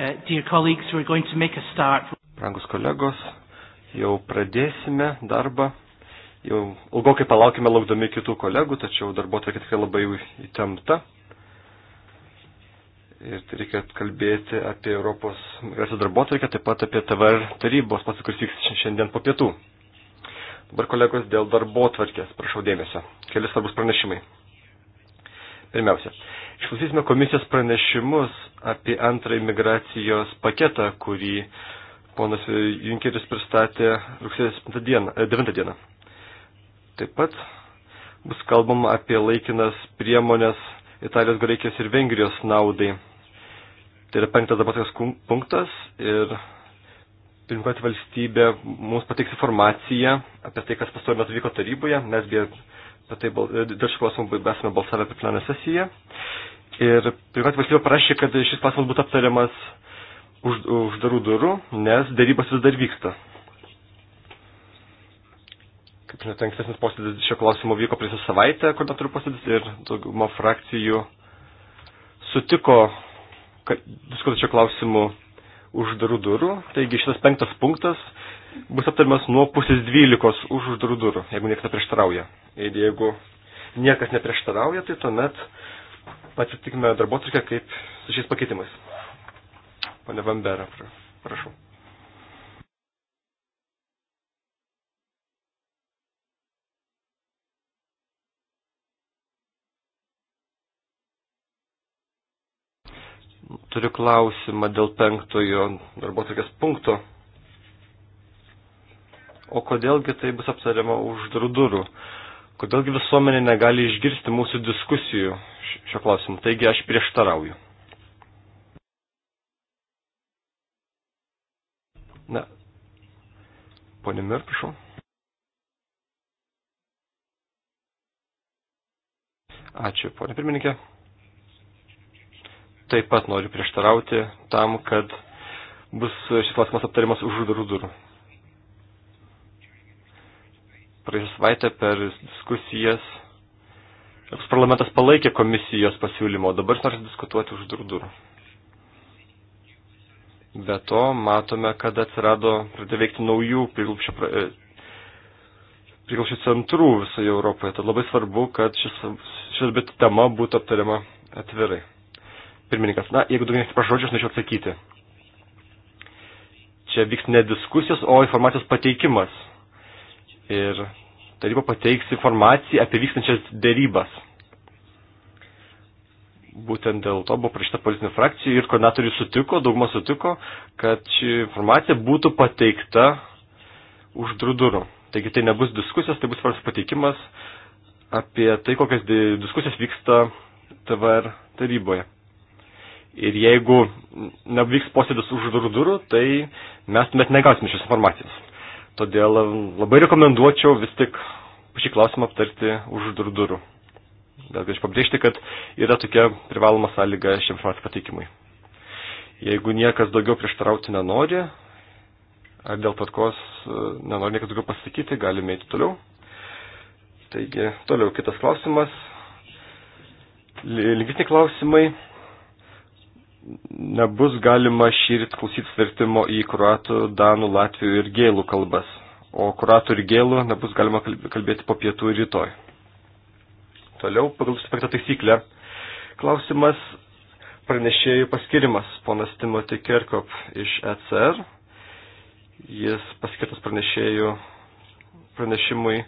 Uh, dear colleagues, we're going to make a start. Brangus kolegos, jau pradėsime darbą. Jau ilgokai palaukime laukdami kitų kolegų, tačiau darbo tokia tikrai labai įtempta. Ir tai reikia kalbėti apie Europos migracijos darbotvarkę, taip pat apie TVR tarybos, pats, kuris vyks šiandien po pietų. Dabar kolegos dėl darbotvarkės, prašau dėmesio. Keli svarbus pranešimai. Pirmiausia, Išklausysime komisijos pranešimus apie antrąjį migracijos paketą, kurį ponas Junkeris pristatė rugsėjo dieną, 9 e, dieną. Taip pat bus kalbama apie laikinas priemonės Italijos, Graikijos ir Vengrijos naudai. Tai yra penktas dabartas punktas ir pirmkoti valstybė mums pateiks informaciją apie tai, kas pastaruoju metu vyko taryboje. Mes beje tai e, dėl šio klausimo esame balsavę per pleną sesiją. Ir pirmiausia, valstybė parašė, kad šis klausimas būtų aptariamas už, uždarų durų, nes darybos vis dar vyksta. Kaip žinote, ankstesnis posėdis šio klausimo vyko prieš savaitę, koordinatorių posėdis ir dauguma frakcijų sutiko diskutuoti šio klausimu uždarų durų. Taigi šitas penktas punktas bus aptarimas nuo pusės dvylikos už uždarų durų, jeigu niekas neprieštarauja. Ir jeigu niekas neprieštarauja, tai tuomet patvirtikime darbotvarkę kaip su šiais pakeitimais. Pane Vambera, prašau. Turiu klausimą dėl penktojo darbotvarkės punkto. O kodėlgi tai bus aptariama už durų durų? Kodėlgi visuomenė negali išgirsti mūsų diskusijų šio klausimu? Taigi aš prieštarauju. Na, ponė Mir, prašau. Ačiū, ponė pirmininkė. Taip pat noriu prieštarauti tam, kad bus šis klausimas aptariamas už durų durų praėjusią savaitę per diskusijas Europos parlamentas palaikė komisijos pasiūlymo, dabar jis nori diskutuoti už durų durų. Be to, matome, kad atsirado pradėjo veikti naujų priglupščių pra... E, centrų visoje Europoje. Tad labai svarbu, kad šis, šis bit tema būtų aptariama atvirai. Pirmininkas, na, jeigu daugiau nesiprašau žodžius, norėčiau atsakyti. Čia vyks ne diskusijos, o informacijos pateikimas ir taryba pateiks informaciją apie vykstančias dėrybas. Būtent dėl to buvo prašyta politinių frakcijų ir koordinatoriai sutiko, dauguma sutiko, kad ši informacija būtų pateikta už durų. Taigi tai nebus diskusijos, tai bus svarus pateikimas apie tai, kokias diskusijos vyksta TVR taryboje. Ir jeigu nevyks posėdis už durų durų, tai mes tuomet negausime šios informacijos. Todėl labai rekomenduočiau vis tik šį klausimą aptarti už durų durų. Bet galiu pabrėžti, kad yra tokia privaloma sąlyga šiems informacijos pateikimui. Jeigu niekas daugiau prieštarauti nenori, ar dėl tvarkos e, nenori niekas daugiau pasakyti, galime eiti toliau. Taigi, toliau kitas klausimas. Lingvistiniai klausimai nebus galima šįryt klausytis vertimo į kruatų, danų, latvių ir gėlų kalbas, o kruatų ir gėlų nebus galima kalbėti po pietų ir rytoj. Toliau, pagal suspektą taisyklę, klausimas pranešėjų paskirimas, ponas Timothy Kerkop iš ECR. Jis paskirtas pranešėjų pranešimui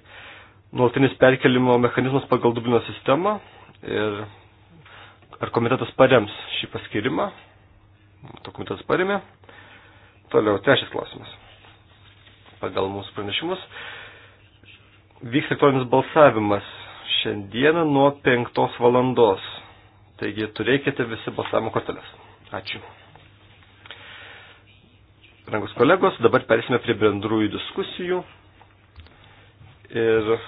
nuolatinis perkelimo mechanizmas pagal Dublino sistemą ir ar komitetas parems šį paskirimą. To komitetas paremė. Toliau, trečias klausimas. Pagal mūsų pranešimus vyks elektroninis balsavimas šiandieną nuo 5 valandos. Taigi turėkite visi balsavimo korteles. Ačiū. Rangus kolegos, dabar perėsime prie bendrųjų diskusijų. Ir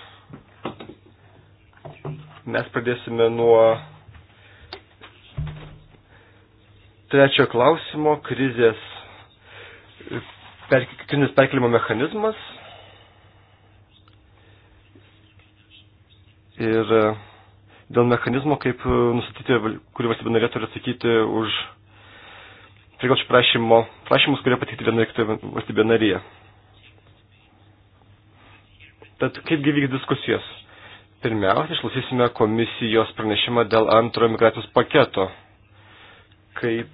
mes pradėsime nuo trečio klausimo krizės per, krizės perkelimo mechanizmas. Ir e, dėl mechanizmo, kaip e, nustatyti, kurį valstybė norėtų turi atsakyti už prieglobčio prašymo, prašymus, kurie patikti vienoje kitoje valstybėje narėje. Tad kaipgi vyks diskusijos? Pirmiausia, išklausysime komisijos pranešimą dėl antrojo migracijos paketo kaip,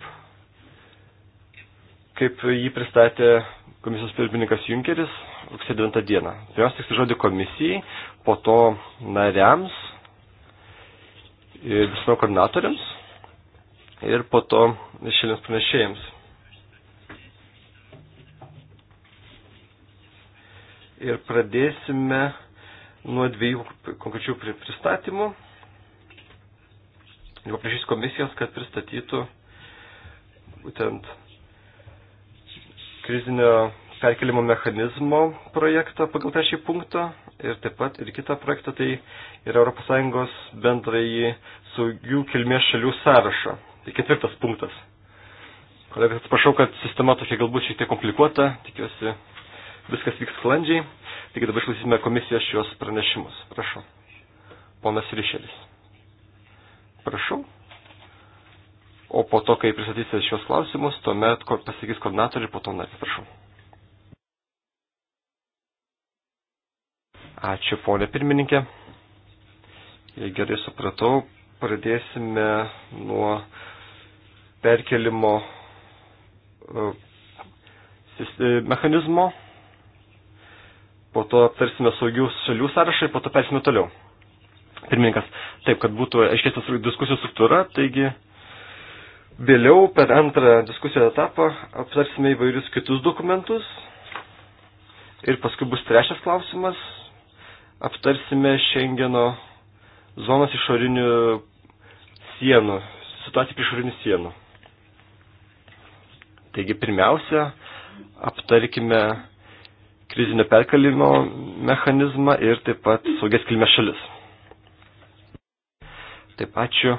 kaip jį pristatė komisijos pirmininkas Junkeris rugsėjo 9 dieną. Pirmiausia, tik žodį komisijai, po to nariams ir visų koordinatoriams ir po to šiandienos pranešėjams. Ir pradėsime nuo dviejų konkrečių pristatymų. Jau prašys komisijos, kad pristatytų būtent krizinio perkelimo mechanizmo projektą pagal trečiąjį punktą ir taip pat ir kitą projektą, tai yra ES bendrai saugių kilmės šalių sąrašą. Tai ketvirtas punktas. Kolegas, atsiprašau, kad sistema tokia galbūt šiek tiek komplikuota, tikiuosi viskas vyks sklandžiai. Taigi dabar išklausysime komisijos šios pranešimus. Prašau. Ponas Ryšelis. Prašau. O po to, kai pristatysite šios klausimus, tuomet pasakys koordinatoriai, po to narys, prašau. Ačiū, ponė pirmininkė. Jei gerai supratau, pradėsime nuo perkelimo e, e, mechanizmo, po to aptarsime saugių šalių sąrašą ir po to persime toliau. Pirmininkas, taip, kad būtų aiškesnė diskusijų struktūra, taigi Vėliau per antrą diskusijos etapą aptarsime įvairius kitus dokumentus. Ir paskui bus trečias klausimas. Aptarsime Šengeno zonas išorinių sienų, situaciją prie išorinių sienų. Taigi pirmiausia, aptarkime krizinio perkalimo mechanizmą ir taip pat saugės kilmės šalis. Taip ačiū.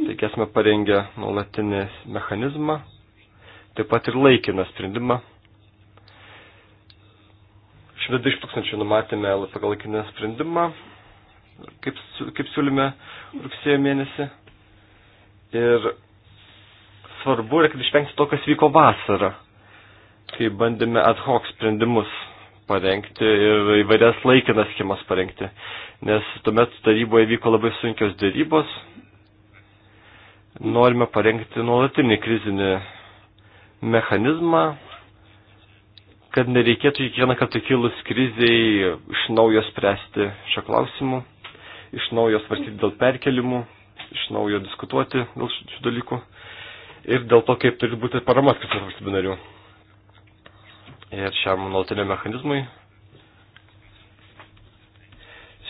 Taigi esame parengę nuolatinį mechanizmą, taip pat ir laikiną sprendimą. 120 tūkstančių numatėme pagal laikiną sprendimą, kaip, kaip siūlyme rugsėjo mėnesį. Ir svarbu yra, kad išvengti to, kas vyko vasarą, kai bandėme ad hoc sprendimus parengti ir įvairias laikinas schemas parengti. Nes tuomet taryboje vyko labai sunkios dėrybos, norime parengti nuolatinį krizinį mechanizmą, kad nereikėtų kiekvieną kartą kilus kriziai iš naujo spręsti šio klausimu, iš naujo svarstyti dėl perkelimų, iš naujo diskutuoti dėl šių dalykų ir dėl to, kaip turi būti parama skirtas valstybių narių. Ir šiam nuolatiniam mechanizmui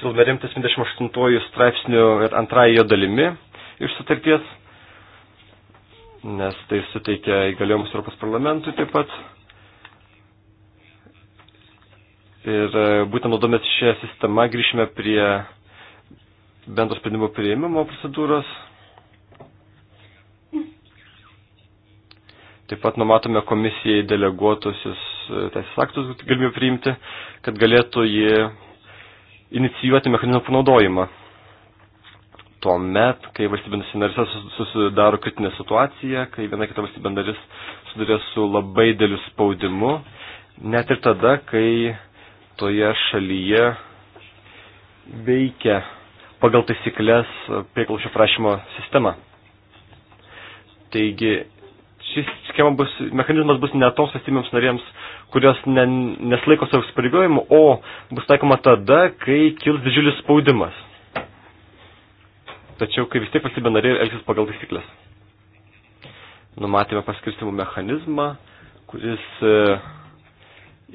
siūlome remtis 28 straipsnių ir antrąją jo dalimi iš sutarties nes tai suteikia įgaliojimus Europos parlamentui taip pat. Ir e, būtent naudomės šią sistemą grįžime prie bendro sprendimo prieimimo procedūros. Taip pat numatome komisijai deleguotusius e, teisės aktus galimybę priimti, kad galėtų jį inicijuoti mechanizmo panaudojimą tuo met, kai valstybės narise susidaro kritinė situacija, kai viena kita valstybė narys sudarė su labai dėliu spaudimu, net ir tada, kai toje šalyje veikia pagal taisyklės prieklaušio prašymo sistema. Taigi, šis schema bus, mechanizmas bus ne toms valstybėms narėms, kurios ne, neslaiko savo įsipareigojimų, o bus taikoma tada, kai kils didžiulis spaudimas tačiau kai vis tiek valstybė narė elgsis pagal taisyklės. Numatėme paskirstimų mechanizmą, kuris e,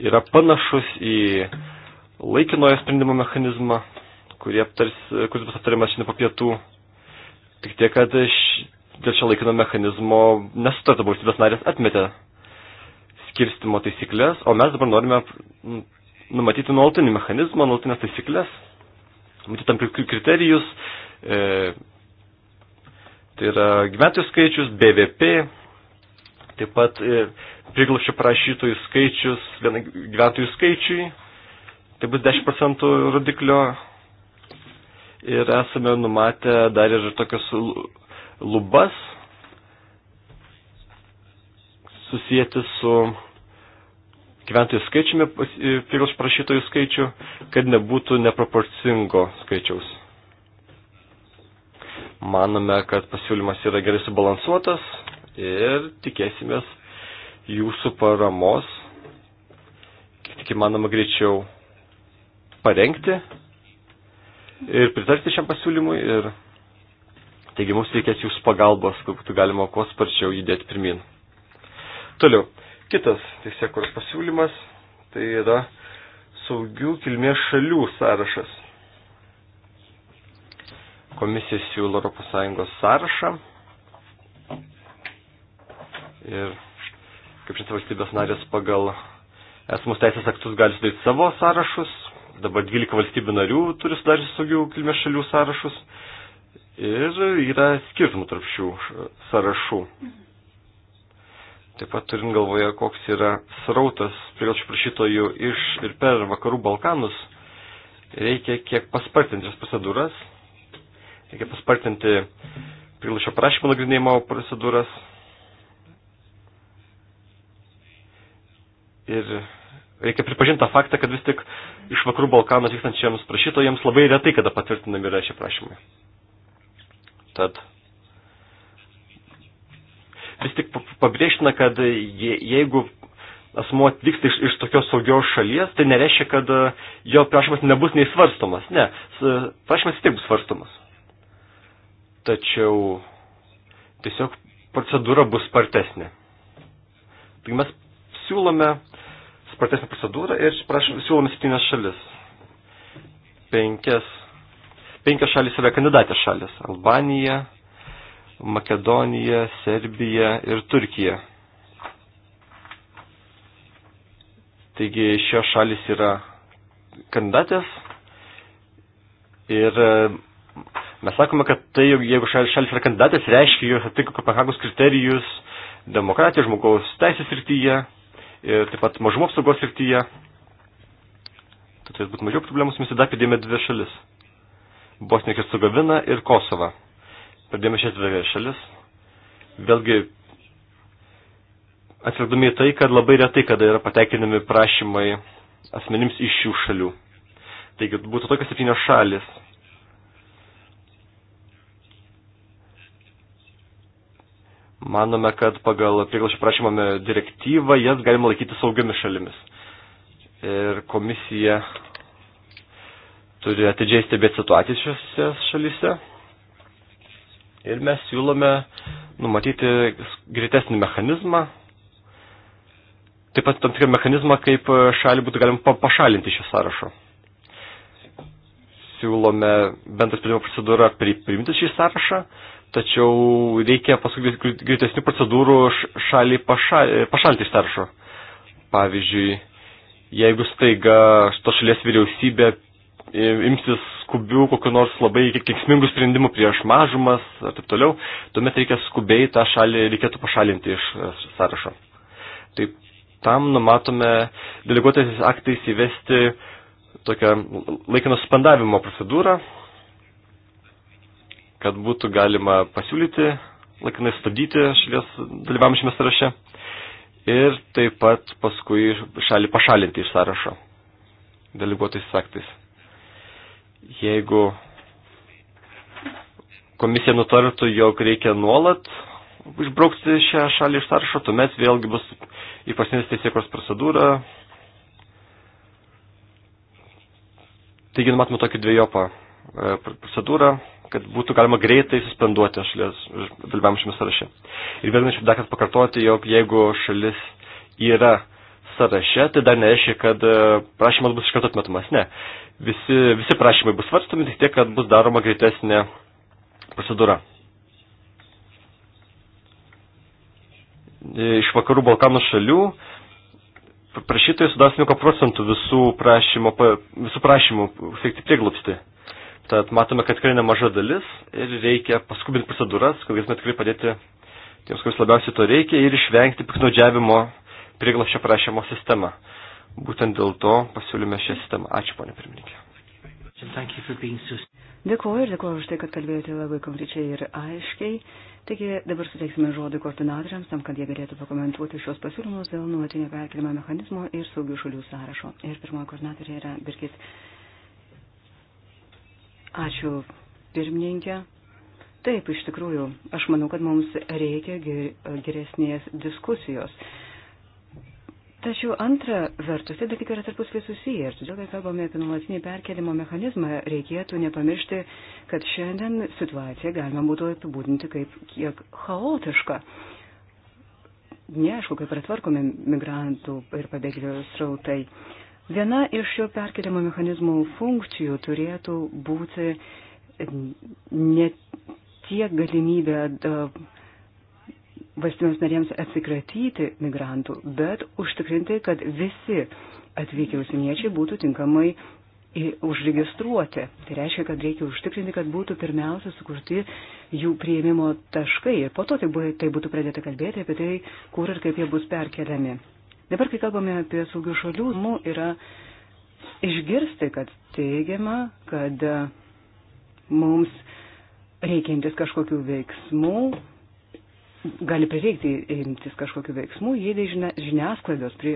yra panašus į laikinojo sprendimo mechanizmą, e, kuris bus aptariamas šiandien po pietų. Tik tiek, kad dėl šio laikino mechanizmo nesutarta valstybės narės atmetė skirstimo taisyklės, o mes dabar norime numatyti nuolatinį mechanizmą, nuolatinės taisyklės, matyti tam kriterijus, E, tai yra gyventojų skaičius, BVP, taip pat e, priglušių prašytojų skaičius, gyventojų skaičiui, tai bus 10 procentų rodiklio. Ir esame numatę dar ir tokias lubas susijęti su gyventojų skaičiumi, e, priglušių prašytojų skaičiu, kad nebūtų neproporcingo skaičiaus. Manome, kad pasiūlymas yra gerai subalansuotas ir tikėsimės jūsų paramos, kiek tik įmanoma greičiau parengti ir pritarti šiam pasiūlymui. Ir taigi mums reikės jūsų pagalbos, kad būtų galima kuo sparčiau judėti pirmin. Toliau, kitas teisėkuros pasiūlymas tai yra saugių kilmės šalių sąrašas. Komisija siūlo ES sąrašą. Ir kaip šis valstybės narės pagal esamus teisės aktus gali sudaryti savo sąrašus. Dabar 12 valstybių narių turi sudaryti saugių kilmės šalių sąrašus. Ir yra skirtumų tarp šių sąrašų. Taip pat turint galvoje, koks yra srautas prieglobčių prašytojų iš ir per vakarų Balkanus, reikia kiek paspartinti šias procedūras Reikia paspartinti priglašio prašymo nagrinėjimo procedūras. Ir reikia pripažinti tą faktą, kad vis tik iš vakarų Balkanų atvykstančiams prašytojams labai retai kada patvirtinami yra šie prašymai. Tad vis tik pabrėžtina, kad je, jeigu asmuo atvyksta iš, iš tokios saugios šalies, tai nereiškia, kad e, jo prašymas nebus neįsvarstomas. Ne, prašymas vis tiek bus svarstomas tačiau tiesiog procedūra bus spartesnė. Taigi mes siūlome spartesnę procedūrą ir prašom, siūlome septynias šalis. Penkias, penkias šalis yra kandidatės šalis - Albanija, Makedonija, Serbija ir Turkija. Taigi šios šalis yra kandidatės ir Mes sakome, kad tai, jeigu šalis, šalis yra kandidatės, reiškia, jos atitiko Kopenhagos kriterijus demokratijos žmogaus teisės srityje ir taip pat mažumo apsaugos srityje. Tai turės būti mažiau problemų, mes tada pridėjome dvi šalis. Bosnija ir Hercegovina ir Kosova. Pradėjome šias dvi šalis. Vėlgi, atsirgdami į tai, kad labai retai, kada yra pateikinami prašymai asmenims iš šių šalių. Taigi būtų tokios septynios šalis Manome, kad pagal prieglaušio prašymą direktyvą jas galima laikyti saugiomis šalimis. Ir komisija turi atidžiai stebėti situacijas šiuose šalyse. Ir mes siūlome numatyti greitesnį mechanizmą, taip pat tam tikrą mechanizmą, kaip šalį būtų galima pašalinti šio sąrašo. Siūlome bendras sprendimo procedūrą priimti šį sąrašą, tačiau reikia paskui greitesnių procedūrų šalį pašalti iš taršo. Pavyzdžiui, jeigu staiga to šalies vyriausybė imsis skubių kokiu nors labai kiksmingų sprendimų prieš mažumas ar taip toliau, tuomet reikia skubiai tą šalį reikėtų pašalinti iš e, sąrašo. Taip, tam numatome deleguotaisiais aktais įvesti tokią laikino suspendavimo procedūrą, kad būtų galima pasiūlyti, laikinai stabdyti šalies dalyvavimą šiame sąraše ir taip pat paskui šalį pašalinti iš sąrašo deleguotais aktais. Jeigu komisija nutartų, jog reikia nuolat išbraukti šią šalį iš sąrašo, tuomet vėlgi bus įprastinės teisėkos procedūra. Taigi, matome tokį dviejopą e, procedūrą, kad būtų galima greitai suspenduoti šalies dalyvavimą šiame sąraše. Ir vėl norėčiau dar kartą pakartoti, jog jeigu šalis yra sąraše, tai dar nereiškia, kad e, prašymas bus iš karto atmetamas. Ne. Visi, visi prašymai bus svarstomi, tik tiek, kad bus daroma greitesnė procedūra. E, iš vakarų Balkanų šalių prašytojai sudasniuką procentų visų prašymo, visų prašymų siekti prieglopsti. Tad matome, kad tikrai nemaža dalis ir reikia paskubinti procedūras, kad galėsime tikrai padėti tiems, kuris labiausiai to reikia ir išvengti piknaudžiavimo prieglapščio prašymo sistemą. Būtent dėl to pasiūlyme šią sistemą. Ačiū, ponė pirmininkė. Dėkuoju ir dėkuoju už tai, kad kalbėjote labai konkrečiai ir aiškiai. Taigi dabar suteiksime žodį koordinatoriams, tam, kad jie galėtų pakomentuoti šios pasiūlymus dėl nuolatinio perkelimo mechanizmo ir saugių šalių sąrašo. Ir pirmoji koordinatorė yra Birgit Ačiū, pirmininkė. Taip, iš tikrųjų, aš manau, kad mums reikia geresnės diskusijos. Tačiau antra vertus, tai dalykai yra tarpusvė susiję ir todėl, kai kalbame apie nuolatinį perkelimo mechanizmą, reikėtų nepamiršti, kad šiandien situaciją galima būtų apibūdinti kaip kiek chaotišką. Neaišku, kaip yra tvarkomi migrantų ir pabėgėlių srautai. Viena iš šio perkeliamo mechanizmo funkcijų turėtų būti eh, ne tiek galimybė valstybėms narėms atsikratyti migrantų, bet užtikrinti, kad visi atvykę užsieniečiai būtų tinkamai užregistruoti. Tai reiškia, kad reikia užtikrinti, kad būtų pirmiausia sukurti jų prieimimo taškai ir po to tai, buvo, tai būtų pradėta kalbėti apie tai, kur ir kaip jie bus perkeliami. Dabar, kai kalbame apie saugių šalių, yra išgirsti, kad teigiama, kad e, mums reikintis kažkokių veiksmų, gali prireikti imtis kažkokių veiksmų, jei žiniasklaidos prie,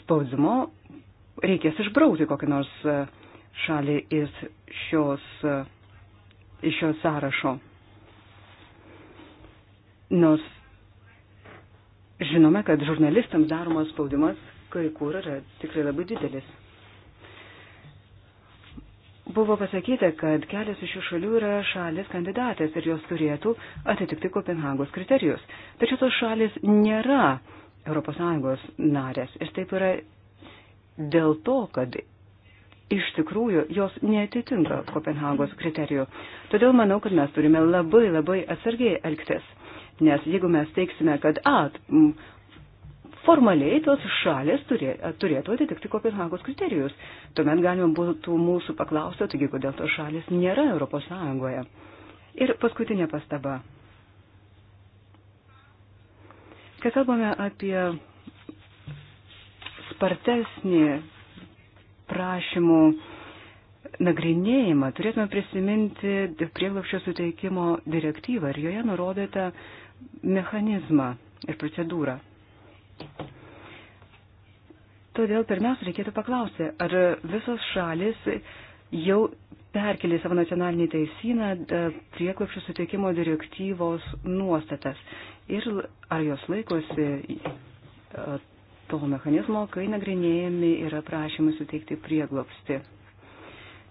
spaudimo reikės išbraukti kokią nors e, šalį iš šios, e, iš šios sąrašo. Nors Žinome, kad žurnalistams daromas spaudimas kai kur yra tikrai labai didelis. Buvo pasakyta, kad kelias iš šių šalių yra šalis kandidatės ir jos turėtų atitikti Kopenhagos kriterijus. Tačiau tos šalis nėra ES narės ir taip yra dėl to, kad iš tikrųjų jos neatitinka Kopenhagos kriterijų. Todėl manau, kad mes turime labai labai atsargiai elgtis. Nes jeigu mes teiksime, kad a, formaliai tos šalės turė, turėtų atitikti Kopenhagos kriterijus, tuomet galima būtų mūsų paklausti, taigi kodėl tos šalės nėra Europos Sąjungoje. Ir paskutinė pastaba. Kai kalbame apie spartesnį prašymų nagrinėjimą, turėtume prisiminti prieglapščio suteikimo direktyvą ir joje nurodyta, mechanizmą ir procedūrą. Todėl pirmiausia reikėtų paklausti, ar visos šalis jau perkelė savo nacionalinį teisyną e, prieklapščių suteikimo direktyvos nuostatas ir ar jos laikosi e, to mechanizmo, kai nagrinėjami yra prašymai suteikti prieglopsti.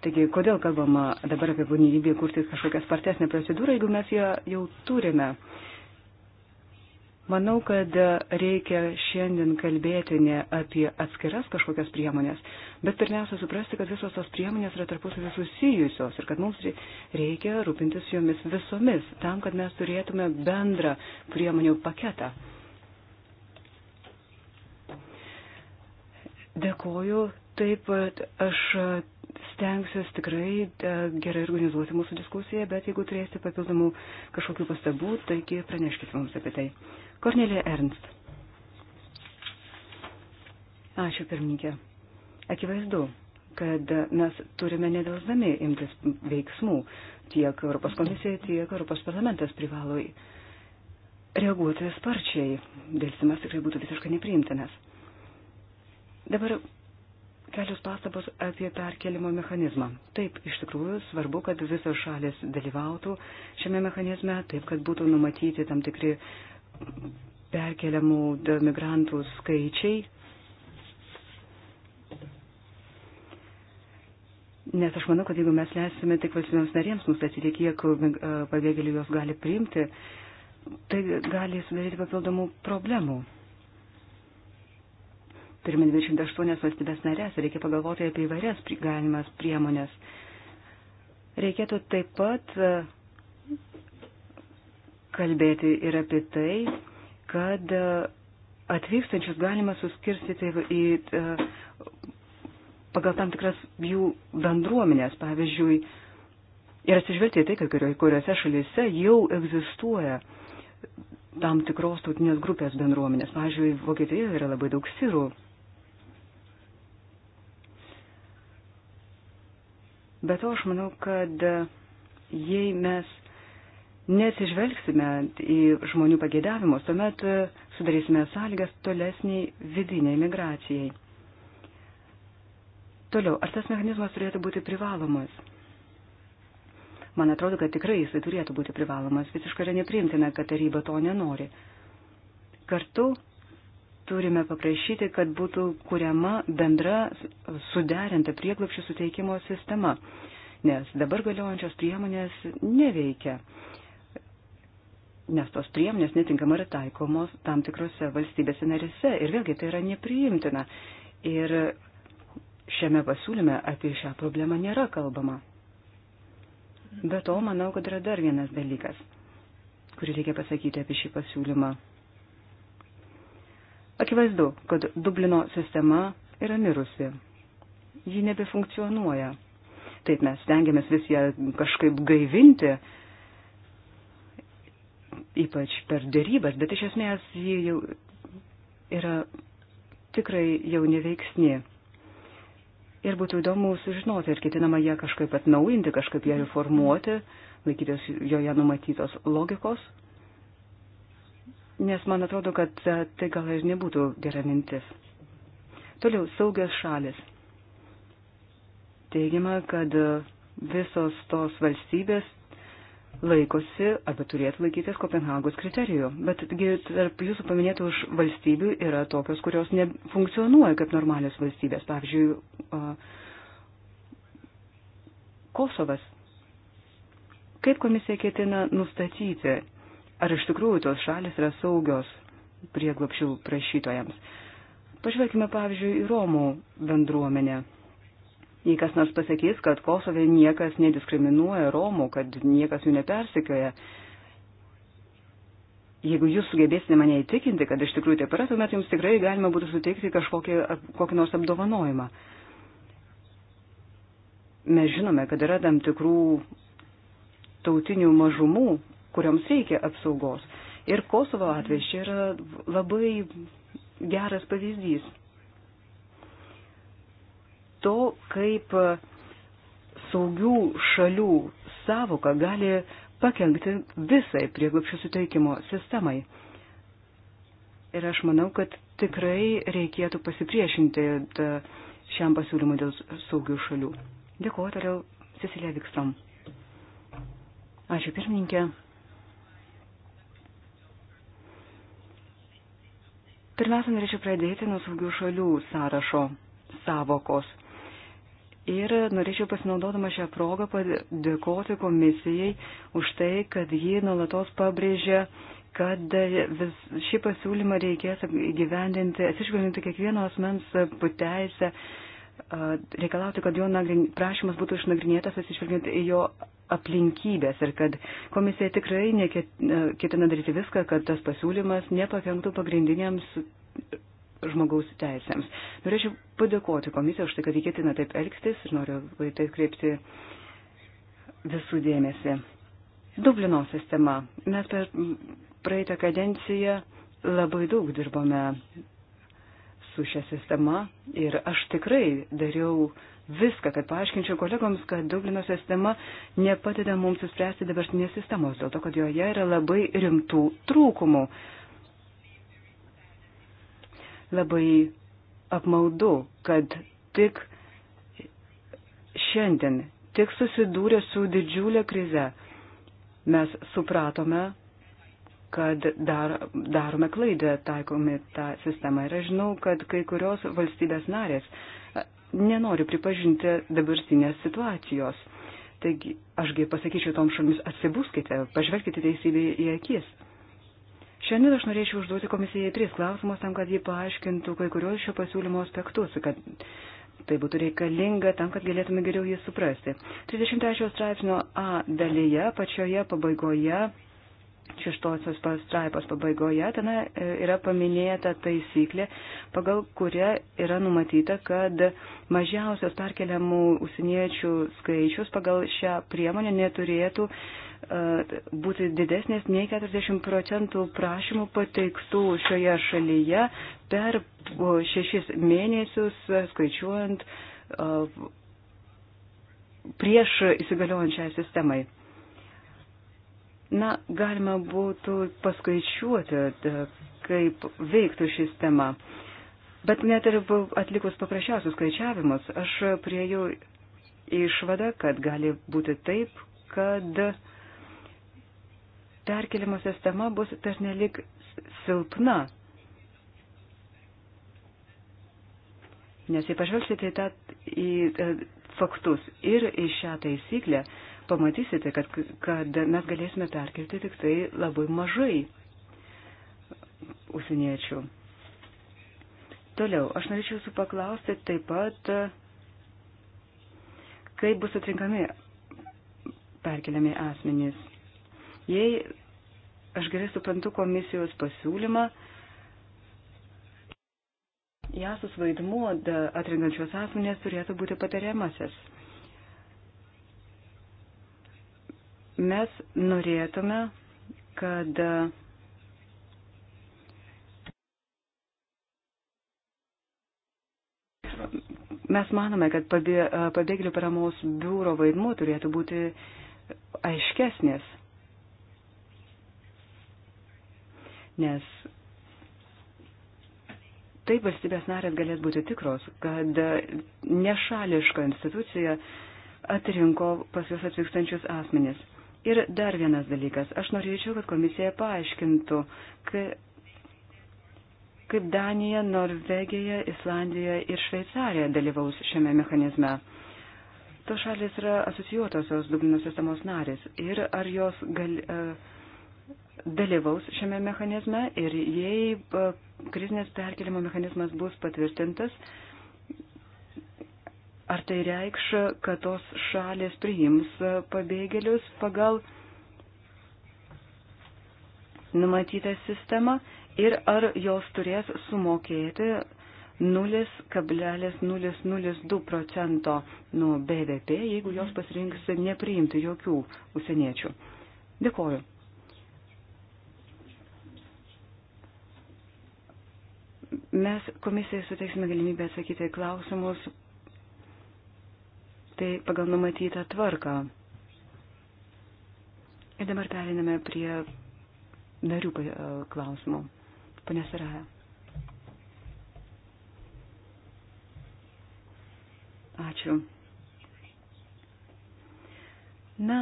Taigi, kodėl kalbama dabar apie būtinybę kurti kažkokią spartesnę procedūrą, jeigu mes ją jau turime? Uh, Manau, kad reikia šiandien kalbėti ne apie atskiras kažkokias priemonės, bet pirmiausia suprasti, kad visos tos priemonės yra tarpusavį susijusios ir kad mums reikia rūpintis jomis visomis, tam, kad mes turėtume bendrą priemonių paketą. Dėkoju, taip pat aš stengsiuosi tikrai e, gerai organizuoti mūsų diskusiją, bet jeigu turėsite papildomų kažkokių pastabų, taigi praneškite mums apie tai. Kornelija Ernst. Ačiū, pirmininkė. Akivaizdu, kad mes turime nedelsdami imtis veiksmų. Tiek Europos komisija, tiek Europos parlamentas privalo reaguoti sparčiai. Dėlsimas tikrai būtų visiškai nepriimtinas. Dabar Kelios pastabos apie perkelimo mechanizmą. Taip, iš tikrųjų svarbu, kad visos šalis dalyvautų šiame mechanizme, taip, kad būtų numatyti tam tikri perkeliamų migrantų skaičiai. Nes aš manau, kad jeigu mes leisime tik valstybėms narėms nustatyti, kiek e, pabėgėlių jos gali priimti, tai gali sudaryti papildomų problemų turime 28 valstybės narės, reikia pagalvoti apie įvairias galimas priemonės. Reikėtų taip pat e, kalbėti ir apie tai, kad e, atvykstančius galima suskirstyti į, e, pagal tam tikras jų bendruomenės, pavyzdžiui, ir atsižvelgti į tai, kad kuriuose šalyse jau egzistuoja tam tikros tautinės grupės bendruomenės. Pavyzdžiui, Vokietijoje yra labai daug sirų Bet to aš manau, kad jei mes neatsižvelgsime į žmonių pagėdavimus, tuomet sudarysime sąlygas tolesniai vidiniai migracijai. Toliau, ar tas mechanizmas turėtų būti privalomas? Man atrodo, kad tikrai jisai turėtų būti privalomas. Visiškai yra nepriimtina, kad taryba to nenori. Kartu turime paprašyti, kad būtų kuriama bendra suderinta prieglapščių suteikimo sistema, nes dabar galiojančios priemonės neveikia, nes tos priemonės netinkamai yra taikomos tam tikrose valstybėse narėse ir vėlgi tai yra nepriimtina. Ir šiame pasiūlyme apie šią problemą nėra kalbama. Be to, manau, kad yra dar vienas dalykas, kurį reikia pasakyti apie šį pasiūlymą. Akivaizdu, kad Dublino sistema yra mirusi. Ji nebefunkcionuoja. Taip mes stengiamės vis ją kažkaip gaivinti, ypač per dėrybas, bet iš esmės ji jau yra tikrai jau neveiksni. Ir būtų įdomu sužinoti, ar ketinama ją kažkaip atnaujinti, kažkaip ją reformuoti, laikytis joje numatytos logikos nes man atrodo, kad e, tai gal ir nebūtų gera mintis. Toliau, saugios šalis. Teigiama, kad e, visos tos valstybės laikosi arba turėtų laikytis Kopenhagos kriterijų. Bet tarp jūsų paminėtų už valstybių yra tokios, kurios nefunkcionuoja kaip normalios valstybės. Pavyzdžiui, Kosovas. Kaip komisija ketina nustatyti ar iš tikrųjų tos šalis yra saugios prieglopšių prašytojams. Pažvelkime pavyzdžiui į Romų bendruomenę. Jei kas nors pasakys, kad Kosove niekas nediskriminuoja Romų, kad niekas jų nepersikioja, jeigu jūs sugebėsite mane įtikinti, kad iš tikrųjų taip yra, tuomet jums tikrai galima būtų suteikti kažkokį kokį nors apdovanojimą. Mes žinome, kad yra tam tikrų tautinių mažumų kuriams reikia apsaugos. Ir Kosovo atvejs čia yra labai geras pavyzdys to, kaip saugių šalių savoka gali pakengti visai prieglapščių suteikimo sistemai. Ir aš manau, kad tikrai reikėtų pasipriešinti šiam pasiūlymui dėl saugių šalių. Dėkuoju toliau Cecilija Vikstrom. Ačiū pirmininkė. Pirmiausia, norėčiau pradėti nuo saugių šalių sąrašo savokos. Ir norėčiau pasinaudodama šią progą padėkoti komisijai už tai, kad ji nuolatos pabrėžė, kad vis, šį pasiūlymą reikės gyvendinti, atsižvelginti kiekvieno asmens teisę reikalauti, kad jo prašymas būtų išnagrinėtas atsižvelgiant į jo aplinkybės ir kad komisija tikrai ketina daryti viską, kad tas pasiūlymas nepakenktų pagrindiniams žmogaus teisėms. Norėčiau padėkoti komisijai už tai, kad ketina taip elgtis ir noriu į tai kreipti visų dėmesį. Dublino sistema. Mes per praeitą kadenciją labai daug dirbome su šia sistema ir aš tikrai dariau viską, kad paaiškinčiau kolegoms, kad Dublino sistema nepadeda mums įspręsti dabartinės sistemos, dėl to, kad joje yra labai rimtų trūkumų. Labai apmaudu, kad tik šiandien, tik susidūrę su didžiulė krize, mes supratome, kad dar, darome klaidą taikomi tą sistemą. Ir aš žinau, kad kai kurios valstybės narės e, nenori pripažinti dabartinės situacijos. Taigi, ašgi pasakyčiau toms šalims, atsibuskite, pažvelkite teisybę į akis. Šiandien aš norėčiau užduoti komisijai tris klausimus tam, kad ji paaiškintų kai kurios šio pasiūlymo aspektus, kad tai būtų reikalinga tam, kad galėtume geriau jį suprasti. 33 straipsnio A dalyje pačioje pabaigoje šeštosios pastraipos pabaigoje ten e, yra paminėta taisyklė, pagal kurią yra numatyta, kad mažiausios perkeliamų užsieniečių skaičius pagal šią priemonę neturėtų e, būti didesnės nei 40 procentų prašymų pateiktų šioje šalyje per šešis mėnesius e, skaičiuojant prieš įsigaliojant šią sistemai. Na, galima būtų paskaičiuoti, e, kaip veiktų ši sistema. Bet net ir atlikus paprasčiausius skaičiavimus, aš prieju išvadą, kad gali būti taip, kad perkelimo sistema bus pernelik silpna. Nes jei pažvelgsite į, tą, į e, faktus ir į šią taisyklę, pamatysite, kad, kad mes galėsime perkelti tik tai labai mažai užsieniečių. Toliau, aš norėčiau jūsų paklausti taip pat, kaip bus atrinkami perkeliami asmenys. Jei aš gerai suprantu komisijos pasiūlymą, jasus vaidmuo atrinkančios asmenės turėtų būti patariamasis. Mes norėtume, kad Mes manome, kad pabėgėlių paramos biuro vaidmuo turėtų būti aiškesnės, nes taip valstybės narės galės būti tikros, kad nešališka institucija atrinko pas juos atvykstančius asmenis. Ir dar vienas dalykas. Aš norėčiau, kad komisija paaiškintų, kaip Danija, Norvegija, Islandija ir Šveicarija dalyvaus šiame mechanizme. To šalis yra asocijuotosios Dublino sistemos narės ir ar jos gal, e, dalyvaus šiame mechanizme ir jei e, krizinės perkelimo mechanizmas bus patvirtintas, Ar tai reikš, kad tos šalės priims pabėgėlius pagal numatytą sistemą ir ar jos turės sumokėti 0,002 procento nuo BVP, jeigu jos pasirinks nepriimti jokių užsieniečių. Dėkoju. Mes komisijai suteiksime galimybę atsakyti klausimus tai pagal numatytą tvarką. Ir dabar periname prie narių e, klausimų. Pane Saraja. Ačiū. Na,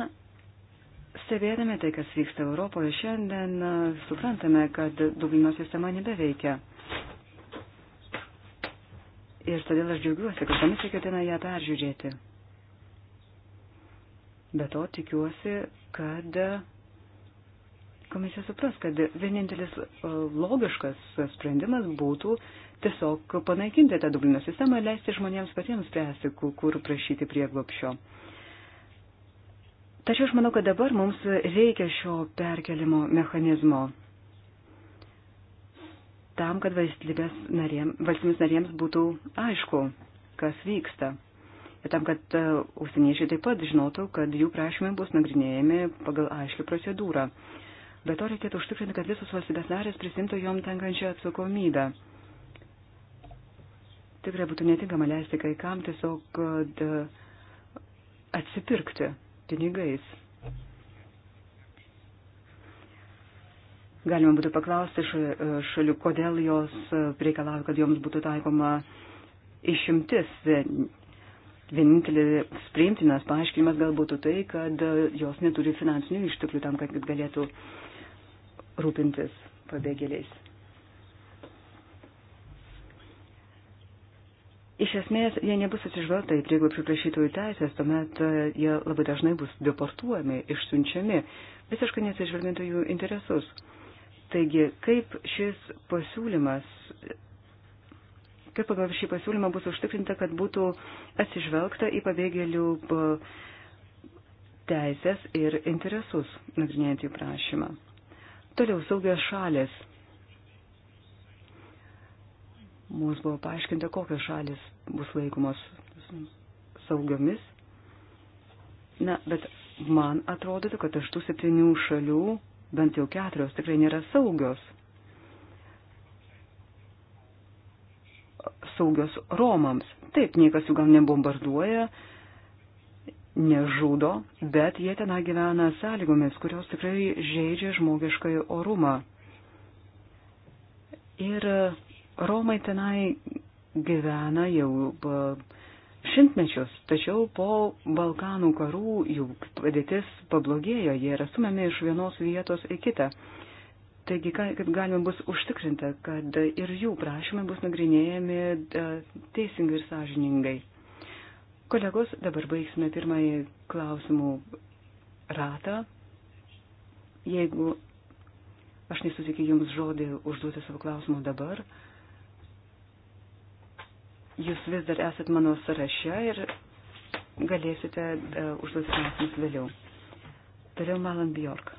stebėdami tai, kas vyksta Europoje, šiandien na, suprantame, kad Dublino sistema nebeveikia. Ir todėl aš džiaugiuosi, kad komisija ketina ją peržiūrėti. Be to tikiuosi, kad komisija supras, kad vienintelis e, logiškas sprendimas būtų tiesiog panaikinti tą Dublino sistemą ir leisti žmonėms patiems spręsti, kur prašyti prieglopšio. Tačiau aš manau, kad dabar mums reikia šio perkelimo mechanizmo tam, kad valstybės narėms, valstybės narėms būtų aišku, kas vyksta bet tam, kad e, užsieniečiai taip pat žinotų, kad jų prašymai bus nagrinėjami pagal aiškį procedūrą. Be to reikėtų užtikrinti, kad visos valstybės narės prisimtų jom tenkančią atsakomybę. Tikrai būtų netinkama leisti kai kam tiesiog e, atsipirkti pinigais. Galima būtų paklausti e, šalių, kodėl jos reikalauja, kad joms būtų taikoma išimtis vienintelis priimtinas paaiškinimas gal būtų tai, kad jos neturi finansinių išteklių tam, kad galėtų rūpintis pabėgėliais. Iš esmės, jei nebus atsižvelgta į prieglobčių prašytojų teisės, tuomet e, jie labai dažnai bus deportuojami, išsiunčiami, visiškai nesižvelgiant į jų interesus. Taigi, kaip šis pasiūlymas kad pagal šį pasiūlymą bus užtikrinta, kad būtų atsižvelgta į pabėgėlių e, teisės ir interesus, nagrinėjant jų prašymą. Toliau saugios šalės. Mums buvo paaiškinta, kokios šalis bus laikomos saugiomis. Na, bet man atrodo, kad iš tų septynių šalių bent jau keturios tikrai nėra saugios. saugios Romams. Taip, niekas jų gal nebombarduoja, nežudo, bet jie ten gyvena sąlygomis, kurios tikrai žaidžia žmogiškai orumą. Ir Romai tenai gyvena jau šimtmečius, tačiau po Balkanų karų jų padėtis pablogėjo, jie yra sumiami iš vienos vietos į kitą. Taigi, kad galima bus užtikrinta, kad ir jų prašymai bus nagrinėjami e, teisingai ir sąžiningai. Kolegos, dabar baigsime pirmąjį klausimų ratą. Jeigu aš nesutikiu Jums žodį užduoti savo klausimų dabar, Jūs vis dar esat mano sąraše ir galėsite uh, užduoti klausimus vėliau. Toliau Malan Bjork.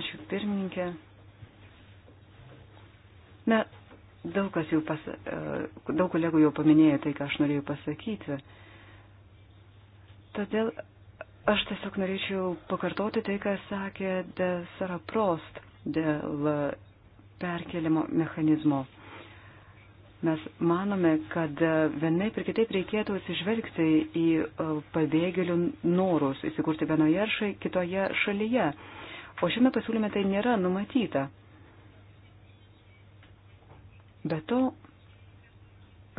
Ačiū pirmininkė. Na, daug, kas jau pas, e, daug kolegų jau paminėjo tai, ką aš norėjau pasakyti. Todėl aš tiesiog norėčiau pakartoti tai, ką sakė de Sara Prost dėl perkelimo mechanizmo. Mes manome, kad vienaip ir kitaip reikėtų atsižvelgti į e, pabėgėlių norus įsikurti vienoje ar kitoje šalyje. O šiame pasiūlyme tai nėra numatyta. Be to,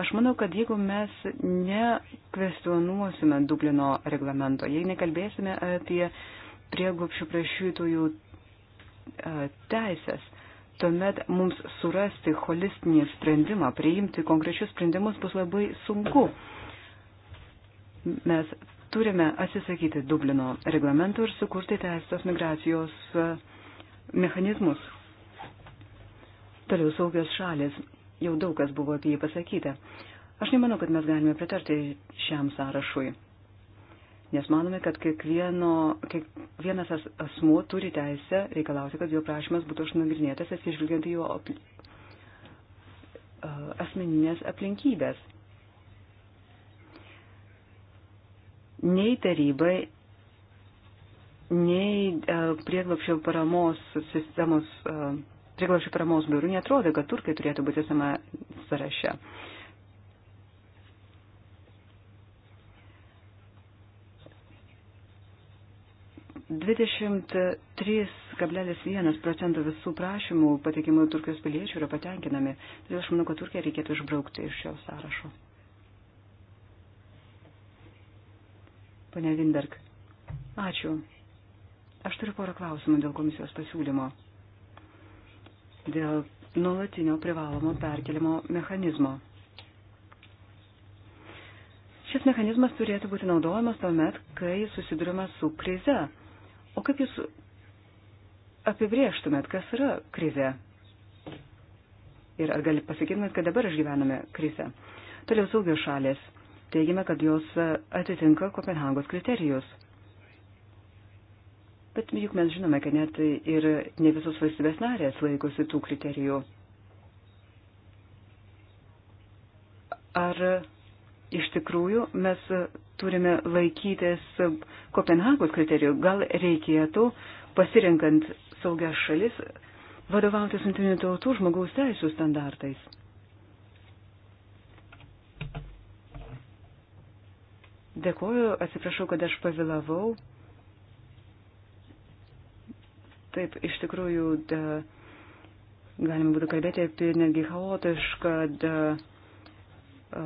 aš manau, kad jeigu mes nekvestionuosime Dublino reglamento, jei nekalbėsime apie prieglupšių prašytojų e, teisės, tuomet mums surasti holistinį sprendimą, priimti konkrečius sprendimus bus labai sunku. Mes turime atsisakyti Dublino reglamentų ir sukurti teistos migracijos e, mechanizmus. Toliau saugios šalis. Jau daug kas buvo apie jį pasakyta. Aš nemanau, kad mes galime pritarti šiam sąrašui. Nes manome, kad kiekvieno, kiekvienas as, asmuo turi teisę reikalauti, kad jo prašymas būtų išnagrinėtas atsižvelgiant į jo e, asmeninės aplinkybės. nei tarybai, nei e, prieglapšio paramos sistemos, e, prieglapšio paramos biurų netrodo, kad turkai turėtų būti visame sąraše. Dvidešimt trys kablelis vienas procentų visų prašymų patikimų Turkijos piliečių yra patenkinami. Todėl aš manau, kad Turkiją reikėtų išbraukti iš šio sąrašo. Pane Vinberg, ačiū. Aš turiu porą klausimų dėl komisijos pasiūlymo. Dėl nuolatinio privalomo perkelimo mechanizmo. Šis mechanizmas turėtų būti naudojamas tuomet, kai susidurima su krize. O kaip jūs apibrieštumėt, kas yra krize? Ir ar gali pasakytumėt, kad dabar išgyvename krizę? Toliau saugios šalės teigiame, kad jos atitinka Kopenhagos kriterijus. Bet juk mes žinome, kad net ir ne visos valstybės narės laikosi tų kriterijų. Ar iš tikrųjų mes turime laikytis Kopenhagos kriterijų? Gal reikėtų, pasirinkant saugias šalis, vadovautis jungtinių tautų žmogaus teisų standartais? Dėkuoju, atsiprašau, kad aš pavėlavau. Taip, iš tikrųjų, da, galima būtų kalbėti apie netgi chaotišką da, a,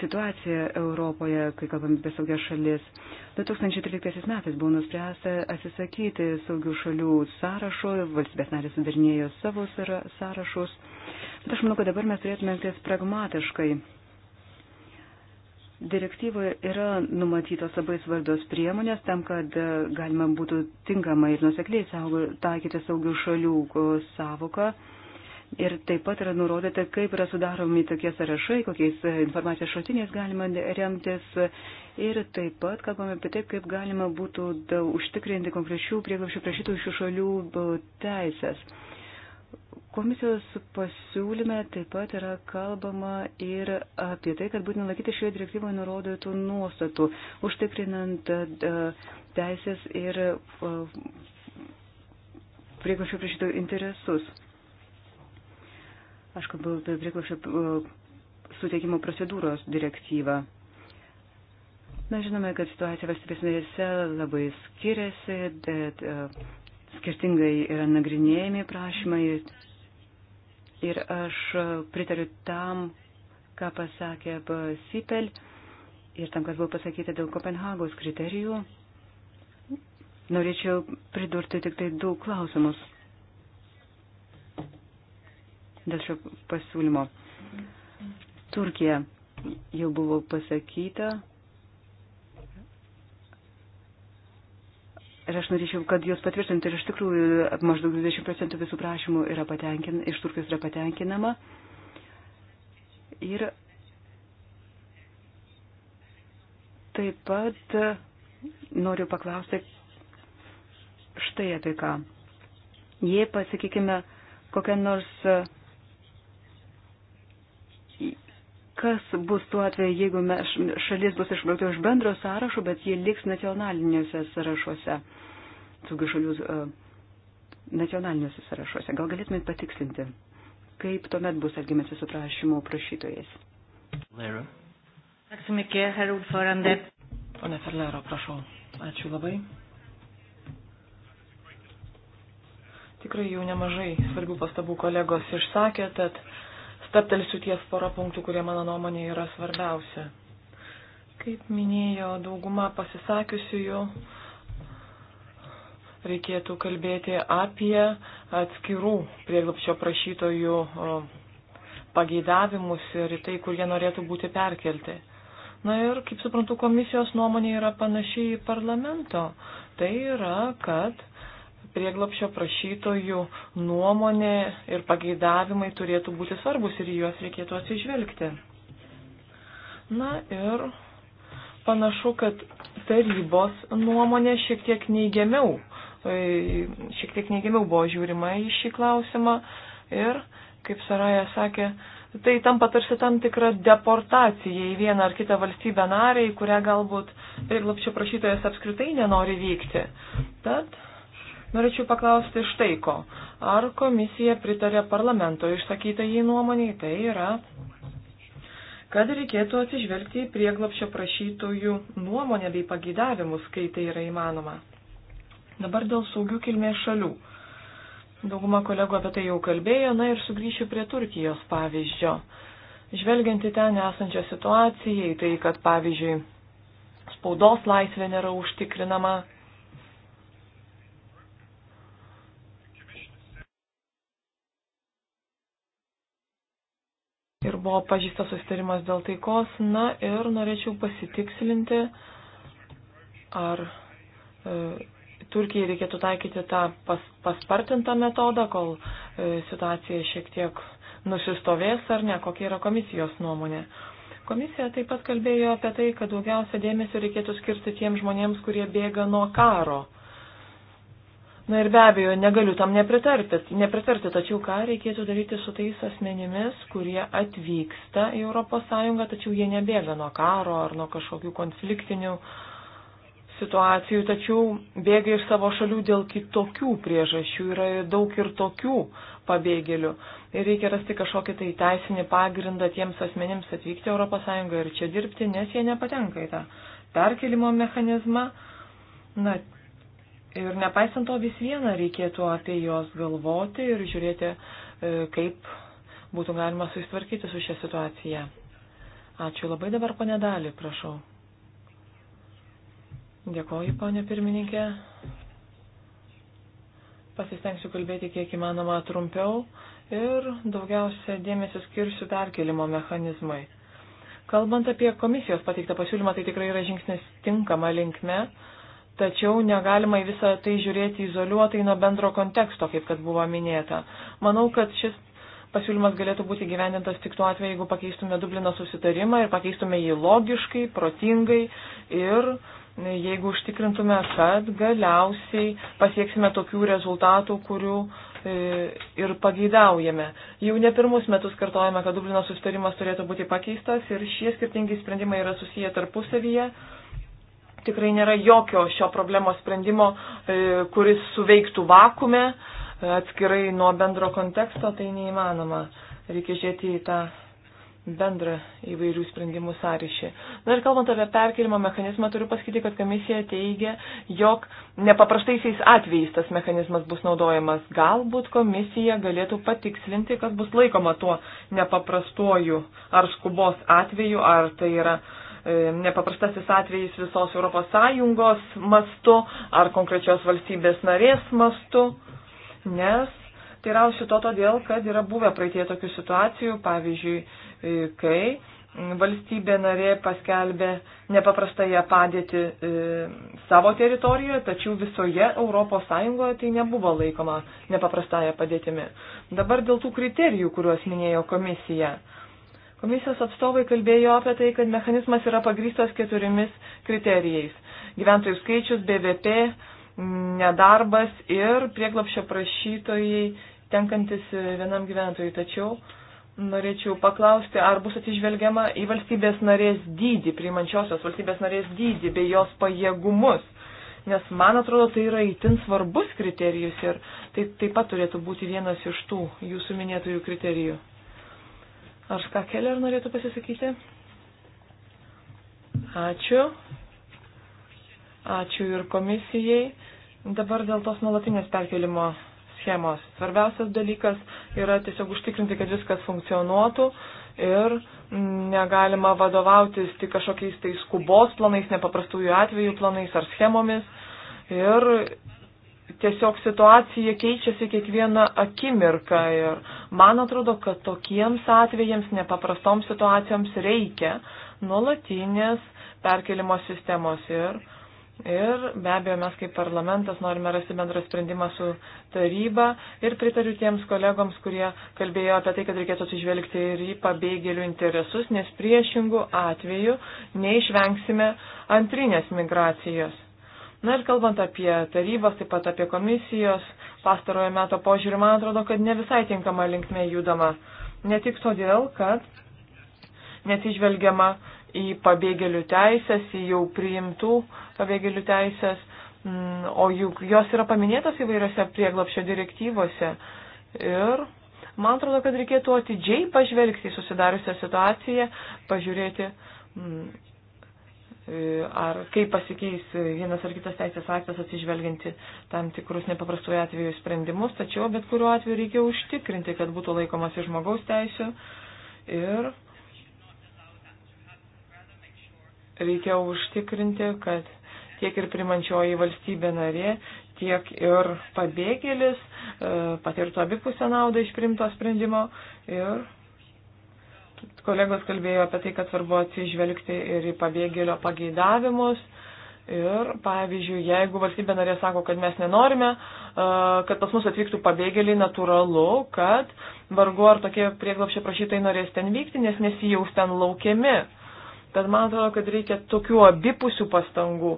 situaciją Europoje, kai kalbame apie saugias šalis. 2013 metais buvo nuspręsta atsisakyti saugių šalių sąrašo, valstybės narės sudarinėjo savo sąrašus, bet aš manau, kad dabar mes turėtume elgtis pragmatiškai. Direktyvoje yra numatytos labai svarbios priemonės tam, kad e, galima būtų tinkamai ir nusekliai taikyti saugių šalių savoką. Ir taip pat yra nurodyta, kaip yra sudaromi tokie sąrašai, kokiais e, informacijos šaltiniais galima remtis. Ir taip pat kalbame apie taip, kaip galima būtų užtikrinti konkrečių prieglapšių prašytų šių šalių e, teisės. Komisijos pasiūlyme taip pat yra kalbama ir apie tai, kad būtina laikyti šioje direktyvoje nurodytų nuostatų, užtikrinant e, teisės ir e, prieglašio prašytų interesus. Aš kalbu apie prieglašio e, suteikimo procedūros direktyvą. Mes žinome, kad situacija valstybės narėse labai skiriasi, bet skirtingai yra nagrinėjami prašymai, ir aš pritariu tam, ką pasakė Sipel ir tam, kas buvo pasakyta dėl Kopenhagos kriterijų. Norėčiau pridurti tik tai du klausimus dėl šio pasiūlymo. Turkija jau buvo pasakyta, Ir aš norėčiau, kad jūs patvirtintų, ir iš tikrųjų maždaug 20 procentų visų prašymų yra patenkin, iš Turkijos yra patenkinama. Ir taip pat noriu paklausti štai apie ką. Jei, pasakykime, kokia nors kas bus tuo atveju, jeigu mes, šalis bus išbraukta iš bendro sąrašo, bet jie liks nacionaliniuose sąrašuose, saugių šalių e, nacionaliniuose sąrašuose. Gal galėtumėt patikslinti, kaip tuomet bus elgiamasi su prašymo prašytojais? Lera. Tack så mycket, herr ordförande. Pane Ferlero, prašau. Ačiū labai. Tikrai jau nemažai svarbių pastabų kolegos išsakė, tad staptelsiu ties porą punktų, kurie mano nuomonė yra svarbiausia. Kaip minėjo dauguma pasisakiusiųjų, reikėtų kalbėti apie atskirų prieglapščio prašytojų pageidavimus ir į tai, kur jie norėtų būti perkelti. Na ir, kaip suprantu, komisijos nuomonė yra panašiai į parlamento. Tai yra, kad prieglopšio prašytojų nuomonė ir pageidavimai turėtų būti svarbus ir juos reikėtų atsižvelgti. Na ir panašu, kad tarybos nuomonė šiek tiek neigiamiau, e, šiek tiek neigiamiau buvo žiūrima į šį klausimą ir, kaip Saraja sakė, tai tampa tarsi tam tikra deportacija į vieną ar kitą valstybę narę, į kurią galbūt prieglopčio prašytojas apskritai nenori vykti. Tad Norėčiau paklausti štai ko. Ar komisija pritarė parlamento išsakytą jį nuomonį? Tai yra, kad reikėtų atsižvelgti į prieglapšio prašytojų nuomonę bei pagydavimus, kai tai yra įmanoma. Dabar dėl saugių kilmės šalių. Dauguma kolegų apie tai jau kalbėjo, na ir sugrįšiu prie Turkijos pavyzdžio. Žvelgiant į ten esančią situaciją, į tai, kad pavyzdžiui spaudos laisvė nėra užtikrinama, ir buvo pažįstas susitarimas dėl taikos. Na ir norėčiau pasitikslinti, ar e, Turkijai reikėtų taikyti tą pas, paspartintą metodą, kol e, situacija šiek tiek nusistovės ar ne, kokia yra komisijos nuomonė. Komisija taip pat kalbėjo apie tai, kad daugiausia dėmesio reikėtų skirti tiems žmonėms, kurie bėga nuo karo. E, Na ir be abejo, negaliu tam nepritarti, nepritarti, tačiau ką reikėtų daryti su tais asmenimis, kurie atvyksta į ES, tačiau jie nebėga nuo karo ar nuo kažkokių konfliktinių situacijų, tačiau bėga iš savo šalių dėl kitokių priežasčių, yra daug ir tokių pabėgėlių. Ir reikia rasti kažkokį tai teisinį pagrindą tiems asmenims atvykti ES ir čia dirbti, nes jie nepatenka į tą perkelimo mechanizmą. Na, Ir nepaisant to vis viena reikėtų apie juos galvoti ir žiūrėti, e, kaip būtų galima susitvarkyti su šią situaciją. Ačiū labai dabar, ponė Dali, prašau. Dėkoju, ponė pirmininkė. Pasistengsiu kalbėti kiek įmanoma trumpiau ir daugiausia dėmesio skirsiu perkelimo mechanizmui. Kalbant apie komisijos pateiktą pasiūlymą, tai tikrai yra žingsnis tinkama linkme tačiau negalima į visą tai žiūrėti izoliuotai nuo bendro konteksto, kaip kad buvo minėta. Manau, kad šis pasiūlymas galėtų būti gyvenintas tik tuo atveju, jeigu pakeistume Dublino susitarimą ir pakeistume jį logiškai, protingai ir jeigu užtikrintume, kad galiausiai pasieksime tokių rezultatų, kurių e, ir pageidaujame. Jau ne pirmus metus kartojame, kad Dublino susitarimas turėtų būti pakeistas ir šie skirtingi sprendimai yra susiję tarpusavyje tikrai nėra jokio šio problemos sprendimo, e, kuris suveiktų vakume e, atskirai nuo bendro konteksto, tai neįmanoma. Reikia žiūrėti į tą bendrą įvairių sprendimų sąryšį. Na ir kalbant apie perkelimo mechanizmą, turiu pasakyti, kad komisija teigia, jog nepaprastaisiais atvejais tas mechanizmas bus naudojamas. Galbūt komisija galėtų patikslinti, kas bus laikoma tuo nepaprastuoju ar skubos atveju, ar tai yra uh, E, nepaprastasis atvejis visos ES mastu ar konkrečios valstybės narės mastu, nes teirausiu to todėl, kad yra buvę praeitie tokių situacijų, pavyzdžiui, e, kai valstybė narė paskelbė nepaprastąją padėtį e, savo teritorijoje, tačiau visoje ES tai nebuvo laikoma nepaprastąją padėtimi. Dabar dėl tų kriterijų, kuriuos minėjo komisija. Komisijos atstovai kalbėjo apie tai, kad mechanizmas yra pagrystas keturiomis kriterijais. Gyventojų skaičius, BVP, nedarbas ir prieglopšio prašytojai tenkantis vienam gyventojui. Tačiau norėčiau paklausti, ar bus atsižvelgiama į valstybės narės dydį, priimančiosios valstybės narės dydį bei jos pajėgumus. Nes man atrodo, tai yra įtin svarbus kriterijus ir tai taip pat turėtų būti vienas iš tų jūsų minėtųjų kriterijų. Ar Ska Keller norėtų pasisakyti? Ačiū. Ačiū ir komisijai. Dabar dėl tos nuolatinės perkelimo schemos. Svarbiausias dalykas yra tiesiog užtikrinti, kad viskas funkcionuotų ir negalima vadovautis tik kažkokiais tai skubos planais, nepaprastųjų atvejų planais ar schemomis. Ir tiesiog situacija keičiasi kiekvieną akimirką ir man atrodo, kad tokiems atvejams, nepaprastoms situacijoms reikia nuolatinės perkelimo sistemos ir, ir be abejo mes kaip parlamentas norime rasti bendrą sprendimą su taryba ir pritariu tiems kolegoms, kurie kalbėjo apie tai, kad reikėtų atsižvelgti ir į pabėgėlių interesus, nes priešingų atveju neišvengsime antrinės migracijos. Na ir kalbant apie tarybos, taip pat apie komisijos pastarojo meto požiūrį, man atrodo, kad ne visai tinkama linkme judama. Ne tik todėl, kad nesižvelgiama į pabėgėlių teisės, į jau priimtų pabėgėlių teisės, mm, o juk jos yra paminėtos įvairiose prieglapšio direktyvose. Ir man atrodo, kad reikėtų atidžiai pažvelgti į susidariusią situaciją, pažiūrėti mm, E, ar kaip pasikeis vienas ar kitas teisės aktas atsižvelginti tam tikrus nepaprastųjų atvejų sprendimus, tačiau bet kuriuo atveju reikia užtikrinti, kad būtų laikomasi žmogaus teisų ir reikia užtikrinti, kad tiek ir primančioji valstybė narė, tiek ir pabėgėlis e, patirtų abipusę naudą iš primto sprendimo ir Kolegos kalbėjo apie tai, kad svarbu atsižvelgti ir į pabėgėlio pageidavimus. Ir, pavyzdžiui, jeigu valstybė narė sako, kad mes nenorime, kad pas mus atvyktų pabėgėliai, natūralu, kad vargu ar tokie prieglopšio prašytai norės ten vykti, nes nesijaus ten laukiami. Tad man atrodo, kad reikia tokių abipusių pastangų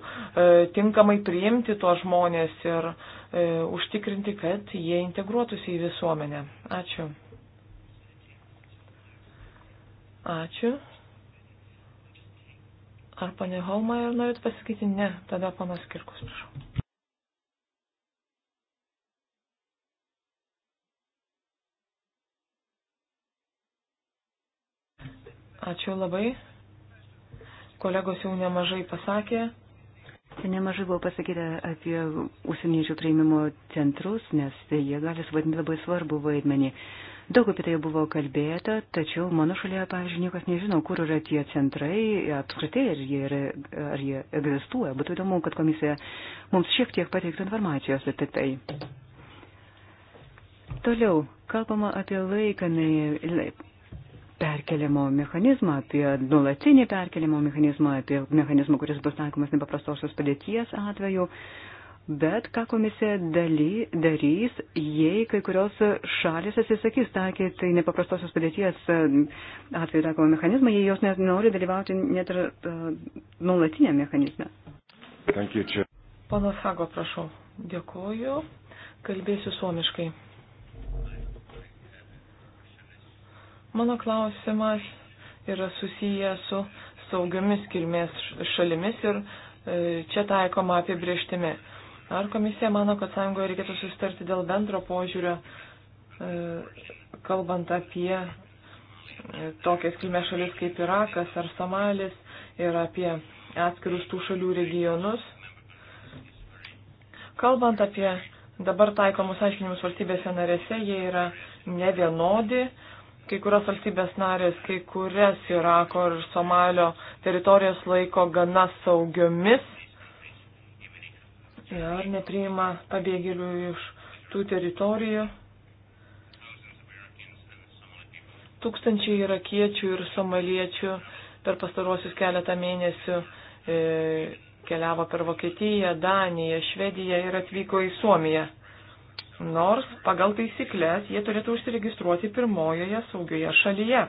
tinkamai priimti tuos žmonės ir užtikrinti, kad jie integruotųsi į visuomenę. Ačiū. Ačiū. Ar ponė Holmajer norėtų pasakyti ne? Tada ponas Kirkus, prašau. Ačiū labai. Kolegos jau nemažai pasakė. Nemažai buvo pasakyta apie užsieniečių priimimo centrus, nes jie gali suvaidinti labai svarbu vaidmenį. Daug apie tai buvo kalbėta, tačiau mano šalyje, pavyzdžiui, niekas nežino, kur yra tie centrai, apskritai, ar jie, yra, ar jie egzistuoja. Būtų įdomu, kad komisija mums šiek tiek pateiktų informacijos apie tai. Toliau, kalbama apie laikinai perkeliamo mechanizmą, apie nulatinį perkeliamo mechanizmą, apie mechanizmą, kuris bus taikomas nepaprastosios padėties atveju. Uh, Bet ką komisija daly, darys, jei kai kurios šalis atsisakys taikyti tai nepaprastosios padėties um, atveju taikomo mechanizmą, jei jos net nori dalyvauti net ir uh, nuolatinėme mechanizme? Ponas Hago, prašau. Dėkuoju. Kalbėsiu suomiškai. Mano klausimas yra susijęs su saugiomis kilmės šalimis ir e, čia taikoma apibrieštimi. Ar komisija mano, kad sąjungoje reikėtų susitarti dėl bendro požiūrio, e, kalbant apie e, tokias kilmės šalis kaip Irakas ar Somalis ir apie atskirus tų šalių regionus? Kalbant apie dabar taikomus aiškinimus valstybėse narėse, jie yra nevienodi. Kai kurios valstybės narės, kai kurias Irako ir Somalio teritorijos laiko gana saugiomis ir nepriima pabėgėlių iš tų teritorijų. Tūkstančiai irakiečių ir somaliečių per pastaruosius keletą mėnesių e, keliavo per Vokietiją, Daniją, Švediją ir atvyko į Suomiją. Nors pagal taisyklės jie turėtų užsiregistruoti pirmojoje saugioje šalyje.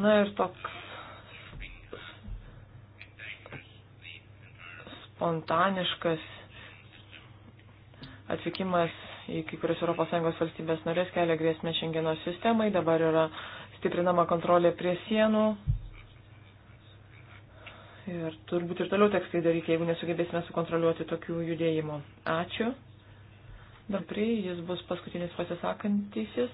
Na ir toks spontaniškas atvykimas į kai kurias ES valstybės norės kelia grėsmę Šengeno sistemai, dabar yra stiprinama kontrolė prie sienų. Ir turbūt ir toliau teks tai daryti, jeigu nesugebėsime sukontroliuoti tokių judėjimų. Ačiū. Dabar jis bus paskutinis pasisakantysis.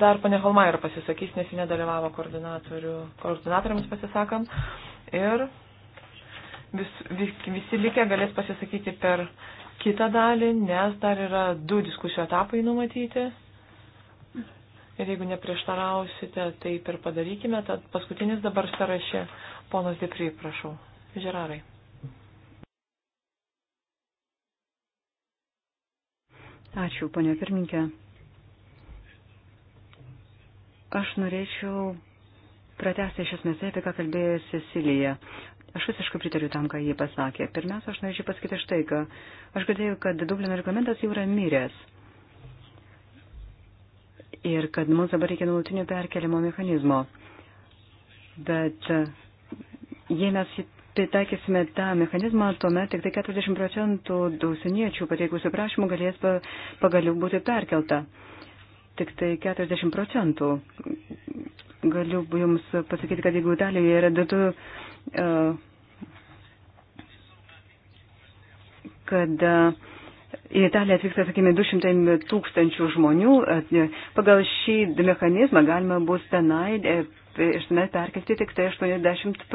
Dar pane Holmair pasisakys, nes ji nedalyvavo koordinatoriams pasisakant. Ir vis, vis, visi likę galės pasisakyti per kitą dalį, nes dar yra du diskusijų etapai numatyti. Ir jeigu neprieštarausite, taip ir padarykime. Tad paskutinis dabar sąraše ponas Dipry, prašau. Žerarai. Ačiū, ponė pirminkė. Aš norėčiau pratesti iš esmės tai, apie ką kalbėjo Cecilija. Aš visiškai pritariu tam, ką jie pasakė. Pirmiausia, aš norėčiau pasakyti štai, ką aš girdėjau, kad Dublino reglamentas jau yra miręs. Ir kad mums dabar reikia nuolatinio perkeliamo mechanizmo. Bet e, jei mes taikysime tą mechanizmą, tuomet tik tai 40 procentų dausiniečių pateikusių prašymų galės pagaliau būti perkelta. Tik tai 40 procentų. Galiu jums pasakyti, kad jeigu Italijoje yra 2 E, kad e, į Italiją atvyksta, sakykime, 200 tūkstančių žmonių. E, pagal šį mechanizmą galima bus tenai iš tenai perkelti tik tai 80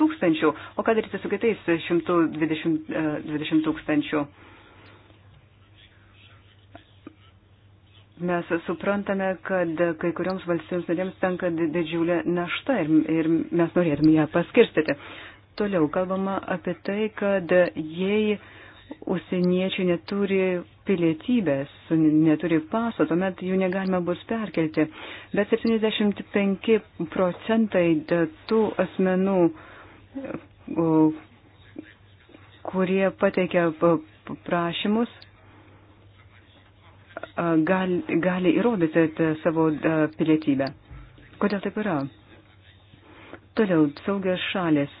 tūkstančių. O ką daryti su kitais 120 tūkstančių? Mes suprantame, kad kai kurioms valstybėms narėms tenka didžiulė našta ir, ir mes norėtume ją paskirstyti. Toliau kalbama apie tai, kad jei užsieniečiai neturi pilietybės, neturi paso, tuomet jų negalima bus perkelti. Bet 75 procentai tų asmenų, kurie pateikia prašymus, gal, gali įrodyti savo pilietybę. Kodėl taip yra? Toliau, saugios šalis.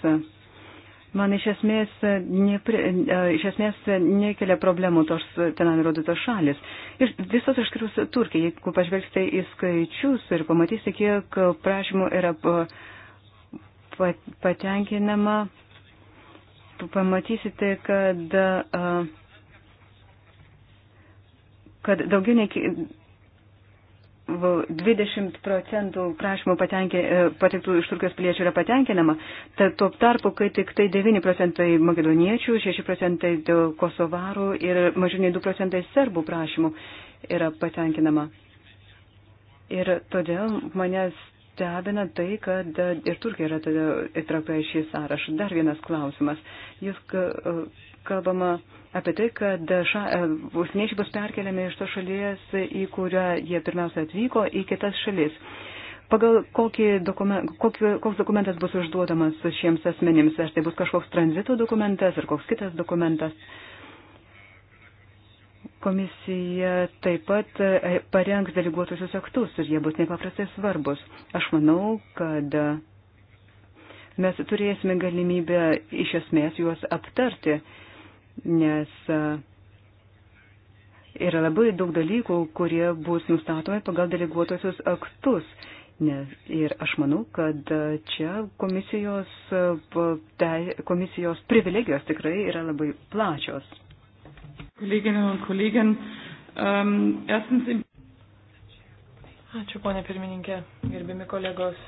Man iš esmės, nepri, iš esmės nekelia problemų tos ten nurodytos šalis. Ir visos išskyrus Turkija, jeigu pažvelgsite į skaičius ir pamatysite, kiek prašymų yra patenkinama, pamatysite, kad. Uh, kad daugiau nei 20 procentų prašymų e, pateiktų iš Turkijos piliečių yra patenkinama, tad tuo tarpu, kai tik tai 9 procentai makedoniečių, 6 procentai kosovarų ir mažiau nei 2 procentai serbų prašymų yra patenkinama. Ir todėl manęs stebina tai, kad e, ir Turkija yra tada įtraukta į šį sąrašą. Dar vienas klausimas. Jūs e, kalbama apie tai, kad ša, e, užsieniečiai bus perkeliami iš tos šalies, į kurią jie pirmiausia atvyko, į kitas šalis. Pagal kokį dokument, kokį, koks dokumentas bus užduodamas šiems asmenims, ar tai bus kažkoks tranzito dokumentas ar koks kitas dokumentas. Komisija taip pat e, parengs deleguotusius aktus ir jie bus nepaprastai svarbus. Aš manau, kad e, mes turėsime galimybę iš esmės juos aptarti nes e, yra labai daug dalykų, kurie bus nustatomi pagal deleguotosius aktus. Nes, ir aš manau, kad e, čia komisijos, e, komisijos privilegijos tikrai yra labai plačios. Kolleginnen und Kollegen, ähm, erstens im Ačiū, ponė pirmininkė, gerbiami kolegos.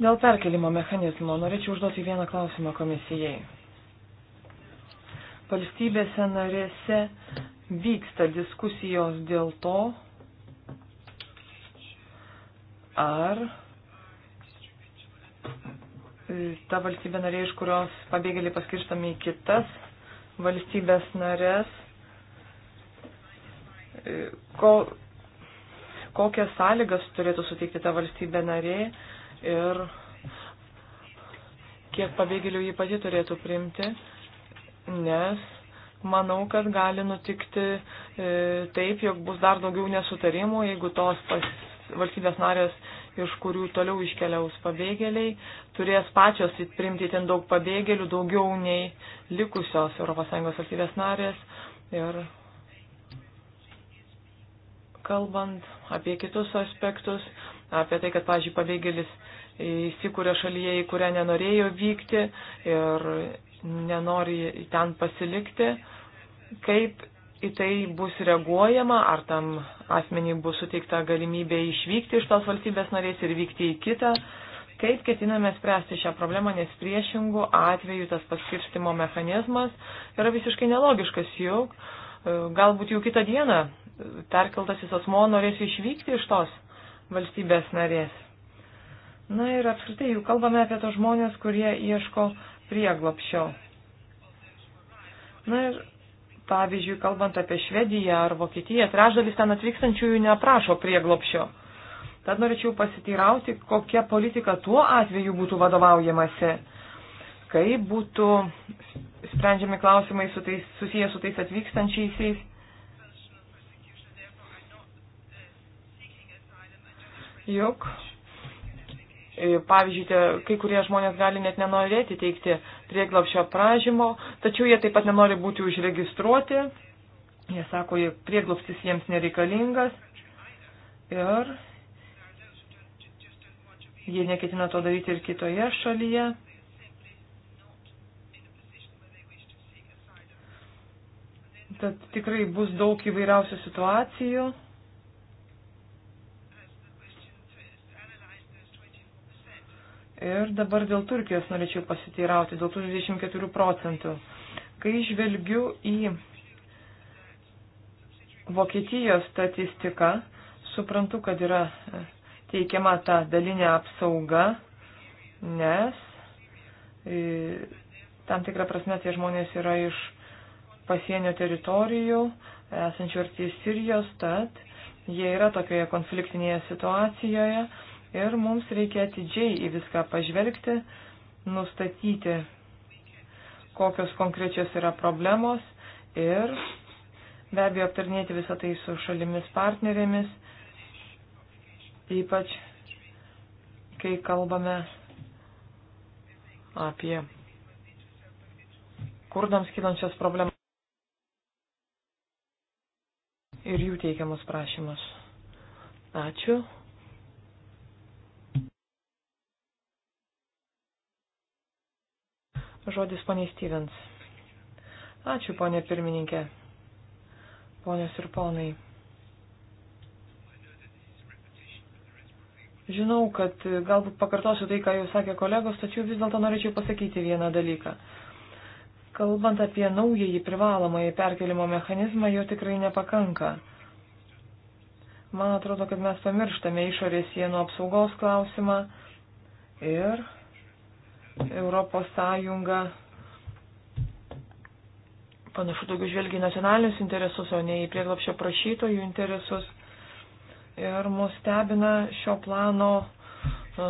Dėl perkelimo mechanizmo norėčiau užduoti vieną klausimą komisijai valstybėse narėse vyksta diskusijos dėl to, ar ta valstybė narė, iš kurios pabėgėliai paskirstami į kitas valstybės narės, ko, kokias sąlygas turėtų suteikti ta valstybė narė ir kiek pabėgėlių jį pati turėtų priimti nes manau, kad gali nutikti e, taip, jog bus dar daugiau nesutarimų, jeigu tos pas, valstybės narės, iš kurių toliau iškeliaus pabėgėliai, turės pačios priimti ten daug pabėgėlių, daugiau nei likusios ES valstybės narės. Ir kalbant apie kitus aspektus, apie tai, kad, pažiūrėjau, pabėgėlis įsikūrė šalyje, į kurią nenorėjo vykti ir nenori ten pasilikti, kaip į tai bus reaguojama, ar tam asmeniai bus suteikta galimybė išvykti iš tos valstybės narės ir vykti į kitą, kaip ketiname spręsti šią problemą, nes priešingų atveju tas paskirstimo mechanizmas yra visiškai nelogiškas juk. E, galbūt jau kitą dieną perkeltasis asmo norės išvykti iš tos valstybės narės. Na ir apskritai, jau kalbame apie tos žmonės, kurie ieško prieglopšio. Na ir pavyzdžiui, kalbant apie Švediją ar Vokietiją, trečdalis ten atvykstančiųjų neprašo prieglopšio. Tad norėčiau pasiteirauti, kokia politika tuo atveju būtų vadovaujamasi, kaip būtų sprendžiami klausimai su tais, susiję su tais atvykstančiaisiais. Juk E, pavyzdžiui, tie, kai kurie žmonės gali net nenorėti teikti prieglapšio pražymo, tačiau jie taip pat nenori būti užregistruoti. Jie sako, prieglapstis jiems nereikalingas ir jie neketina to daryti ir kitoje šalyje. Tad tikrai bus daug įvairiausių situacijų. Ir dabar dėl Turkijos norėčiau pasiteirauti, dėl tų 24 procentų. Kai žvelgiu į Vokietijos statistiką, suprantu, kad yra e, teikiama ta dalinė apsauga, nes e, tam tikrą prasme tie žmonės yra iš pasienio teritorijų, esančių arti Sirijos, tad jie yra tokioje konfliktinėje situacijoje ir mums reikia atidžiai į viską pažvelgti, nustatyti, kokios konkrečios yra problemos ir be abejo aptarnėti visą tai su šalimis partnerėmis, ypač kai kalbame apie kurdams kylančias problemas ir jų teikiamus prašymus. Ačiū. Žodis poniai Stevens. Ačiū, ponė pirmininkė. Ponios ir ponai. Žinau, kad galbūt pakartosiu tai, ką jau sakė kolegos, tačiau vis dėlto norėčiau pasakyti vieną dalyką. Kalbant apie naująjį privalomąjį perkelimo mechanizmą, jo tikrai nepakanka. Man atrodo, kad mes pamirštame išorės sienų apsaugos klausimą ir Europos Sąjunga panašu daugiau žvelgia į nacionalinius interesus, o ne į prieglapšio prašytojų interesus. Ir mus stebina šio plano uh,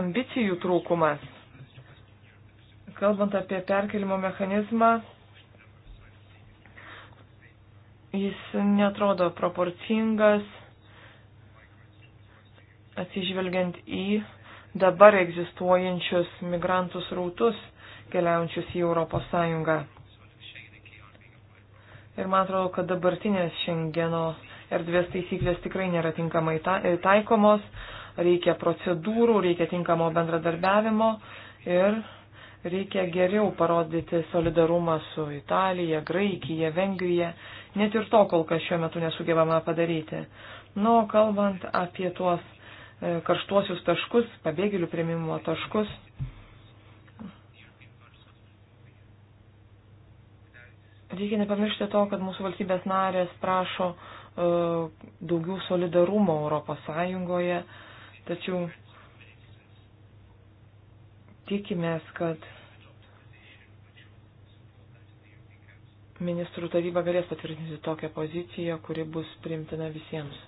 ambicijų trūkumas. Kalbant apie perkelimo mechanizmą, jis netrodo proporcingas atsižvelgiant į dabar egzistuojančius migrantus rautus keliaujančius į Europos Sąjungą. Ir man atrodo, kad dabartinės Šengeno erdvės taisyklės tikrai nėra tinkamai e, taikomos, reikia procedūrų, reikia tinkamo bendradarbiavimo ir reikia geriau parodyti solidarumą su Italija, Graikija, Vengrija, net ir to kol kas šiuo metu nesugebama padaryti. Nu, kalbant apie tuos E, karštuosius taškus, pabėgėlių prieimimo taškus. Reikia nepamiršti to, kad mūsų valstybės narės prašo uh, daugiau solidarumo Europos Sąjungoje, tačiau tikimės, kad ministrų taryba galės patvirtinti tokią poziciją, kuri bus primtina visiems.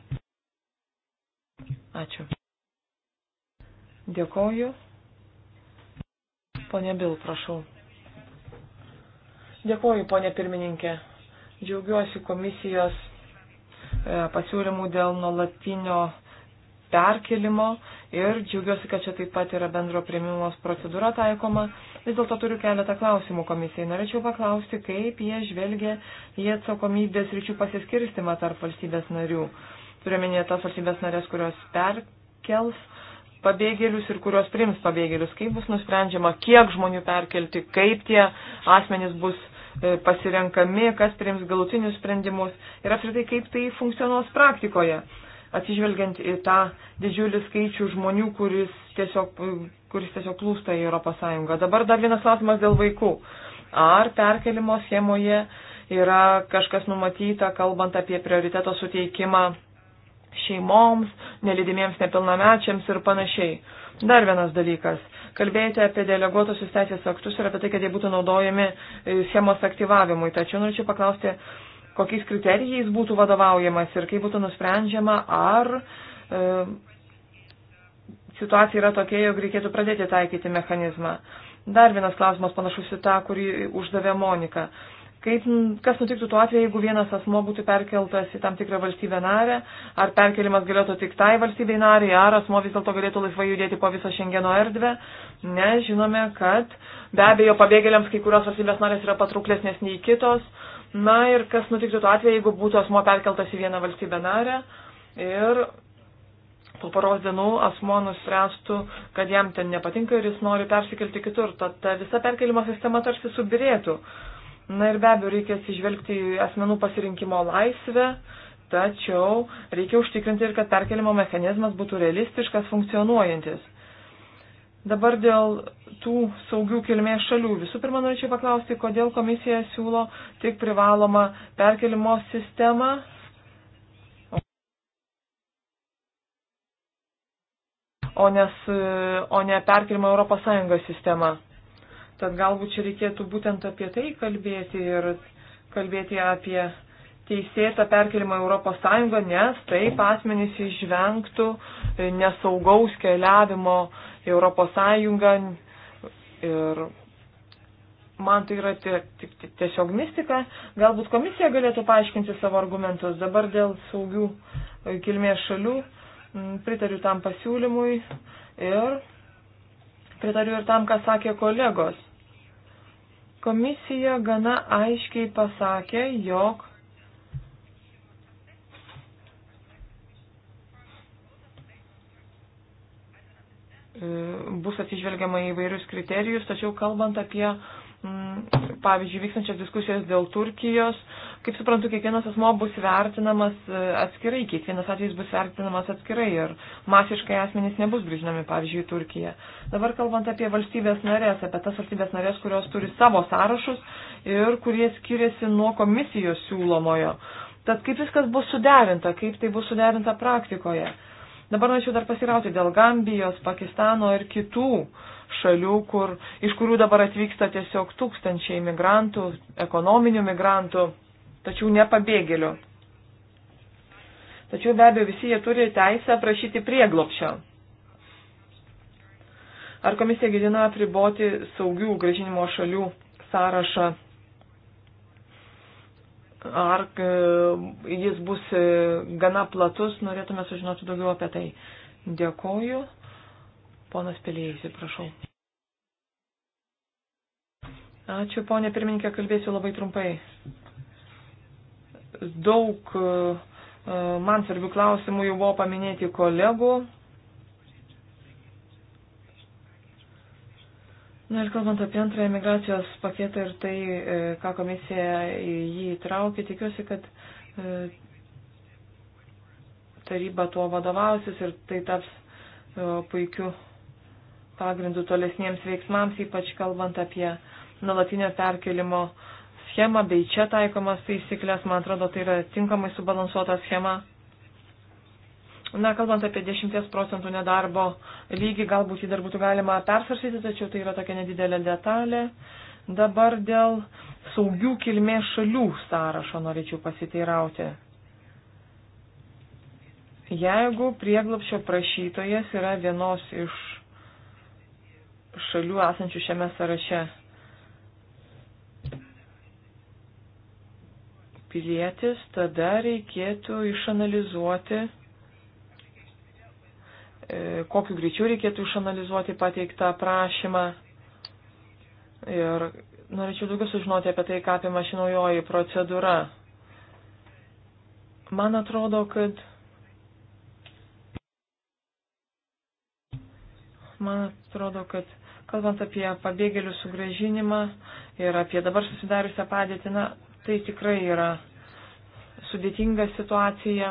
Ačiū. Dėkoju. Pone Bil, prašau. Dėkoju, ponė pirmininkė. Džiaugiuosi komisijos e, pasiūlymų dėl nuolatinio perkelimo ir džiaugiuosi, kad čia taip pat yra bendro prieimimos procedūra taikoma. Vis dėlto turiu keletą klausimų komisijai. Norėčiau paklausti, kaip jie žvelgia į atsakomybės ryčių pasiskirstimą tarp valstybės narių. Turiuomenė tas valstybės narės, kurios perkels pabėgėlius ir kurios priims pabėgėlius, kaip bus nusprendžiama, kiek žmonių perkelti, kaip tie asmenys bus e, pasirenkami, kas priims galutinius sprendimus ir apskritai kaip tai funkcionuos praktikoje, atsižvelgiant į tą didžiulį skaičių žmonių, kuris tiesiog, e, kuris tiesiog plūsta į ES. Dabar dar vienas klausimas dėl vaikų. Ar perkelimo schemoje yra kažkas numatyta, kalbant apie prioriteto suteikimą šeimoms, nelydimiems nepilnamečiams ir panašiai. Dar vienas dalykas - kalbėjote apie deleguotusius teisės aktus ir apie tai, kad jie būtų naudojami e, schemos aktyvavimui. Tačiau norėčiau paklausti, kokiais kriterijais būtų vadovaujamas ir kaip būtų nusprendžiama, ar e, situacija yra tokia, jog reikėtų pradėti taikyti mechanizmą. Dar vienas klausimas panašus į tą, kurį uždavė Monika. E, Kaip, kas nutiktų tuo atveju, jeigu vienas asmo būtų perkeltas į tam tikrą valstybę narę, ar perkelimas galėtų tik tai valstybei nariai, ar asmo vis dėlto galėtų laisvai judėti po visą Šengeno erdvę, nes žinome, kad be abejo pabėgėliams kai kurios valstybės narės yra patrauklesnės nei kitos. Na ir kas nutiktų tuo atveju, jeigu būtų asmo perkeltas į vieną valstybę narę ir po poros dienų asmo nuspręstų, kad jam ten nepatinka ir jis nori persikelti kitur, tad ta visa perkelimo sistema tarsi subirėtų. Na ir be abejo, reikia atsižvelgti į asmenų pasirinkimo laisvę, tačiau reikia užtikrinti ir, kad perkelimo mechanizmas būtų realistiškas, funkcionuojantis. Dabar dėl tų saugių kilmės šalių. Visų pirma, norėčiau paklausti, kodėl komisija siūlo tik privalomą perkelimo sistemą. O, nes, o ne perkelimo Europos Sąjungos sistema. Tad galbūt čia reikėtų būtent apie tai kalbėti ir kalbėti apie teisėtą perkelimą Europos Sąjungą, nes taip asmenys išvengtų nesaugaus keliavimo Europos Sąjungą. Ir man tai yra tiesiog mistika. Galbūt komisija galėtų paaiškinti savo argumentus. Dabar dėl saugių kilmės šalių pritariu tam pasiūlymui ir Pritariu ir tam, ką sakė kolegos. Komisija gana aiškiai pasakė, jog e, bus atsižvelgiama į vairius kriterijus, tačiau kalbant apie Mm, pavyzdžiui, vykstančias diskusijas dėl Turkijos. Kaip suprantu, kiekvienas asmo bus vertinamas e, atskirai, kiekvienas atvejis bus vertinamas atskirai ir masiškai asmenys nebus grįžinami, pavyzdžiui, į Turkiją. Dabar kalbant apie valstybės narės, apie tas valstybės narės, kurios turi savo sąrašus ir kurie skiriasi nuo komisijos siūlomojo. Tad kaip viskas bus suderinta, kaip tai bus suderinta praktikoje. Dabar norėčiau dar pasirauti dėl Gambijos, Pakistano ir kitų uh, šalių, kur, iš kurių dabar atvyksta tiesiog tūkstančiai migrantų, ekonominių migrantų, tačiau ne pabėgėlių. Tačiau be abejo visi jie turi teisę prašyti prieglopšio. Ar komisija gėdina apriboti saugių gražinimo šalių sąrašą? Ar e, jis bus e, gana platus, norėtume sužinoti daugiau apie tai. Dėkoju. Ponas Pelėjus, prašau. Ačiū, ponė pirmininkė, kalbėsiu labai trumpai. Daug e, e, man svarbių klausimų jau buvo paminėti kolegų. Na ir kalbant apie antrąją migracijos paketą ir tai, e, ką komisija į jį įtraukė, tikiuosi, kad taryba tuo vadovausis ir tai taps puikiu pagrindu tolesniems veiksmams, ypač kalbant apie uh, nuolatinio perkelimo schemą bei čia taikomas taisyklės. Man atrodo, tai yra tinkamai subalansuota schema. Na, kalbant apie 10 procentų nedarbo lygį, galbūt jį dar būtų galima persvarsyti, tačiau tai yra tokia nedidelė detalė. Dabar dėl saugių kilmės šalių sąrašo norėčiau pasiteirauti. Jeigu prieglopšio prašytojas yra vienos iš šalių esančių šiame sąraše pilietis, tada reikėtų išanalizuoti, e, kokiu greičiu reikėtų išanalizuoti pateiktą prašymą. Ir norėčiau daugiau sužinoti apie tai, ką apima ši naujoji procedūra. Man atrodo, kad. Man atrodo, kad kalbant apie pabėgėlių sugražinimą ir apie dabar susidariusią padėtį, na, Tai tikrai yra sudėtinga situacija.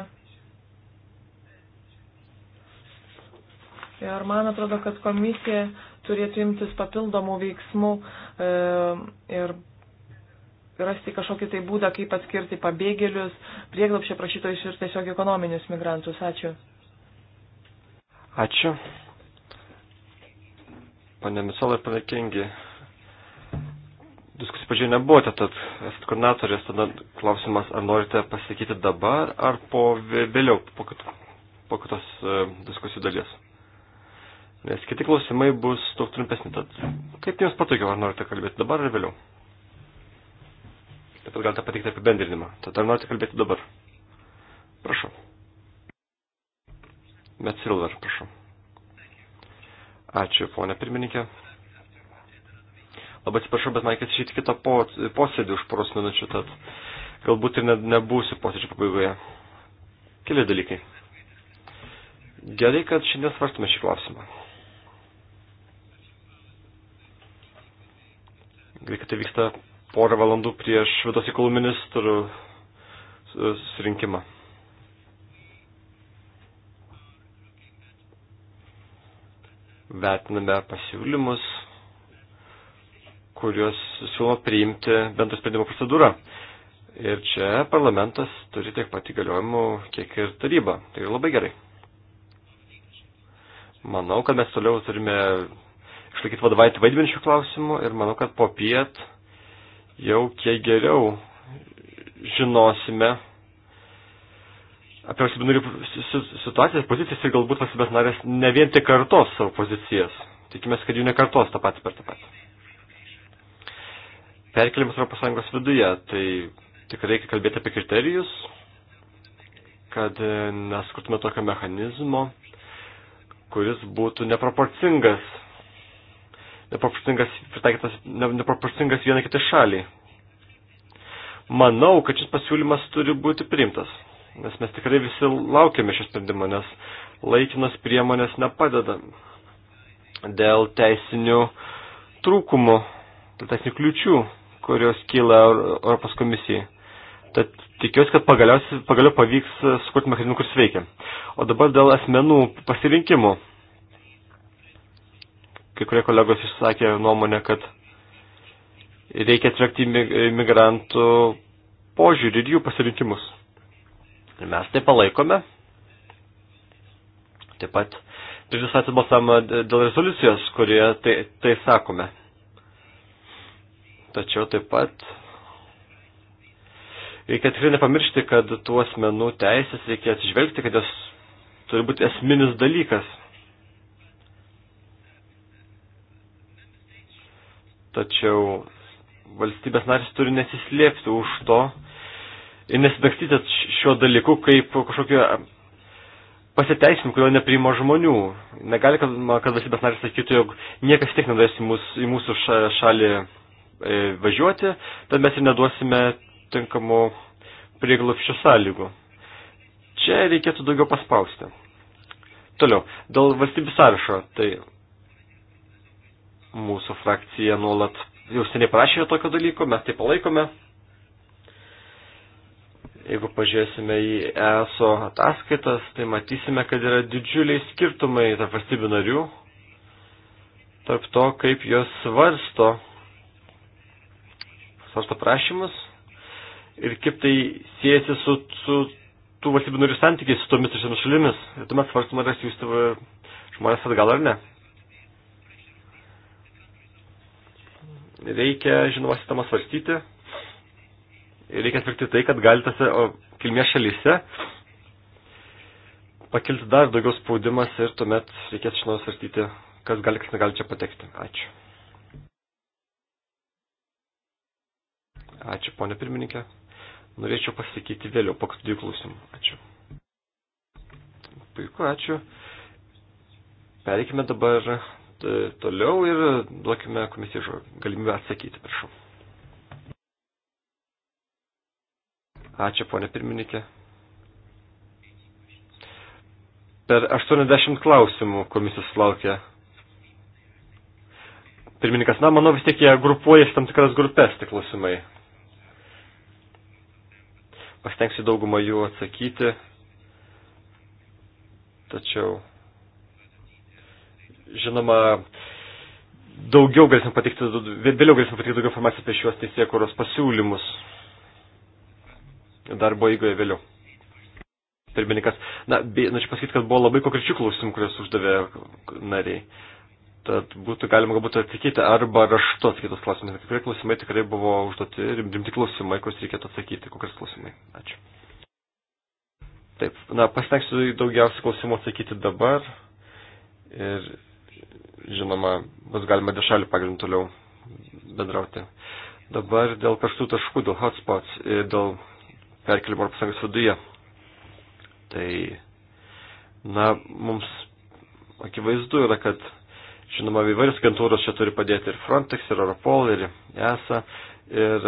Ir man atrodo, kad komisija turėtų imtis papildomų veiksmų e, ir rasti kažkokį tai būdą, kaip atskirti pabėgėlius, prieglapšio prašytojus ir tiesiog ekonominius migrantus. Ačiū. Ačiū. Pane Misolai, paveikingi diskusijų pažiūrėjau nebuvote, tad esate koordinatorės, tada klausimas, ar norite pasakyti dabar, ar po vėliau, po, po kitos uh, diskusijų dalies. Nes kiti klausimai bus daug trumpesni, tad kaip jums patogiau, ar norite kalbėti dabar ar vėliau? Taip pat galite pateikti apibendrinimą. Tad ar norite kalbėti dabar? Prašau. Metsilver, prašau. Ačiū, ponė pirmininkė. Labai atsiprašau, bet man reikia išėti kitą posėdį už poros minučių, tad galbūt ir ne, nebūsiu posėdžio pabaigoje. Keli dalykai. Gerai, kad šiandien svarstume šį klausimą. Gerai, kad tai vyksta porą valandų prieš vidaus reikalų ministrų susirinkimą. Vertiname pasiūlymus kuriuos siūlo priimti bendro sprendimo procedūra. Ir čia parlamentas turi tiek pat įgaliojimų, kiek ir taryba. Tai yra labai gerai. Manau, kad mes toliau turime išlaikyti vadovauti vaidmenčių klausimų ir manau, kad po piet jau kiek geriau žinosime apie valstybių narių situacijas, pozicijas ir galbūt valstybės narės ne vien tik kartos savo pozicijas. Tikimės, kad jų nekartos tą patį per tą patį perkeliamas ES viduje. Tai tikrai reikia kalbėti apie kriterijus, kad e, neskurtume tokio mechanizmo, kuris būtų neproporcingas, neproporcingas, pritaikytas, ne, neproporcingas vienai kitai šaliai. Manau, kad šis pasiūlymas turi būti priimtas, nes mes tikrai visi laukiame šio sprendimo, nes laikinos priemonės nepadeda dėl teisinių trūkumų, dėl teisinių kliučių kurios kyla Europos komisijai. Tad tikiuosi, kad pagaliau pavyks sukurti mechanizmą, kuris veikia. O dabar dėl asmenų pasirinkimų. Kai kurie kolegos išsakė nuomonę, kad reikia atvekti imigrantų požiūrį ir jų pasirinkimus. Ir mes tai palaikome. Taip pat prieš jūs balsavimą dėl rezoliucijos, kurioje tai, tai sakome. Tačiau taip pat reikia tikrai nepamiršti, kad tų asmenų teisės reikia atsižvelgti, kad jos turi būti esminis dalykas. Tačiau valstybės narys turi nesislėpti už to ir nesidakstyti šiuo dalyku kaip kažkokio pasiteisinim, kurio nepriima žmonių. Negali, kad, kad valstybės narys sakytų, jog niekas tiek nedarys į mūsų, į mūsų šalį E, važiuoti, tad mes ir neduosime tinkamų prieglupščio sąlygų. Čia reikėtų daugiau paspausti. Toliau, dėl valstybių sąrašo, tai mūsų frakcija nuolat jau seniai prašė tokio dalyko, mes tai palaikome. Jeigu pažiūrėsime į ESO ataskaitas, tai matysime, kad yra didžiuliai skirtumai tarp valstybių narių, tarp to, kaip jos svarsto svarsto prašymus ir kaip tai siejasi su, su tų valstybių narių santykiai su tomis trečiomis šalimis. Ir tuomet svarstama, ar siūsti e, žmonės atgal ar ne. Reikia, žinoma, sistemą svarstyti. Ir reikia atvirkti tai, kad gali tose kilmės šalyse pakilti dar daugiau spaudimas ir tuomet reikės iš naujo svarstyti, kas gali, kas negali čia patekti. Ačiū. Ačiū, ponė pirmininkė. Norėčiau pasakyti vėliau, po kitų klausimų. Ačiū. Puiku, ačiū. Pereikime dabar e, toliau ir duokime komisijai galimybę atsakyti, prašau. Ačiū, ponė pirmininkė. Per 80 klausimų komisijos sulaukė. Pirmininkas, na, manau vis tiek jie grupuoja tam tikras grupės, tik klausimai. Pastengsiu daugumą jų atsakyti, tačiau, žinoma, daugiau galėsim patikti, vėliau galėsim patikti daugiau informacijos apie šiuos teisėkuros pasiūlymus darbo įgoje vėliau. Pirmininkas, na, norėčiau pasakyti, kad buvo labai konkrečių klausimų, kurias uždavė nariai. Tad būtų galima galbūt atsakyti arba raštu atsakytos klausimai. Kai kurie klausimai tikrai buvo užduoti rimti klausimai, kuriuos reikėtų atsakyti. Kokios klausimai? Ačiū. Taip, na, pasitengsiu daugiausiai klausimų atsakyti dabar. Ir, žinoma, bus galima dešalių pagrindų toliau bendrauti. Dabar dėl karštų taškų, dėl hotspots ir dėl perkelimo Europos Sąjungos viduje. Tai, na, mums akivaizdu yra, kad Žinoma, įvairios agentūros čia turi padėti ir Frontex, ir Europol, ir ESA. Ir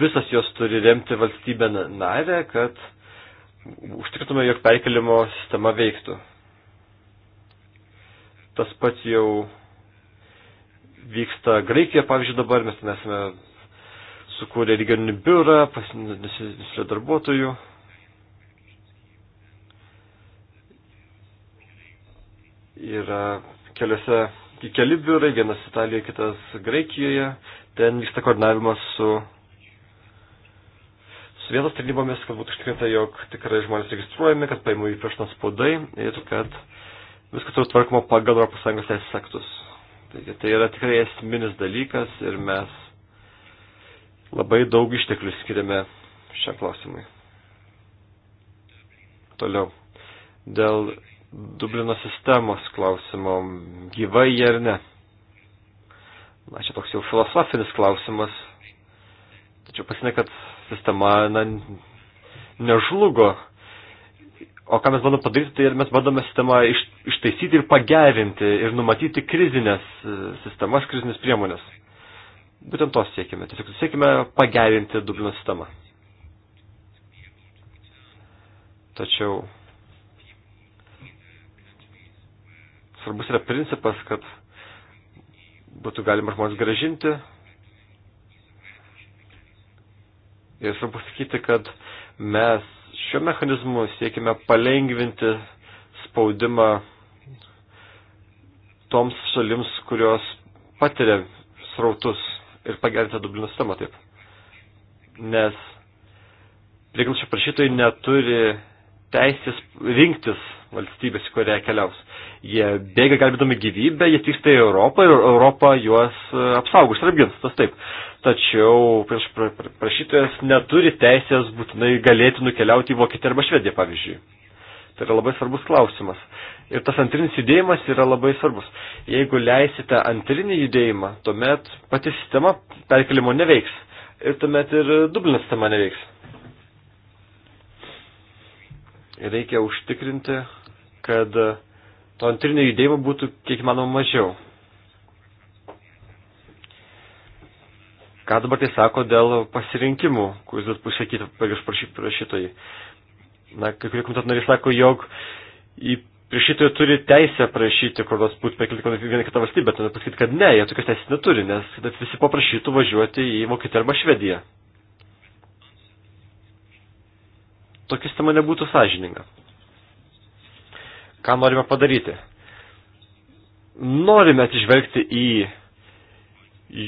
visas jos turi remti valstybę narę, kad užtikrintume, jog perkelimo sistema veiktų. Tas pats jau vyksta Graikija, pavyzdžiui, dabar mes esame sukūrę regioninį biurą, nusilio darbuotojų. yra keliose keli biurai, vienas Italijoje, kitas Graikijoje. Ten vyksta koordinavimas su, su vietos tarnybomis, kad būtų užtikrinta, jog tikrai žmonės registruojami, kad paimų įprašnas spaudai ir kad viskas yra tvarkoma pagal ES teisės aktus. Taigi tai yra tikrai esminis dalykas ir mes labai daug išteklių skiriame šiam klausimui. Toliau. Dėl Dublino sistemos klausimo, gyvai jie ar ne. Na, čia toks jau filosofinis klausimas. Tačiau pasinė, kad sistema na, nežlugo. O ką mes bandome padaryti, tai mes bandome sistemą iš, ištaisyti ir pagerinti ir numatyti krizinės e, sistemas, krizinės priemonės. Būtent to siekime. Tiesiog siekime pagerinti Dublino sistemą. Tačiau svarbus yra principas, kad būtų galima žmonės gražinti. Ir svarbu sakyti, kad mes šiuo mechanizmu siekime palengvinti spaudimą toms šalims, kurios patiria srautus ir pagerinti Dublino sistemą taip. Nes prieglūšio prašytojai neturi teisės rinktis valstybės, į kurią keliaus. Jie bėga gelbėdami gyvybę, jie tiksta į Europą ir Europą juos e, apsaugos ir apgins, tas taip. Tačiau prieš prašytojas neturi teisės būtinai galėti nukeliauti į Vokietiją arba Švediją, pavyzdžiui. Tai yra labai svarbus klausimas. Ir tas antrinis judėjimas yra labai svarbus. Jeigu leisite antrinį judėjimą, tuomet pati sistema perkelimo neveiks. Ir tuomet ir Dublino sistema neveiks reikia užtikrinti, kad to antrinio judėjimo būtų kiek įmanoma mažiau. Ką dabar tai sako dėl pasirinkimų, kuris bus pasakyti prieš prašytojai. Na, kai kurie komiteto nariai sako, jog į prašytojų turi teisę prašyti, kur nors būtų perkelti vieną kitą valstybę, bet noriu pasakyti, kad ne, jie tokios teisės neturi, nes visi paprašytų važiuoti į Vokietiją arba Švediją. tokia sistema nebūtų sąžininga. Ką norime padaryti? Norime atsižvelgti į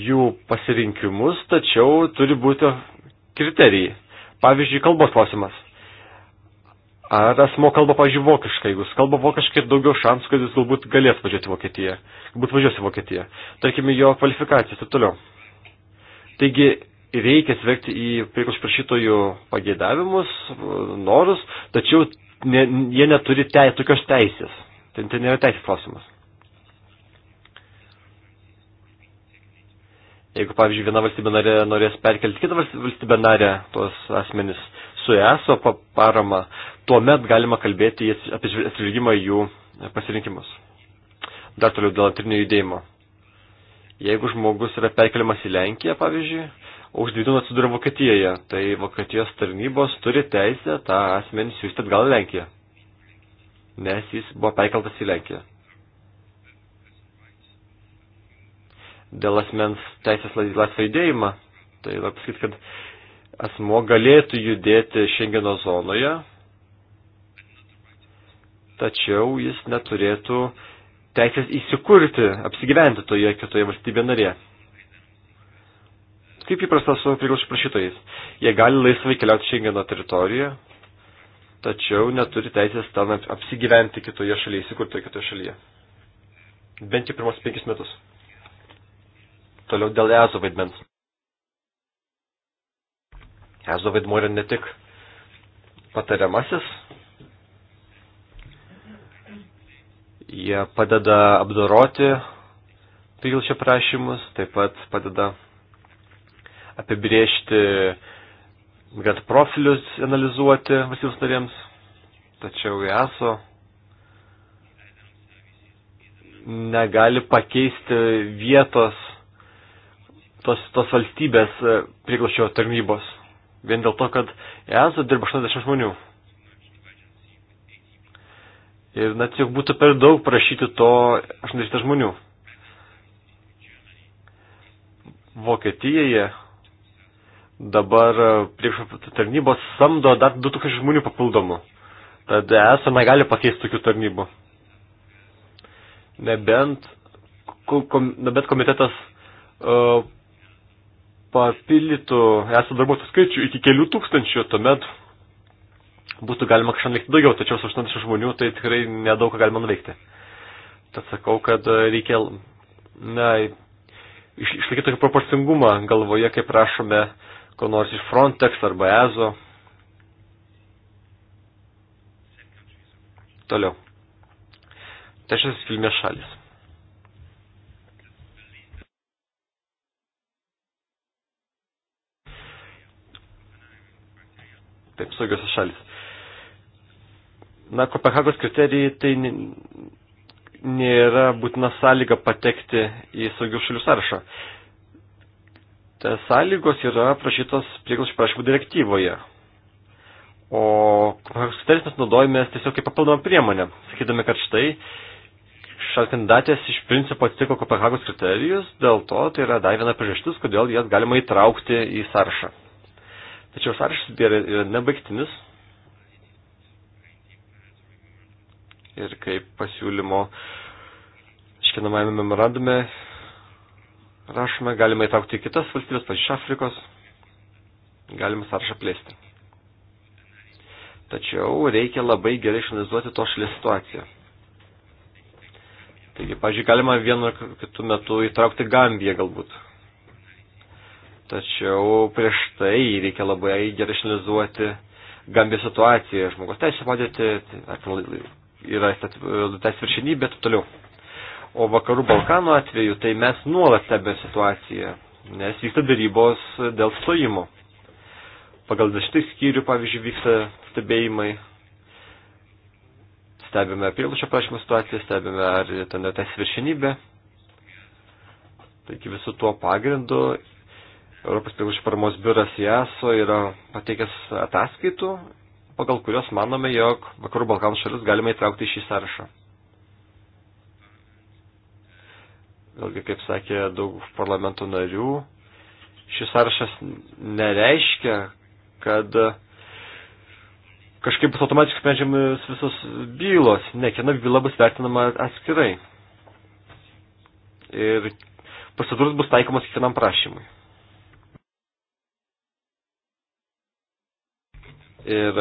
jų pasirinkimus, tačiau turi būti kriterijai. Pavyzdžiui, kalbos klausimas. Ar asmo kalba, pavyzdžiui, vokiškai, jeigu kalba vokiškai ir daugiau šansų, kad jis galbūt galės važiuoti į Vokietiją, galbūt važiuos į Vokietiją, tarkime, jo kvalifikacija ir taip toliau. Taigi, reikia atsvegti į prieglobščio prašytojų pageidavimus, norus, tačiau ne, jie neturi te, tokios teisės. Tai, tai nėra teisės klausimas. Jeigu, pavyzdžiui, viena valstybė narė norės perkelti kitą valstybę narę, tos asmenys su ESO parama, tuomet galima kalbėti apie atsižvelgimą jų pasirinkimus. Dar toliau dėl antrinio judėjimo. Jeigu žmogus yra perkeliamas į Lenkiją, pavyzdžiui, už dvydieną atsidūrė Vokietijoje, tai Vokietijos tarnybos turi teisę tą asmenį siūsti atgal į Lenkiją, nes jis buvo perkeltas į Lenkiją. Dėl asmens teisės laisvą judėjimą, tai noriu pasakyti, kad asmo galėtų judėti Šengeno zonoje, tačiau jis neturėtų teisės įsikurti, apsigyventi toje kitoje valstybėje narėje kaip įprasta su prieglobsčių prašytojais. Jie gali laisvai keliauti Šengeno teritoriją, tačiau neturi teisės ten apsigyventi kitoje šalyje, įsikurti kitoje šalyje. Bent jau pirmos penkis metus. Toliau dėl EZO vaidmens. EZO vaidmuo yra ne tik patariamasis, jie padeda apdoroti pilčio prašymus, taip pat padeda apibriežti migrantų profilius, analizuoti valstybės narėms, tačiau ESO negali pakeisti vietos tos, tos valstybės priglašio tarnybos. Vien dėl to, kad ESO dirba 80 žmonių. Ir net jau būtų per daug prašyti to 80 žmonių. Vokietijoje dabar e, prieš tarnybos samdo dar 2000 žmonių papildomų. Tad esame gali pakeisti tokių tarnybų. Nebent, kom, nebent komitetas uh, papildytų esą darbuotojų skaičių iki kelių tūkstančių, tuomet būtų galima kažkam veikti daugiau, tačiau su 80 žmonių tai tikrai nedaug ką galima nuveikti. Tad sakau, kad e, reikia na, išlaikyti tokį proporcingumą galvoje, kaip prašome uh, ko nors iš Frontex arba EZO. Toliau. Trečiasis kilmės šalis. Taip, saugiosios šalis. Na, Kopenhagos kriterijai tai nėra būtina sąlyga patekti į saugių šalių sąrašą tas sąlygos yra prašytos prieglobsčio prašymų direktyvoje. O sutartis mes naudojame tiesiog kaip papildomą priemonę, sakydami, kad štai šalis kandidatės iš principo atitiko Kopenhagos kriterijus, dėl to tai yra dar viena priežastis, kodėl jas galima įtraukti į sąrašą. Tačiau sąrašas yra nebaigtinis. Ir kaip pasiūlymo iškinamajame memorandume Rašome, galima įtraukti kitas valstybės, pač iš Afrikos, galima sąrašą plėsti. Tačiau reikia labai gerai išanalizuoti to šalies situaciją. Taigi, pažiūrėjau, galima vienu ar kitu metu įtraukti Gambiją galbūt. Tačiau prieš tai reikia labai gerai išanalizuoti Gambijos situaciją, žmogaus teisę padėti, tai, yra teisės viršinybė ir taip toliau. O vakarų Balkanų atveju tai mes nuolat stebė situaciją, nes vyksta darybos dėl stojimo. Pagal dažtai skyrių, pavyzdžiui, vyksta stebėjimai. Stebime prielušio prašymo situaciją, stebime ar ten teisė viršinybė. Taigi visų tuo pagrindu Europos prielušio paramos biuras JASO yra pateikęs ataskaitų, pagal kurios manome, jog Vakarų Balkanų šalis galima įtraukti į šį sąrašą. Vėlgi, kaip sakė daug parlamento narių, šis sąrašas nereiškia, kad kažkaip bus automatiškai sprendžiamas visos bylos. Ne, kiekviena byla bus vertinama atskirai. Ir procedūros bus taikomas kiekvienam prašymui. Ir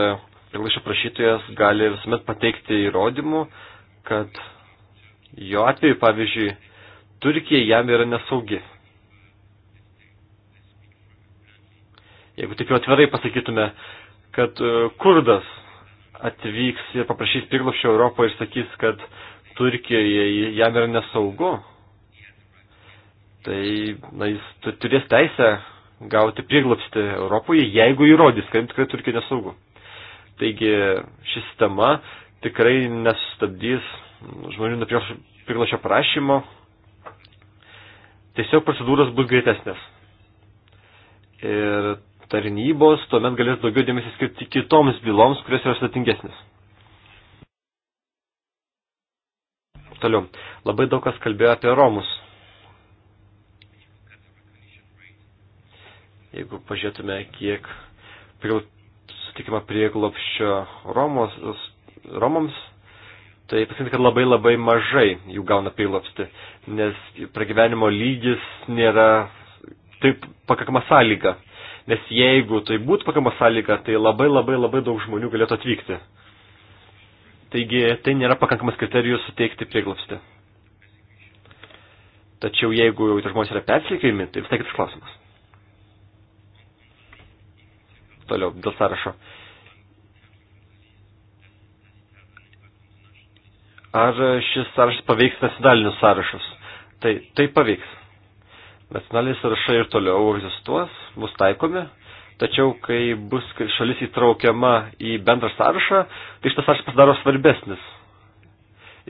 prieglaišio prašytojas gali visuomet pateikti įrodymų, kad jo atveju, pavyzdžiui, Turkija jam yra nesaugi. Jeigu taip jau atvirai pasakytume, kad e, kurdas atvyks ir paprašys priglobščio Europoje ir sakys, kad Turkijoje jam yra nesaugu, tai na, jis turės teisę gauti prieglobstį Europoje, jeigu įrodys, kad tikrai Turkija nesaugu. Taigi ši sistema tikrai nesustabdys žmonių nuo prieglobščio prašymo, Tiesiog procedūros bus greitesnės. Ir tarnybos tuomet galės daugiau dėmesį skirti kitoms byloms, kurios yra sudėtingesnės. Toliau. Labai daug kas kalbėjo apie Romus. Jeigu pažiūrėtume, kiek sutikima prieglopščio Romos, Romams, tai pasimti, kad labai labai mažai jų gauna prieglopsti, nes pragyvenimo lygis nėra taip pakankama sąlyga. Nes jeigu tai būtų pakankama sąlyga, tai labai labai labai daug žmonių galėtų atvykti. Taigi tai nėra pakankamas kriterijus suteikti prieglopsti. Tačiau jeigu jau tie žmonės yra persikėjami, tai visai kitas klausimas. Toliau, dėl sąrašo. ar šis sąrašas paveiks nacionalinius sąrašus. Tai, tai paveiks. Nacionaliniai sąrašai ir toliau egzistuos, bus taikomi, tačiau kai bus šalis įtraukiama į bendrą sąrašą, tai šitas sąrašas pasidaro svarbesnis.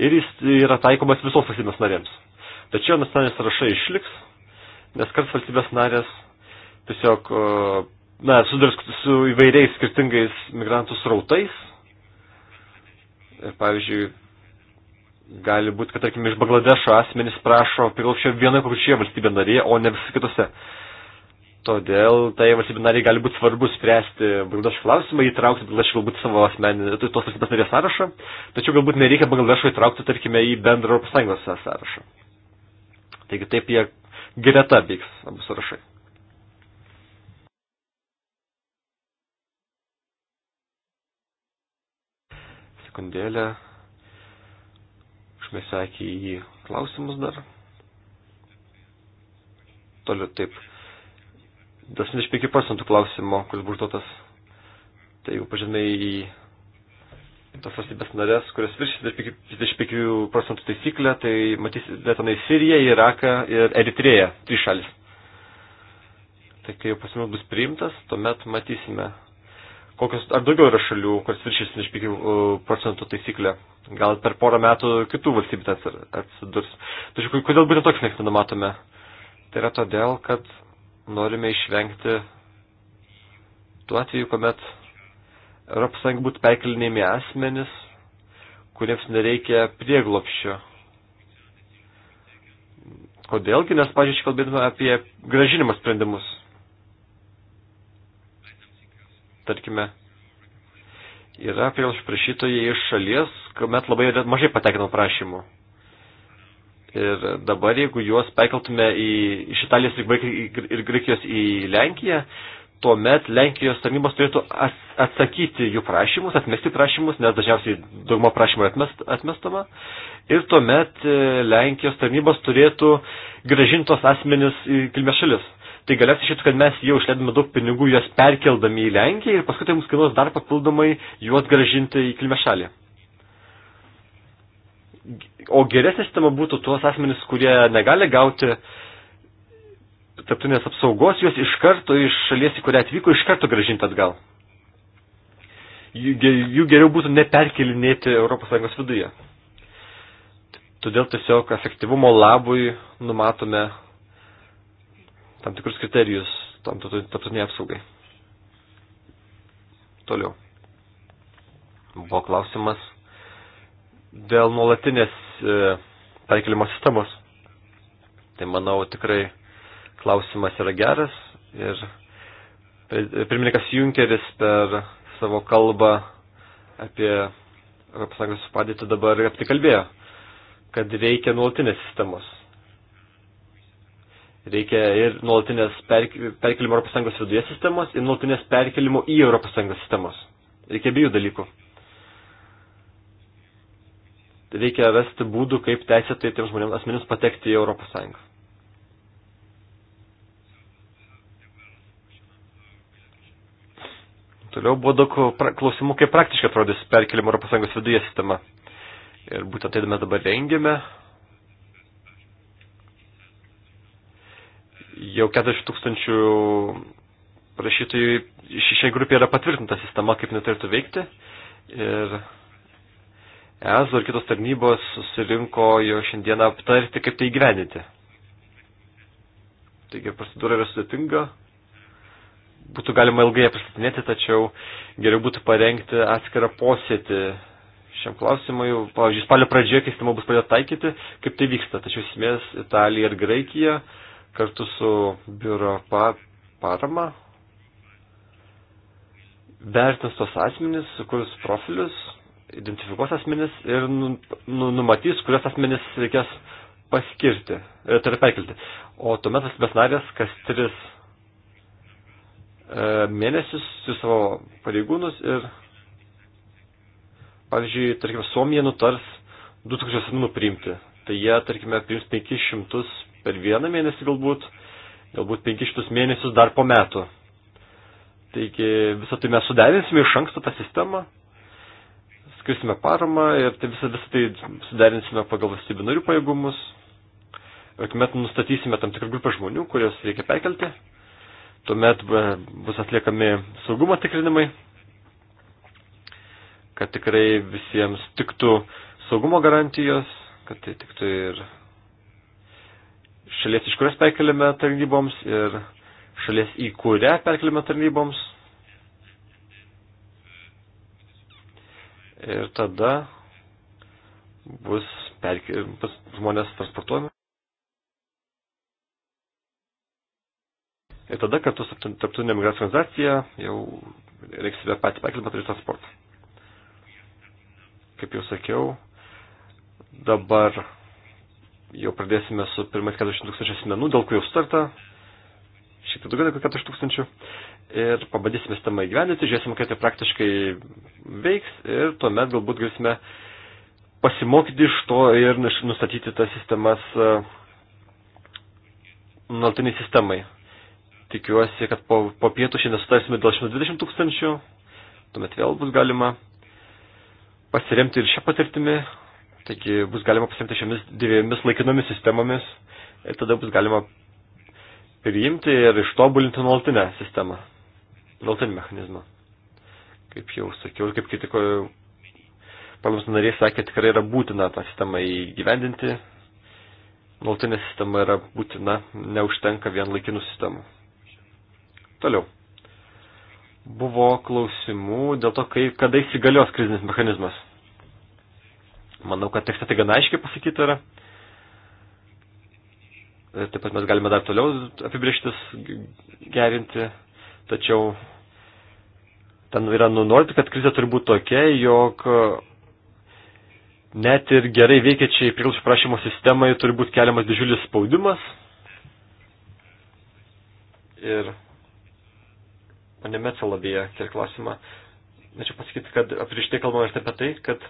Ir jis yra taikomas visos valstybės narėms. Tačiau nacionaliniai sąrašai išliks, nes karts valstybės narės tiesiog na, susidurs su įvairiais skirtingais migrantų srautais. Ir pavyzdžiui, gali būti, kad, tarkim, iš Bangladešo asmenys prašo priglobščio vienoje konkrečioje valstybė narėje, o ne visose kitose. Todėl tai valstybė nariai gali būti svarbu spręsti Bangladešo klausimą, įtraukti Bangladešą galbūt savo asmeninį, tos valstybės narės sąrašą, tačiau galbūt nereikia Bangladešo įtraukti, tarkime, į bendrą Europos Sąjungos sąrašą. Taigi taip jie greta veiks abu sąrašai. Sekundėlė. Kažkas sakė į jį klausimus dar. Toliau taip. 25 procentų klausimo, kuris buvo užduotas. Tai jeigu pažymė į tos valstybės narės, kurios virš 25 procentų taisyklę, tai matysite tenai Siriją, Iraką ir Eritreją, trys šalis. Tai kai jau pasiūlymas bus priimtas, tuomet matysime, kokios, ar daugiau yra šalių, kurios viršys 75 e, procentų taisyklę. Gal per porą metų kitų valstybių tas atsidurs. Tačiau kodėl būtent tokį slenksnį numatome? Tai yra todėl, kad norime išvengti tuo atveju, kuomet Europos Sąjunga būtų perkelinėjami asmenis, kuriems nereikia prieglopščio. Kodėlgi, nes, pažiūrėjau, kalbėtume apie gražinimo sprendimus. tarkime, yra prieglobščio prašytojai iš šalies, kuomet labai mažai patekinam prašymų. Ir dabar, jeigu juos perkeltume į, iš Italijos ir Graikijos į Lenkiją, tuomet Lenkijos tarnybos turėtų atsakyti jų prašymus, atmesti prašymus, nes dažniausiai dauguma prašymų atmest, atmestama. Ir tuomet e, Lenkijos tarnybos turėtų gražintos asmenis į kilmės šalis tai galiausiai šitų, kad mes jau išleidome daug pinigų, juos perkeldami į Lenkiją ir paskui tai mums kainuos dar papildomai juos gražinti į kilmę šalį. O geresnė sistema būtų tuos asmenis, kurie negali gauti tarptautinės apsaugos, juos iš karto iš šalies, į kurią atvyko, iš karto gražinti atgal. Jų geriau būtų neperkelinėti ES viduje. Todėl tiesiog efektyvumo labui numatome tam tikrus kriterijus tam tarptautiniai apsaugai. Toliau. Buvo klausimas dėl nuolatinės e, taikelimo sistemos. Tai manau tikrai klausimas yra geras ir pirmininkas Junkeris per savo kalbą apie ES padėtį dabar aptikalbėjo, kad reikia nuolatinės sistemos. Reikia ir nuolatinės perkelimo ES viduje sistemos, ir nuolatinės perkelimo į ES sistemos. Reikia abiejų dalykų. Reikia vesti būdų, kaip teisėtai tiems žmonėms asmenims patekti į ES. Toliau buvo daug klausimų, kaip praktiškai atrodys perkelimo ES viduje sistema. Ir būtent tai mes dabar rengiame, jau 40 tūkstančių prašytojų iš šiai grupė yra patvirtinta sistema, kaip neturėtų veikti. Ir ESO ir kitos tarnybos susirinko jau šiandieną aptarti, kaip tai įgyvendinti. Taigi procedūra yra sudėtinga. Būtų galima ilgai ją pristatinėti, tačiau geriau būtų parengti atskirą posėdį šiam klausimui. Pavyzdžiui, spalio pradžioje, kai sistema bus pradėta taikyti, kaip tai vyksta. Tačiau esmės Italija ir Graikija kartu su biuro pa, parama vertins tos asmenys, sukurs profilius, identifikuos asmenys ir nu, nu, numatys, kurias asmenys reikės paskirti, e, tai yra perkelti. O tuomet valstybės narės kas tris e, mėnesius su savo pareigūnus ir, pavyzdžiui, tarkime, Suomija nutars 2000 asmenų priimti. Tai jie, tarkime, priims 500 per vieną mėnesį galbūt, galbūt 500 mėnesius dar po metų. Taigi visą tai mes suderinsime iš anksto tą sistemą, skirsime paramą ir tai visą, visą tai suderinsime pagal valstybių narių pajėgumus. Ir kuomet nustatysime tam tikrą grupę žmonių, kurios reikia perkelti, tuomet e, bus atliekami saugumo tikrinimai, kad tikrai visiems tiktų saugumo garantijos, kad tai tiktų ir šalies, iš kurios perkeliame tarnyboms ir šalies, į kurią perkeliame tarnyboms. Ir tada bus perke... žmonės transportuojami. Ir tada kartu su tarptautinė migracijos organizacija jau reiksime patį pakelimą turi transportą. Kaip jau sakiau, dabar jau pradėsime su pirmais 40 tūkstančių asmenų, dėl kurių starta, šiek tiek daugiau negu 40 tūkstančių, ir pabandysime sistemą įgyvendinti, žiūrėsime, kaip tai praktiškai veiks, ir tuomet galbūt galėsime pasimokyti iš to ir nustatyti tas sistemas e, nuolatiniai sistemai. Tikiuosi, kad po, po pietų šiandien sutarsime dėl 120 tūkstančių, tuomet vėl bus galima pasiremti ir šią patirtimį, Taigi bus galima pasiimti šiomis dviejomis laikinomis sistemomis ir tada bus galima priimti ir ištobulinti nuolatinę sistemą, nuolatinį mechanizmą. Kaip jau sakiau, kaip kritikoju, parlamento nariai sakė, tikrai yra būtina tą sistemą įgyvendinti. Nuolatinė sistema yra būtina, neužtenka vien laikinų sistemų. Toliau. Buvo klausimų dėl to, kai, kada įsigalios krizinis mechanizmas. Manau, kad tekste tai gana aiškiai pasakyti yra. Ir e, taip pat mes galime dar toliau apibrieštis gerinti, tačiau ten yra nunorti, kad krizė turi būti tokia, jog net ir gerai veikiačiai prieglobsčio prašymo sistemai turi būti keliamas didžiulis spaudimas. Ir pane Metsalabėje, kiek klausimą, norėčiau pasakyti, kad aprieštai kalbame ir apie tai, kad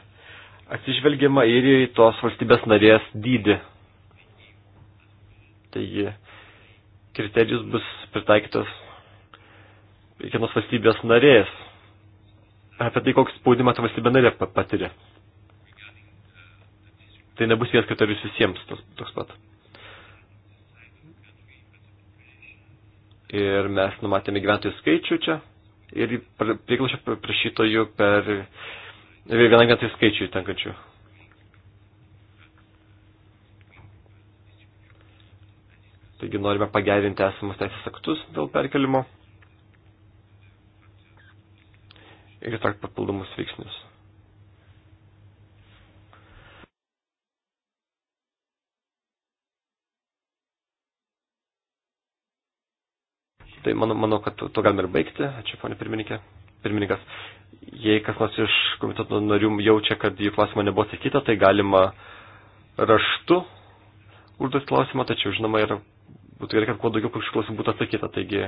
atsižvelgiama ir į tos valstybės narės dydį. Taigi, kriterijus bus pritaikytas kiekvienos valstybės narės apie tai, koks spaudimas ta valstybė narė patiria. Tai nebus vienas kriterijus visiems tos, toks pat. Ir mes numatėme gyventojų skaičių čia ir prieglašio prašytojų per vienam tai skaičiui tenkačių. Taigi norime pagerinti esamus teisės aktus dėl perkelimo ir įtraukti papildomus veiksnius. Tai manau, manau kad to galime ir baigti. Ačiū, ponė pirmininkė. pirmininkas. Jei kas nors iš komiteto narių jaučia, kad jų klausimą nebuvo atsakyta, tai galima raštu užduoti klausimą, tačiau žinoma yra, būtų gerai, kad kuo daugiau paukščių klausimų būtų atsakyta. Taigi,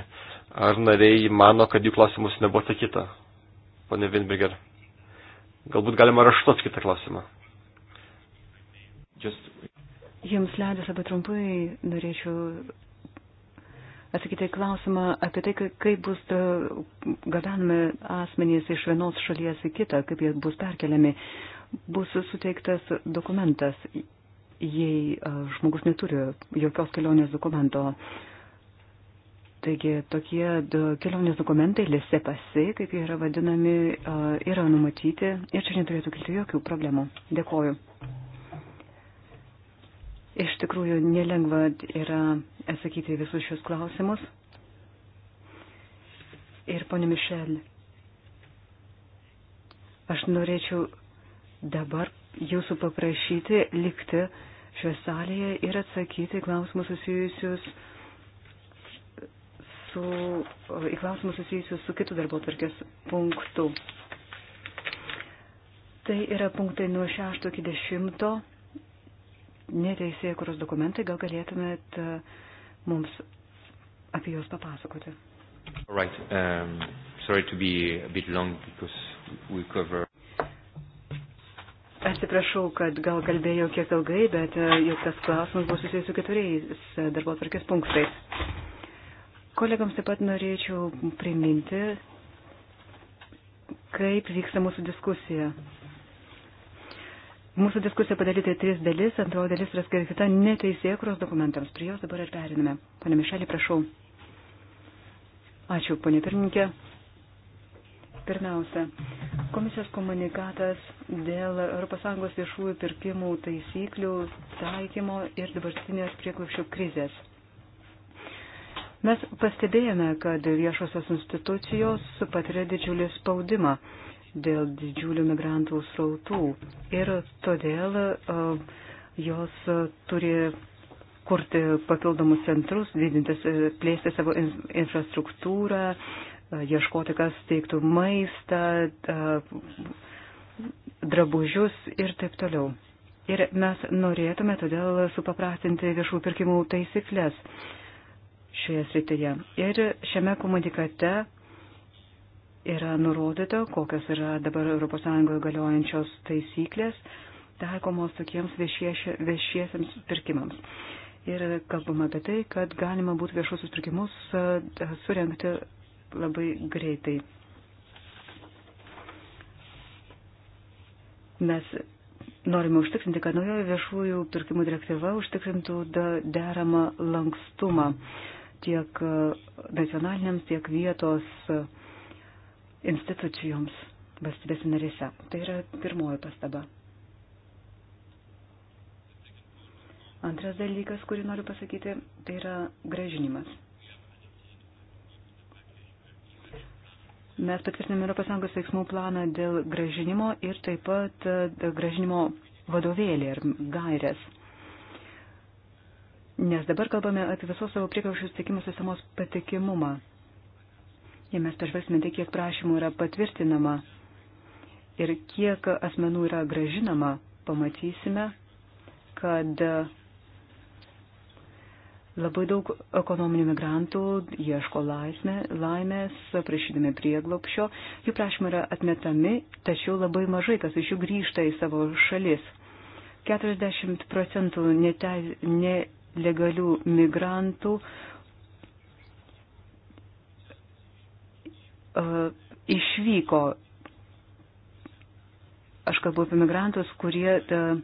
ar nariai mano, kad jų klausimus nebuvo atsakyta? Pane Winberger, galbūt galima raštu atsakyti klausimą. Just... Jums leidus labai trumpai norėčiau atsakyti klausimą apie tai, kaip bus e, gabenami asmenys iš vienos šalies į kitą, kaip jie bus perkeliami, bus suteiktas dokumentas, jei e, žmogus neturi jokios kelionės dokumento. Taigi tokie e, kelionės dokumentai, lise pasi, kaip jie yra vadinami, yra numatyti ir čia neturėtų kilti jokių problemų. Dėkoju. Iš tikrųjų, nelengva yra atsakyti visus šios klausimus. Ir ponė Mišel, aš norėčiau dabar jūsų paprašyti likti šioje salėje ir atsakyti klausimus susijusius su, į klausimus susijusius su kitų darbo tvarkės punktų. Tai yra punktai nuo 6 iki 10 neteisėjai, kurios dokumentai, gal galėtumėt e, mums apie juos papasakoti. Right. Um, sorry to be a bit long because we cover. Atsiprašau, kad gal kalbėjau kiek ilgai, bet e, juk tas klausimas buvo susijęs su keturiais e, darbo atvarkės punktais. Kolegams taip pat norėčiau priminti, kaip vyksta mūsų diskusija. Mūsų diskusija padaryta į tris dalis, antroji dalis yra skirta neteisėkros dokumentams. Prie jos dabar ir periname. Pane Mišelį, prašau. Ačiū, ponė pirmininkė. Pirmiausia, komisijos komunikatas dėl ES viešųjų pirkimų taisyklių taikymo ir dabartinės prieklapščių krizės. Mes pastebėjome, kad viešosios institucijos patiria didžiulį spaudimą dėl didžiulių migrantų srautų. Ir todėl jos turi kurti papildomus centrus, didinti, plėsti savo infrastruktūrą, ieškoti, kas teiktų maistą, drabužius ir taip toliau. Ir mes norėtume todėl supaprastinti viešų pirkimų taisyklės šioje srityje. Ir šiame komunikate yra nurodyta, kokios yra dabar ES galiojančios taisyklės taikomos tokiems viešiesi, viešiesiams pirkimams. Ir kalbama apie tai, kad galima būtų viešusius pirkimus e, surenkti labai greitai. Mes norime užtikrinti, kad naujoji viešųjų pirkimų direktyva užtikrintų deramą lankstumą tiek e, nacionaliniams, tiek vietos uh, institucijoms valstybės narėse. Tai yra pirmoji pastaba. Antras dalykas, kurį noriu pasakyti, tai yra gražinimas. Mes patvirtiname Europos Sąjungos veiksmų planą dėl gražinimo ir taip pat e, gražinimo vadovėlį ir gairias. Nes dabar kalbame apie visos savo priekaušių sutikimų sistemos patikimumą. Jei mes pažvelgsime tai, kiek prašymų yra patvirtinama ir kiek asmenų yra gražinama, pamatysime, kad labai daug ekonominių migrantų ieško laisvė, laimės, prašydami prieglopšio. Jų prašymai yra atmetami, tačiau labai mažai kas iš jų grįžta į savo šalis. 40 procentų nelegalių migrantų uh, išvyko. Aš kalbu apie migrantus, kurie, ta, e,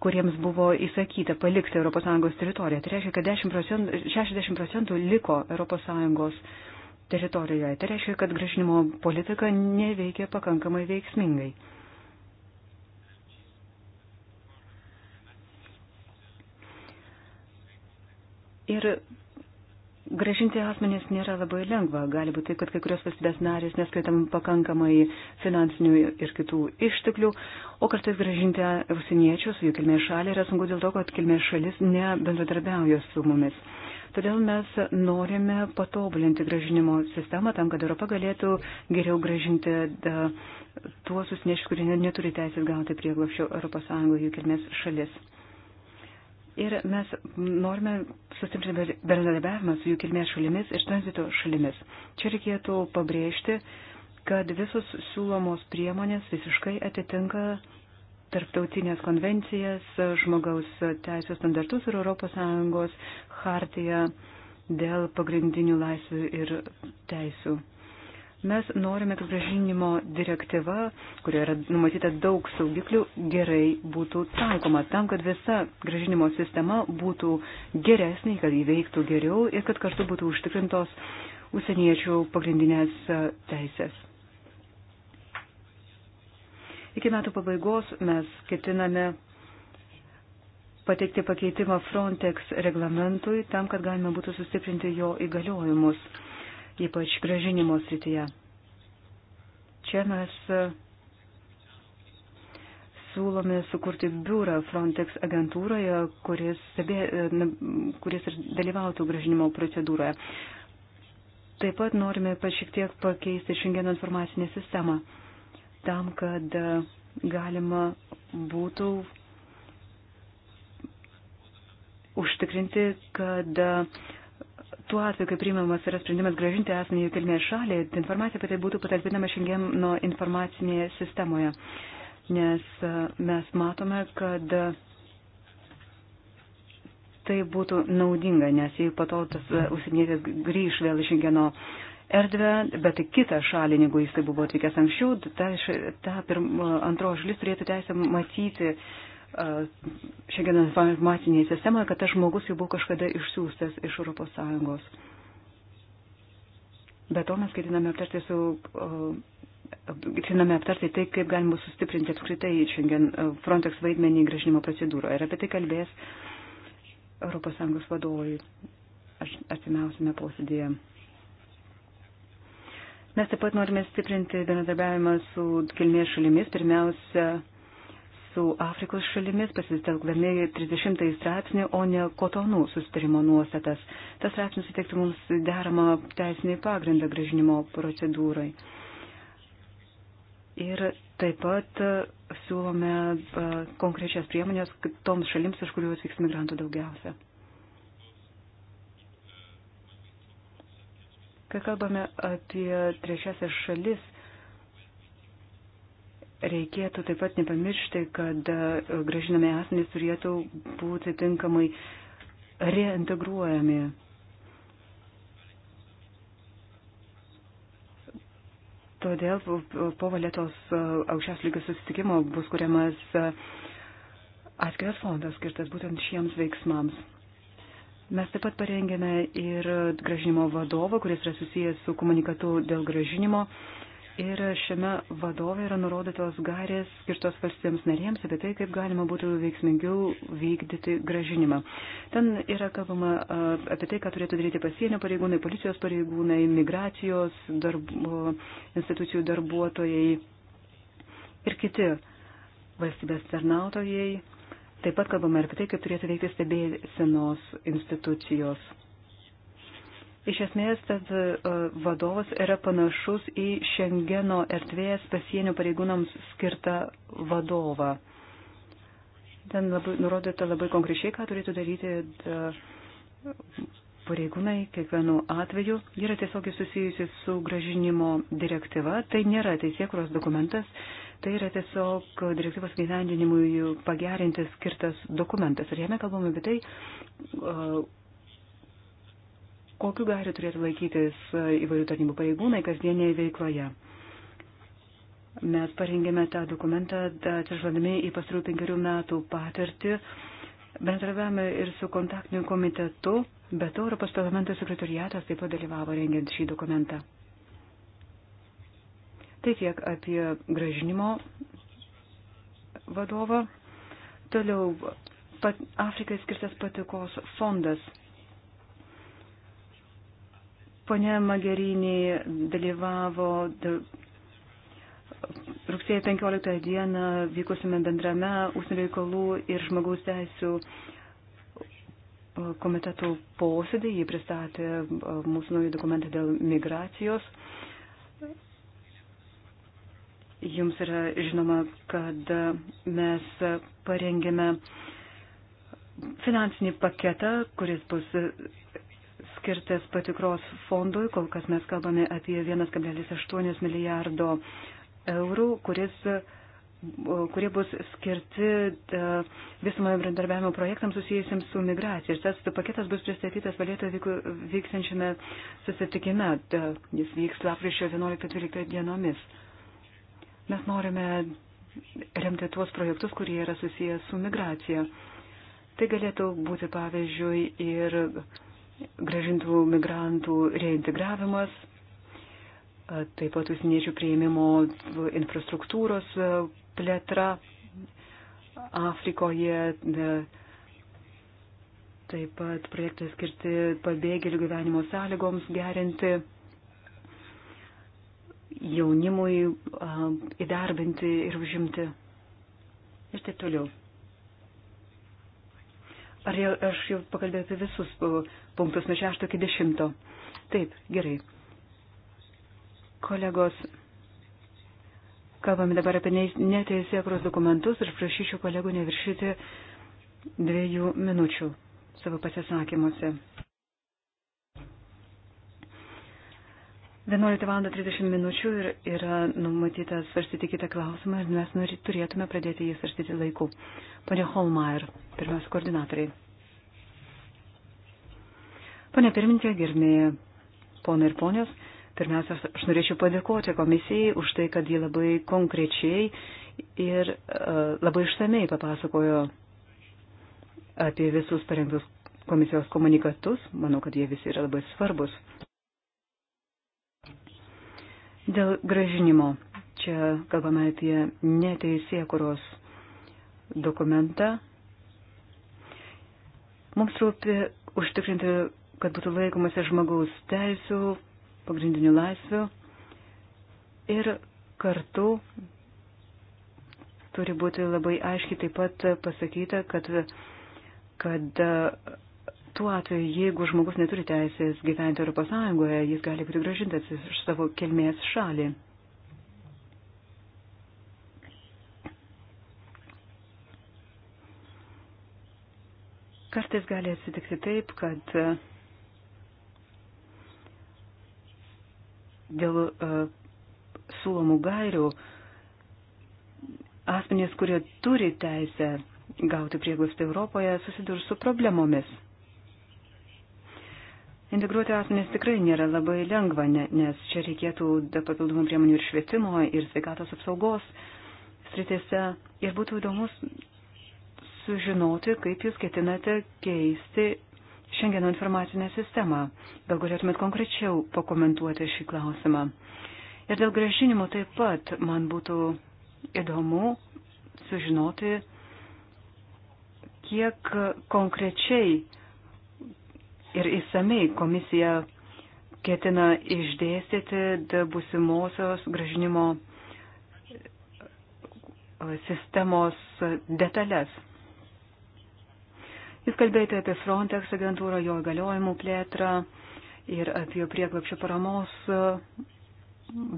kuriems buvo įsakyta palikti ES teritoriją. Tai reiškia, kad 10 procentų, 60 procentų liko ES teritorijoje. Tai reiškia, kad gražinimo politika neveikia pakankamai veiksmingai. Ir Gražinti asmenys nėra labai lengva. Gali būti, kad kai kurios valstybės narės neskaitam pakankamai finansinių ir kitų išteklių, o kartais gražinti užsieniečius, jų kilmės šalį yra sunku dėl to, kad kilmės šalis nebendradarbiauja su mumis. Todėl mes norime patobulinti gražinimo sistemą tam, kad Europa galėtų geriau gražinti tuos užsieniečius, kurie neturi teisės gauti prieglapščio ES jų kilmės šalis. Ir mes norime sustiprinti bendradarbiavimą su jų kilmės šalimis ir tranzito šalimis. Čia reikėtų pabrėžti, kad visos siūlomos priemonės visiškai atitinka tarptautinės konvencijas, žmogaus teisės standartus ir ES hartiją dėl pagrindinių laisvių ir teisų. Mes norime, kad gražinimo direktyva, kurioje yra numatyta daug saugiklių, gerai būtų taikoma tam, kad visa gražinimo sistema būtų geresnė, kad įveiktų geriau ir kad kartu būtų užtikrintos užsieniečių pagrindinės e, teisės. Iki metų pabaigos mes ketiname pateikti pakeitimą Frontex reglamentui tam, kad galime būtų sustiprinti jo įgaliojimus ypač gražinimo srityje. Čia mes e, siūlome sukurti biurą Frontex agentūroje, kuris, stebė, e, kuris ir dalyvautų gražinimo procedūroje. Taip pat norime šiek tiek pakeisti šiandien informacinę sistemą tam, kad e, galima būtų užtikrinti, kad uh, tuo atveju, kai priimamas yra sprendimas gražinti asmenį į kilmės šalį, informacija apie tai būtų patalpinama šiandieno informacinėje sistemoje. Nes e, mes matome, kad tai būtų naudinga, nes jei patautas e, užsienietis grįž vėl į šiandieno erdvę, bet į kitą šalį, negu jis tai buvo atvykęs anksčiau, ta, ta pirma, e, antro šalis turėtų teisę matyti uh, šiandien informacinėje sistemoje, kad tas žmogus jau buvo kažkada išsiųstas iš ES. Be to mes ketiname aptarti su. Ketiname aptarti tai, kaip galima sustiprinti apskritai šiandien Frontex vaidmenį gražinimo procedūroje. Ir apie tai kalbės ES vadovai artimiausiame posėdėje. Mes taip pat norime stiprinti bendradarbiavimą su kilmės šalimis, pirmiausia, su Afrikos šalimis, pasitelkdami 30 straipsnį, o ne kotonų sustarimo nuostatas. Tas straipsnis suteiktų mums deramą teisinį pagrindą gražinimo procedūrai. Ir taip pat e, siūlome e, konkrečias priemonės toms šalims, iš kurių atvyks migrantų daugiausia. Kai kalbame apie trečiasias šalis, Reikėtų taip pat nepamiršti, kad e, gražinami asmenys turėtų būti tinkamai reintegruojami. Todėl po Valėtos e, aukščiaus lygio susitikimo bus kuriamas e, atskiras fondas skirtas būtent šiems veiksmams. Mes taip pat parengėme ir gražinimo vadovą, kuris yra susijęs su komunikatu dėl gražinimo. Uh, Ir šiame vadove yra nurodytos garės skirtos valstybėms narėms apie tai, kaip galima būtų veiksmingiau vykdyti gražinimą. Ten yra kalbama apie tai, ką turėtų daryti pasienio pareigūnai, policijos pareigūnai, migracijos darbo, institucijų darbuotojai ir kiti valstybės tarnautojai. Taip pat kalbama ir apie tai, kaip turėtų veikti stebėsenos institucijos. Iš esmės, tas e, vadovas yra panašus į Šengeno erdvės pasienio pareigūnams skirtą vadovą. Ten labai, nurodyta labai konkrečiai, ką turėtų daryti e, pareigūnai kiekvienu atveju. Yra tiesiogiai susijusi su gražinimo direktyva. Tai nėra teisėkuros dokumentas, tai yra tiesiog direktyvos gyvendinimui pagerinti skirtas dokumentas. Ir jame kalbame apie tai, e, kokiu gari turėtų laikytis e, įvairių tarnybų pareigūnai kasdienėje veikloje. Mes parengėme tą dokumentą atsižvelgdami į pastarų penkerių metų patirtį, bendravėme ir su kontaktiniu komitetu, bet Europos parlamento sekretariatas taip pat dalyvavo rengiant šį dokumentą. Tai tiek apie gražinimo vadovą. Toliau pat, Afrikai skirtas patikos fondas Pone Magerinį dalyvavo rugsėjo 15 dieną vykusime bendrame užsienio reikalų ir žmogaus teisų komitetų posėdį. Jį pristatė mūsų naują dokumentą dėl migracijos. Jums yra žinoma, kad mes parengėme finansinį paketą, kuris bus skirtas patikros fondui, kol kas mes kalbame apie 1,8 milijardo eurų, kuris kurie bus skirti e, visumoje bendradarbiavimo projektams susijusiems su migracija. Ir tas paketas bus pristatytas Valėtoje vyksiančiame susitikime. Jis vyks lapkričio 11-12 dienomis. Mes norime remti tuos projektus, kurie yra susijęs su migracija. Tai galėtų būti pavyzdžiui ir gražintų migrantų reintegravimas, taip pat užsieniečių prieimimo infrastruktūros plėtra Afrikoje, taip pat projektai skirti pabėgėlių gyvenimo sąlygoms gerinti, jaunimui įdarbinti ir užimti ir taip toliau. Ar jau, aš jau pakalbėjau apie visus punktus nuo 6 iki 10? Taip, gerai. Kolegos, kalbame dabar apie neteisėkros dokumentus ir prašyčiau kolegų neviršyti dviejų minučių savo pasisakymuose. 11 val. 30 minučių ir yra numatyta svarstyti kitą klausimą ir mes norit, turėtume pradėti jį svarstyti laiku. Pane Holmeier, pirmiausia koordinatoriai. Pane pirmintė, gerbėjai ponai ir ponios, pirmiausia, aš norėčiau padėkoti komisijai už tai, kad ji labai konkrečiai ir uh, labai išsamei papasakojo apie visus parengtus komisijos komunikatus. Manau, kad jie visi yra labai svarbus. Dėl gražinimo. Čia kalbame apie neteisėkuros dokumentą. Mums rūpi užtikrinti, kad būtų laikomasi žmogaus teisų, pagrindinių laisvių ir kartu turi būti labai aiškiai taip pat pasakyta, kad, kad tuo atveju, jeigu žmogus neturi teisės gyventi Europos Sąjungoje, jis gali būti gražintas iš savo kilmės šalį. Kartais gali atsitikti taip, kad uh, dėl uh, siūlomų gairių asmenys, kurie turi teisę gauti prieglastį Europoje, susidurs su problemomis. Integruoti asmenys tikrai nėra labai lengva, nes čia reikėtų papildomų priemonių ir švietimo, ir sveikatos apsaugos sritėse. Ir būtų įdomus sužinoti, kaip jūs ketinate keisti šiandieno informacinę sistemą. Gal galėtumėt konkrečiau pakomentuoti šį klausimą. Ir dėl gražinimo taip pat man būtų įdomu sužinoti, kiek konkrečiai ir įsamei komisija ketina išdėstyti būsimosios gražinimo e, sistemos detalės. Jūs kalbėjote apie Frontex agentūrą, jo galiojimų plėtrą ir apie prieglapšio paramos e,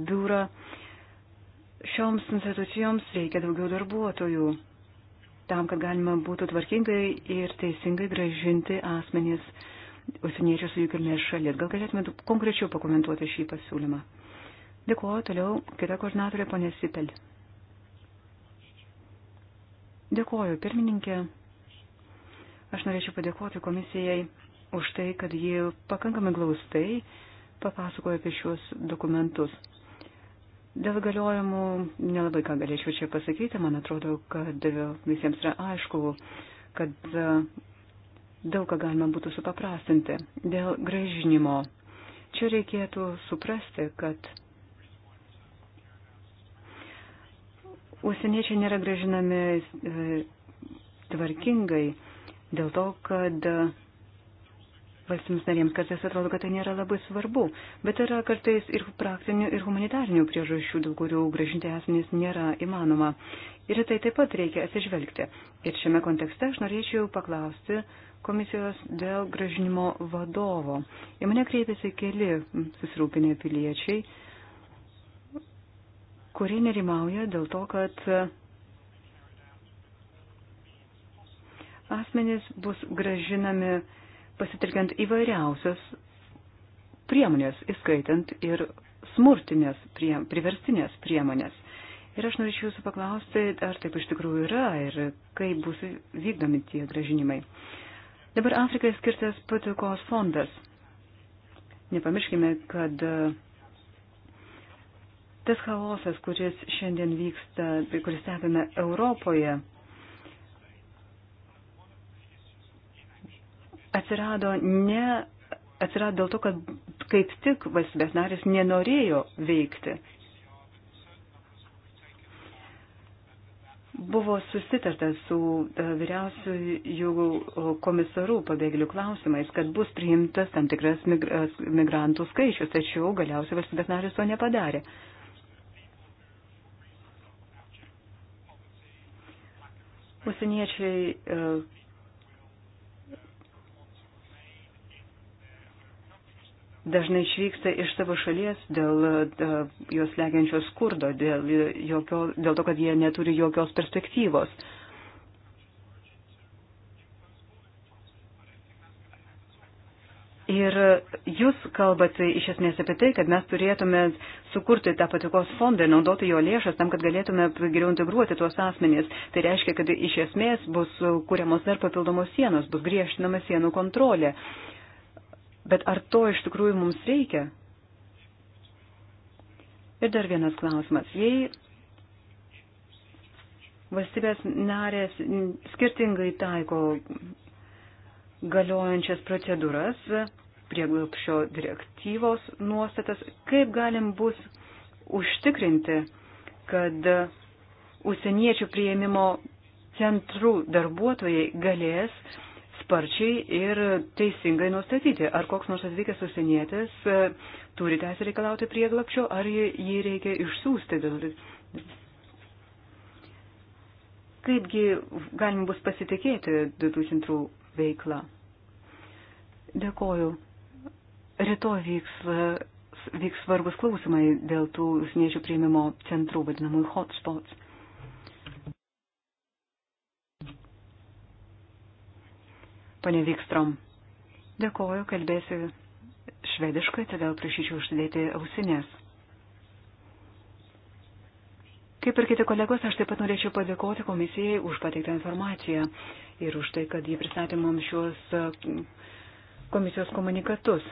biurą. Šioms institucijoms reikia daugiau darbuotojų tam, kad galima būtų tvarkingai ir teisingai gražinti asmenys užsieniečius į jų kilmės šalis. Gal galėtumėte konkrečiau pakomentuoti šį pasiūlymą? Dėkuoju, toliau kita koordinatorė ponė Sipel. Dėkuoju, pirmininkė. Aš norėčiau padėkoti komisijai už tai, kad ji pakankamai glaustai papasakojo apie šiuos dokumentus. Dėl galiojimų nelabai ką galėčiau čia pasakyti, man atrodo, kad visiems yra aišku, kad daug ką galima būtų supaprastinti. Dėl gražinimo. Čia reikėtų suprasti, kad užsieniečiai nėra gražinami e, tvarkingai dėl to, kad valstybėms narėms kartais atrodo, kad tai nėra labai svarbu, bet yra kartais ir praktinių, ir humanitarnių priežasčių, dėl kurių gražinti asmenys nėra įmanoma. Ir tai taip pat reikia atsižvelgti. Ir šiame kontekste aš norėčiau paklausti, komisijos dėl gražinimo vadovo. Į mane kreipėsi keli susirūpinę piliečiai, kurie nerimauja dėl to, kad asmenys bus gražinami pasitelkiant įvairiausias priemonės, įskaitant ir smurtinės, prie, priverstinės priemonės. Ir aš norėčiau jūsų paklausti, ar taip iš tikrųjų yra ir kaip bus vykdomi tie gražinimai. Dabar Afrikai skirtas patikos fondas. Nepamirškime, kad e, tas chaosas, kuris šiandien vyksta, tai kuris stebime Europoje, atsirado ne atsirado dėl to, kad kaip tik valstybės narės nenorėjo veikti. buvo susitarta su e, vyriausiųjų e, komisarų pabėgėlių klausimais, kad bus priimtas tam tikras e, migrantų skaičius, tačiau galiausiai valstybės narės to nepadarė. Užsieniečiai dažnai išvyksta iš savo šalies dėl e, jos legiančio skurdo, dėl, jokio, dėl to, kad jie neturi jokios perspektyvos. Ir jūs kalbate iš esmės apie tai, kad mes turėtume sukurti tą patikos fondą ir naudoti jo lėšas tam, kad galėtume geriau integruoti tuos asmenys. Tai reiškia, kad iš esmės bus kuriamos dar papildomos sienos, bus griežtinama sienų kontrolė. Uh, Bet ar to iš tikrųjų mums reikia? Ir dar vienas klausimas. Jei valstybės narės skirtingai taiko galiojančias procedūras, prieglapšio direktyvos nuostatas, kaip galim bus užtikrinti, kad užsieniečių prieimimo centrų darbuotojai galės sparčiai ir teisingai nustatyti, ar koks nors atvykęs užsienietis e, turi teisę reikalauti prieglapšio, ar jį reikia išsiųsti. Kaipgi galima bus pasitikėti 2002 veiklą? Dėkoju. Rytoj vyks, e, vyks svarbus klausimai dėl tų užsieniečių prieimimo centrų, vadinamųjų hotspots. Pane Vikstrom, dėkoju, kalbėsiu švediškai, todėl prašyčiau užsidėti ausinės. Kaip ir kiti kolegos, aš taip pat norėčiau padėkoti komisijai už pateiktą informaciją ir už tai, kad jį pristatė mums šios mm, komisijos komunikatus.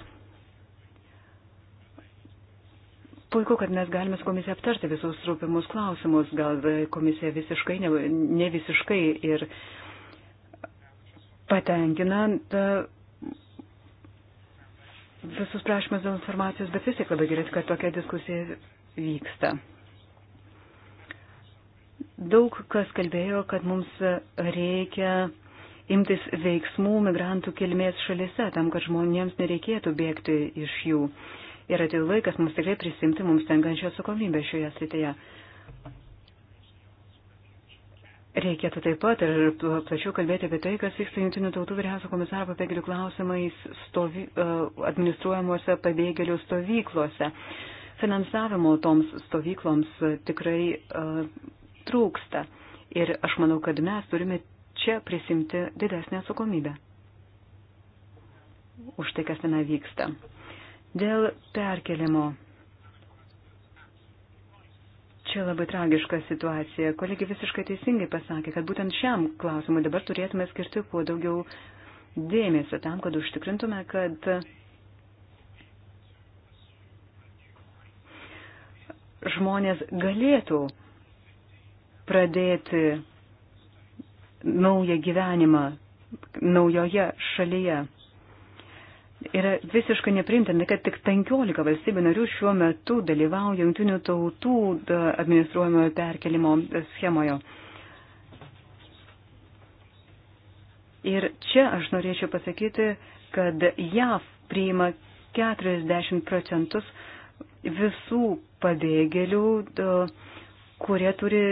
Puiku, kad mes galime su komisija aptarti visus rūpimus klausimus, gal komisija visiškai, ne, ne visiškai ir uh, patenkina e, visus prašymus dėl informacijos, bet vis tiek labai gerai, kad tokia diskusija vyksta. Daug kas kalbėjo, kad mums reikia imtis veiksmų migrantų kilmės šalise, tam, kad žmonėms nereikėtų bėgti iš jų. Ir atėjo laikas mums tikrai prisimti mums tenkančią atsakomybę šioje srityje. Reikėtų taip pat ir plačiau kalbėti apie tai, kas vyksta Junktinių tautų vyriausio komisaro pabėgėlių klausimais stovi, e, administruojamuose pabėgėlių stovyklose. Finansavimo toms stovykloms tikrai uh, trūksta ir aš manau, kad mes turime čia prisimti didesnę atsakomybę už tai, kas ten vyksta. Dėl perkelimo Čia labai tragiška situacija. Kolegė visiškai teisingai pasakė, kad būtent šiam klausimui dabar turėtume skirti kuo daugiau dėmesio tam, kad užtikrintume, kad žmonės galėtų pradėti naują gyvenimą naujoje šalyje. Yra visiškai neprimtina, kad tik 15 valstybių narių šiuo metu dalyvauja jungtinių tautų administruojamojo perkelimo schemoje. Ir čia aš norėčiau pasakyti, kad JAV priima 40 procentus visų pabėgėlių, kurie turi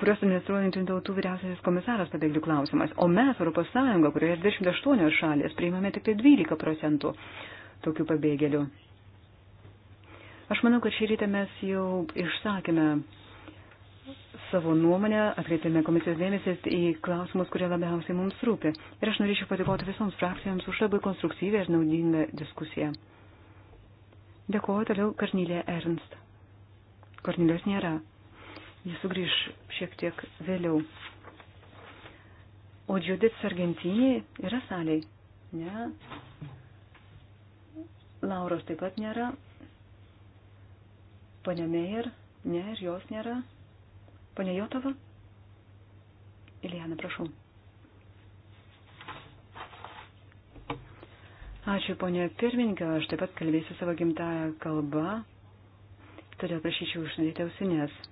kurios administruoja Junktinių tautų vyriausiasis komisaras pabėgėlių klausimas, o mes, Europos Sąjunga, kurioje 28 šalės, priimame tik tai 12 procentų tokių pabėgėlių. Aš manau, kad šį rytą mes jau išsakėme savo nuomonę, atkreipėme komisijos dėmesį į klausimus, kurie labiausiai mums rūpi. Ir aš norėčiau padėkoti visoms frakcijoms už labai konstruktyvę ir naudingą diskusiją. Dėkuoju toliau Kornilė Ernst. Kornilios nėra. Jis sugrįž šiek tiek vėliau. O Judith Sargentinė yra saliai? Ne. Lauros taip pat nėra. Pane Meijer? Ne, ir jos nėra. Pane Jotova? Ilijana, prašau. Ačiū, ponė pirmininkė, aš taip pat kalbėsiu savo gimtają kalbą, todėl prašyčiau užsidėti ausinės.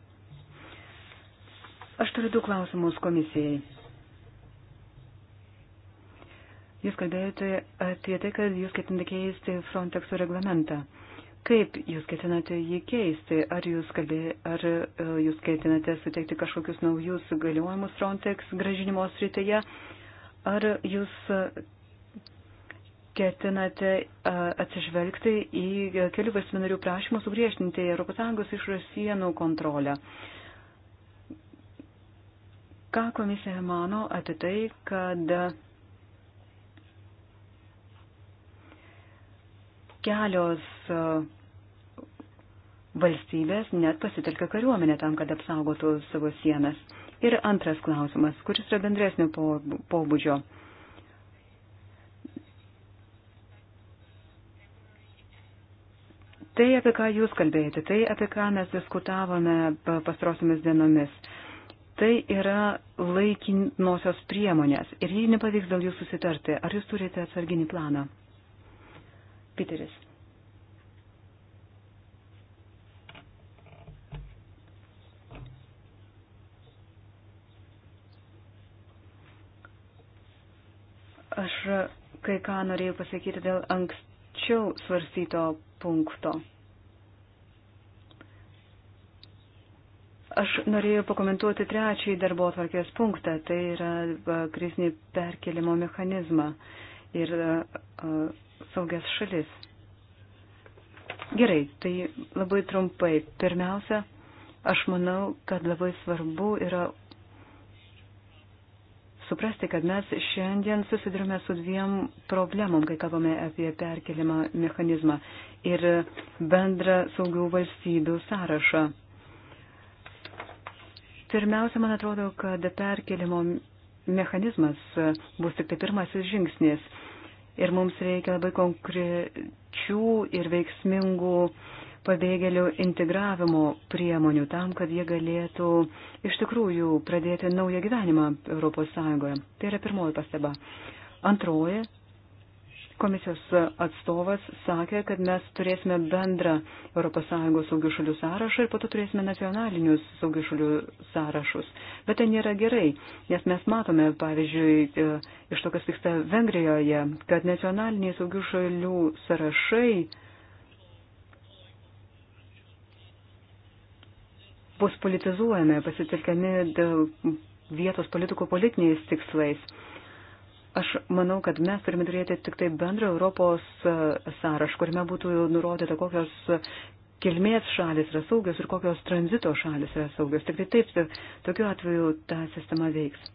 Aš turiu du klausimus komisijai. Jūs kalbėjote apie tai, kad jūs ketinate keisti Frontexo reglamentą. Kaip jūs ketinate jį keisti? Ar jūs, kalbė, ar e, jūs ketinate suteikti kažkokius naujus galiojimus Frontex gražinimo srityje? Ar jūs ketinate e, atsižvelgti į kelių valstybinarių prašymą sugriežtinti ES išrasienų kontrolę? Uh, Ką komisija mano apie tai, kad kelios e, valstybės net pasitelkia kariuomenę tam, kad apsaugotų savo sienas. Ir antras klausimas, kuris yra bendresnio pobūdžio. Tai, apie ką jūs kalbėjote, tai, apie ką mes diskutavome pastrosiamis dienomis. Tai yra laikinosios priemonės. Ir jei nepavyks dėl jų susitarti, ar jūs turite atsarginį planą? Piteris. Aš kai ką norėjau pasakyti dėl anksčiau svarstyto punkto. Aš norėjau pakomentuoti trečiąjį darbo atvarkės punktą, tai yra krizinį perkelimo mechanizmą ir saugias šalis. Gerai, tai labai trumpai. Pirmiausia, aš manau, kad labai svarbu yra suprasti, kad mes šiandien susidurime su dviem problemom, kai kalbame apie perkelimą mechanizmą ir bendrą saugių valstybių sąrašą. Pirmiausia, man atrodo, kad perkelimo mechanizmas bus tik tai pirmasis žingsnis ir mums reikia labai konkrečių ir veiksmingų pabėgėlių integravimo priemonių tam, kad jie galėtų iš tikrųjų pradėti naują gyvenimą ES. Tai yra pirmoji pastaba. Antroji Komisijos atstovas sakė, kad mes turėsime bendrą ES saugių šalių sąrašą ir po to turėsime nacionalinius saugių šalių sąrašus. Bet tai nėra gerai, nes mes matome, pavyzdžiui, e, iš to, kas vyksta Vengrijoje, kad nacionaliniai saugių šalių sąrašai bus politizuojami, pasitelkiami vietos politikų politiniais tikslais. Aš manau, kad mes turime turėti tik tai bendrą Europos e, sąrašą, kuriame būtų nurodyta, kokios kilmės šalis yra saugios ir kokios tranzito šalis yra saugios. Tik tai taip, tokiu atveju ta sistema veiks.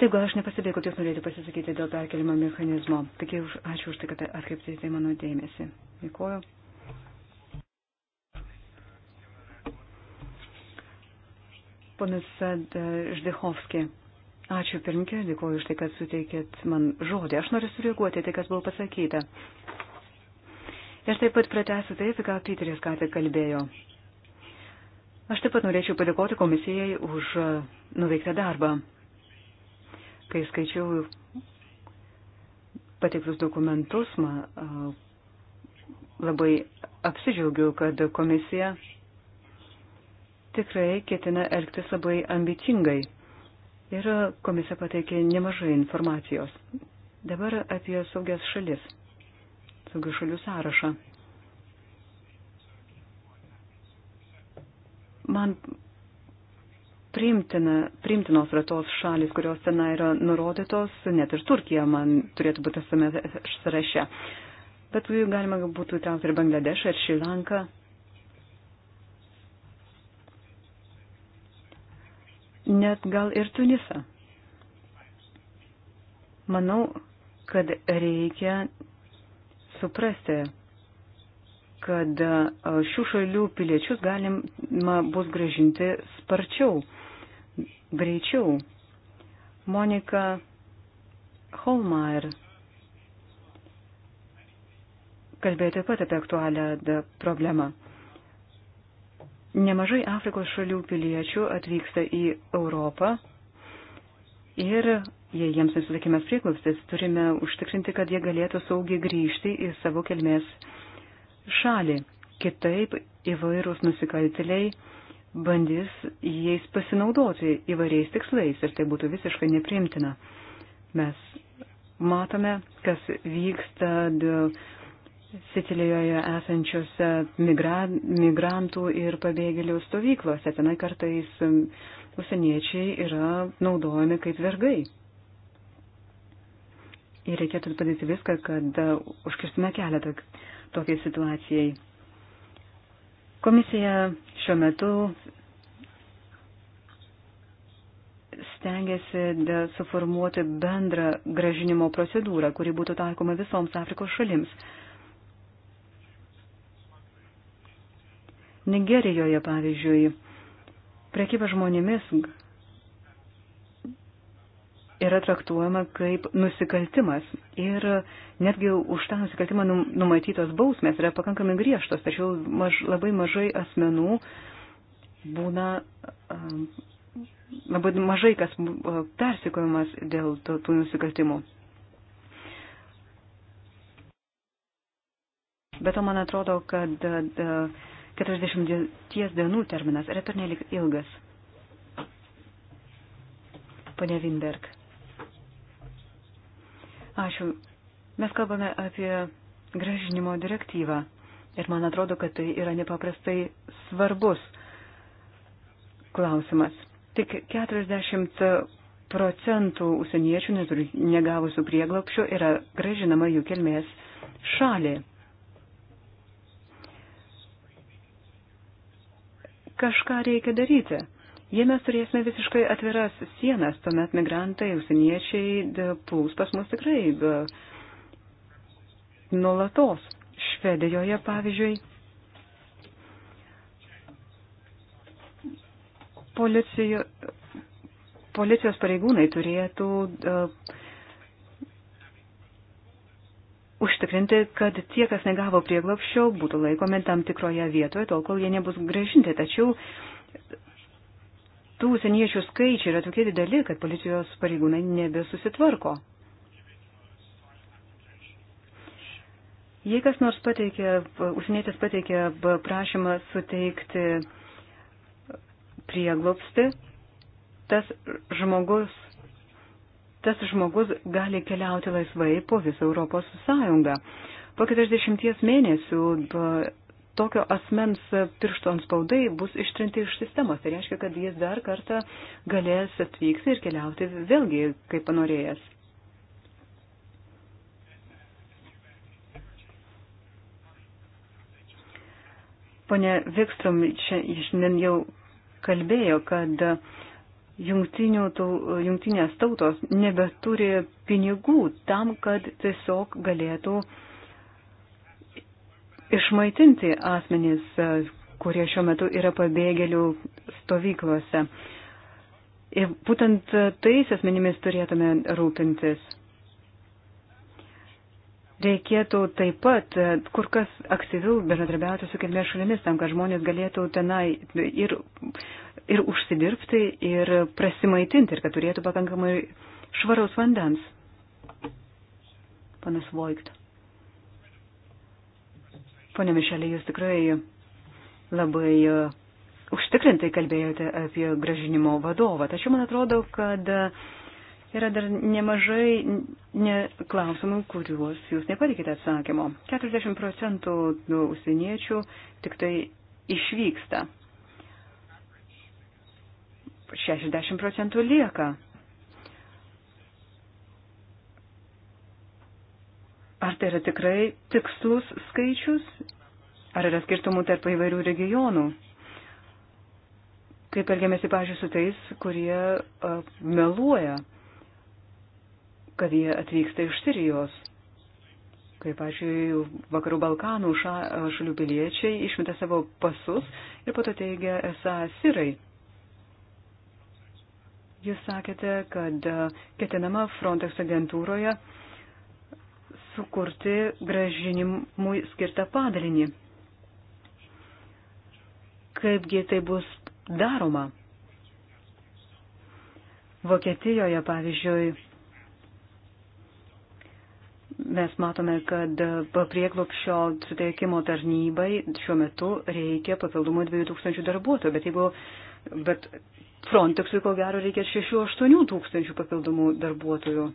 Taip, gal aš nepastebėjau, kad jūs norėjote pasisakyti dėl perkelimo mechanizmo. Tik už, ačiū už tai, kad atkreiptėte į tai mano dėmesį. Dėkuoju. Ponas Ždechovskis. Ačiū pirmkė, dėkuoju už tai, kad suteikėt man žodį. Aš noriu sureaguoti tai, kas buvo pasakyta. Aš taip pat pratęsiu tai, apie ką Piteris ką tik kalbėjo. Aš taip pat norėčiau padėkoti komisijai už e, nuveiktą darbą. Kai skaičiau patiktus dokumentus, man e, labai apsidžiaugiu, kad komisija tikrai ketina elgtis labai ambicingai. Ir komisija pateikė nemažai informacijos. Dabar apie saugias šalis, saugių šalių sąrašą. Man priimtina, priimtinos yra tos šalis, kurios ten yra nurodytos, net ir Turkija man turėtų būti tame sąraše. Bet galima būtų įtraukti ir Bangladešą, ir Šilanką. net gal ir Tunisą. Manau, kad reikia suprasti, kad e, šių šalių piliečius galima bus gražinti sparčiau, greičiau. Monika Holmeier kalbėjo taip pat apie aktualią problemą. Nemažai Afrikos šalių piliečių atvyksta į Europą ir jei jiems nusilakimas prieklapstis, turime užtikrinti, kad jie galėtų saugiai grįžti į savo kelmės šalį. Kitaip įvairūs nusikaltėliai bandys jais pasinaudoti įvairiais tikslais ir tai būtų visiškai neprimtina. Mes matome, kas vyksta Sicilijoje esančios e, migra, migrantų ir pabėgėlių stovyklose. Tenai kartais užsieniečiai yra naudojami kaip vergai. Ir reikėtų padaryti viską, kad e, užkirstume kelią tokiai situacijai. Komisija šiuo metu stengiasi suformuoti bendrą gražinimo procedūrą, kuri būtų taikoma visoms Afrikos šalims. Nigerijoje, pavyzdžiui, prekyba žmonėmis yra traktuojama kaip nusikaltimas ir netgi už tą nusikaltimą numatytos bausmės yra pakankamai griežtos, tačiau maž, labai mažai asmenų būna. Labai mažai kas persikojamas dėl tų, tų nusikaltimų. Bet to man atrodo, kad da, da, 40 dienų terminas yra pernelik ilgas. Pane Vinberg. Ačiū. Mes kalbame apie gražinimo direktyvą ir man atrodo, kad tai yra nepaprastai svarbus klausimas. Tik 40 procentų užsieniečių negavusių prieglopšio yra gražinama jų kilmės šaliai. Kažką reikia daryti. Jei mes turėsime visiškai atviras sienas, tuomet migrantai, užsieniečiai plūs pas mus tikrai nulatos. Švedijoje, pavyzdžiui, policijo, policijos pareigūnai turėtų uh, užtikrinti, kad tie, kas negavo prieglapščio, būtų laikomi tam tikroje vietoje, tol kol jie nebus gražinti. Tačiau tų seniečių skaičiai yra tokie dideli, kad policijos pareigūnai nebesusitvarko. Jei kas nors pateikė, užsienietis pateikė prašymą suteikti prieglopsti, tas žmogus tas žmogus gali keliauti laisvai po visą Europos Sąjungą. Po 40 mėnesių tokio asmens piršto ant spaudai bus ištrinti iš sistemos. Tai reiškia, kad jis dar kartą galės atvykti ir keliauti vėlgi, kaip panorėjęs. Pone Vikstrom šiandien jau kalbėjo, kad uh, tau, jungtinės tautos nebeturi pinigų tam, kad tiesiog galėtų išmaitinti asmenys, kurie šiuo metu yra pabėgėlių stovyklose. Ir būtent tais asmenimis turėtume rūpintis. Reikėtų taip pat kur kas aktyviau bendradarbiauti su kilmės šalimis tam, kad žmonės galėtų tenai ir ir užsidirbti, ir prasimaitinti, ir kad turėtų pakankamai švaraus vandens. Panas Voigt. Pone Mišelė, jūs tikrai labai e, užtikrintai kalbėjote apie gražinimo vadovą. Tačiau man atrodo, kad e, yra dar nemažai ne klausimų, kuriuos jūs nepatikite atsakymo. 40 procentų nu, užsieniečių tik tai išvyksta. 60 procentų lieka. Ar tai yra tikrai tikslus skaičius? Ar yra skirtumų tarp įvairių regionų? Kaip elgiamėsi, pažiūrėjau, su tais, kurie uh, meluoja, kad jie atvyksta iš Sirijos? Kaip, pažiūrėjau, vakarų Balkanų ša, šalių piliečiai išmeta savo pasus ir po to teigia esą sirai. Jūs sakėte, kad e, ketinama Frontex agentūroje sukurti gražinimui skirtą padalinį. Kaipgi tai bus daroma? Vokietijoje, pavyzdžiui, mes matome, kad e, prieglopšio suteikimo tarnybai šiuo metu reikia papildomų 2000 darbuotojų, bet jeigu, bet Frontexui ko gero reikia 6-8 tūkstančių papildomų darbuotojų.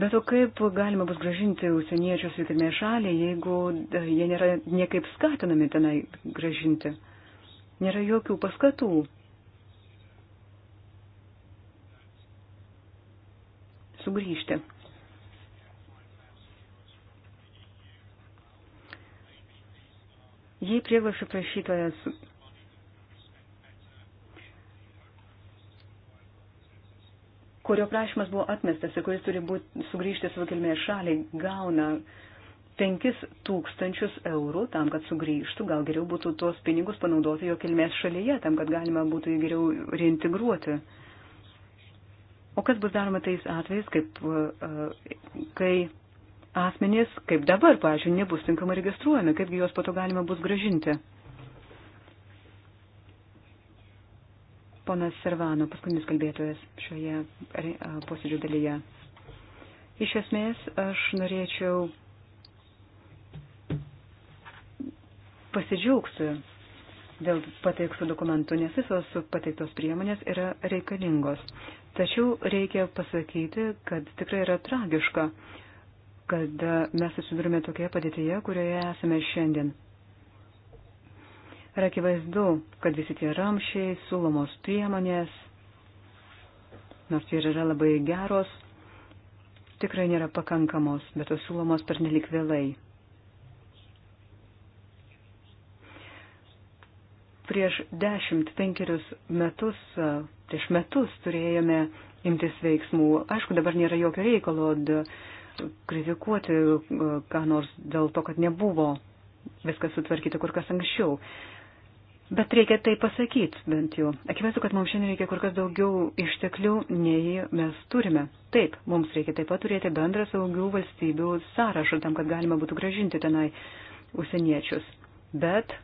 Bet o kaip galima bus gražinti užsieniečius į kilmės šalį, jeigu e, jie nėra niekaip skatinami tenai gražinti? Nėra jokių paskatų. Sugrįžti. Jei prieglašio prašytojas kurio prašymas buvo atmestas ir kuris turi būti sugrįžti savo kilmės šaliai, gauna 5000 eurų tam, kad sugrįžtų, gal geriau būtų tuos pinigus panaudoti jo kilmės šalyje, tam, kad galima būtų jį geriau reintegruoti. O kas bus daroma tais atvejais, kaip, e, kai asmenys, kaip dabar, pažiūrėjau, nebus tinkamai registruojami, kaipgi juos po to galima bus gražinti? Ponas Servano, paskutinis kalbėtojas šioje posėdžio dalyje. Iš esmės, aš norėčiau pasidžiaugsiu dėl pateiktų dokumentų, nes visos pateiktos priemonės yra reikalingos. Tačiau reikia pasakyti, kad tikrai yra tragiška, kad mes susidurime tokioje padėtyje, kurioje esame šiandien. Ir akivaizdu, kad visi tie ramšiai, sulomos priemonės, nors ir yra labai geros, tikrai nėra pakankamos, bet tos sulomos per nelik vėlai. Prieš 10-5 metus, prieš metus turėjome imtis veiksmų. Aišku, dabar nėra jokio reikalo kritikuoti, e, ką nors dėl to, kad nebuvo viskas sutvarkyti kur kas anksčiau. Bet reikia tai pasakyti bent jau. Akivaizdu, kad mums šiandien reikia kur kas daugiau išteklių, nei mes turime. Taip, mums reikia taip pat turėti bendrą saugių valstybių sąrašą tam, kad galima būtų gražinti tenai užsieniečius. Bet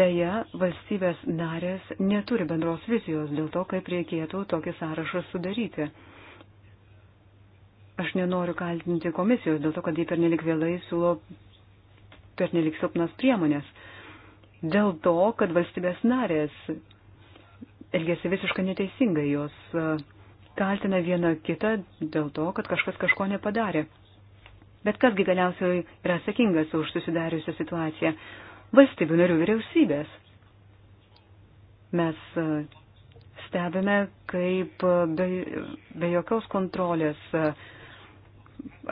dėja valstybės narės neturi bendros vizijos dėl to, kaip reikėtų tokį sąrašą sudaryti. Aš nenoriu kaltinti komisijos dėl to, kad jie pernelik vėlai siūlo per nelik silpnas priemonės. Dėl to, kad valstybės narės elgesi visiškai neteisingai, jos e, kaltina vieną kitą dėl to, kad kažkas kažko nepadarė. Bet kasgi galiausiai yra atsakingas už susidariusią situaciją? Valstybių narių vyriausybės. Mes e, stebime, kaip be, be jokios kontrolės e,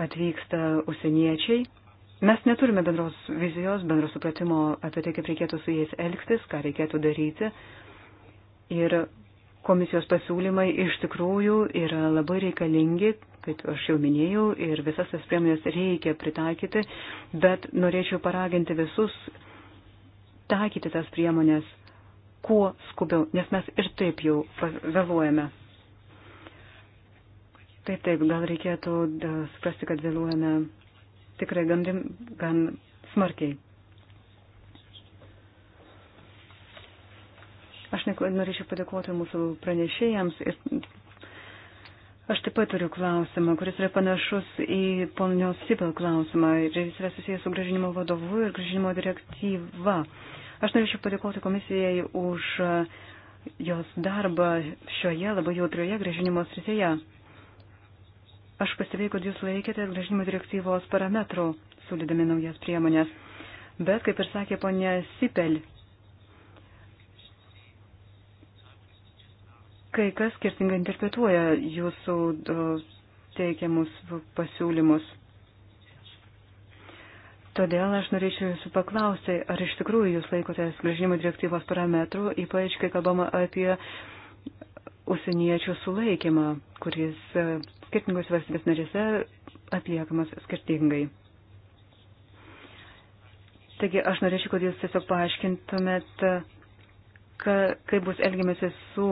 atvyksta užsieniečiai Mes neturime bendros vizijos, bendros supratimo apie tai, kaip reikėtų su jais elgtis, ką reikėtų daryti. Ir komisijos pasiūlymai iš tikrųjų yra labai reikalingi, kaip aš jau minėjau, ir visas tas priemonės reikia pritaikyti, bet norėčiau paraginti visus taikyti tas priemonės kuo skubiau, nes mes ir taip jau vėluojame. Taip, taip, gal reikėtų suprasti, kad vėluojame tikrai gan, rim, gan smarkiai. Aš norėčiau padėkoti mūsų pranešėjams ir aš taip pat turiu klausimą, kuris yra panašus į ponios Sibel klausimą ir jis yra susijęs su gražinimo vadovu ir gražinimo direktyva. Aš norėčiau padėkoti komisijai už jos darbą šioje labai jautrioje gražinimo srityje. Aš pastebėjau, kad jūs laikėte gražinimo direktyvos parametrų, siūlydami naujas priemonės. Bet, kaip ir sakė ponė Sipel, kai kas skirtingai interpretuoja jūsų teikiamus pasiūlymus. Todėl aš norėčiau jūsų paklausti, ar iš tikrųjų jūs laikotės gražinimo direktyvos parametrų, ypač kai kalbama apie užsieniečių sulaikymą, kuris e, skirtingos valstybės narėse atliekamas skirtingai. Taigi aš norėčiau, kad jūs tiesiog paaiškintumėt, ka, kaip bus elgiamasi su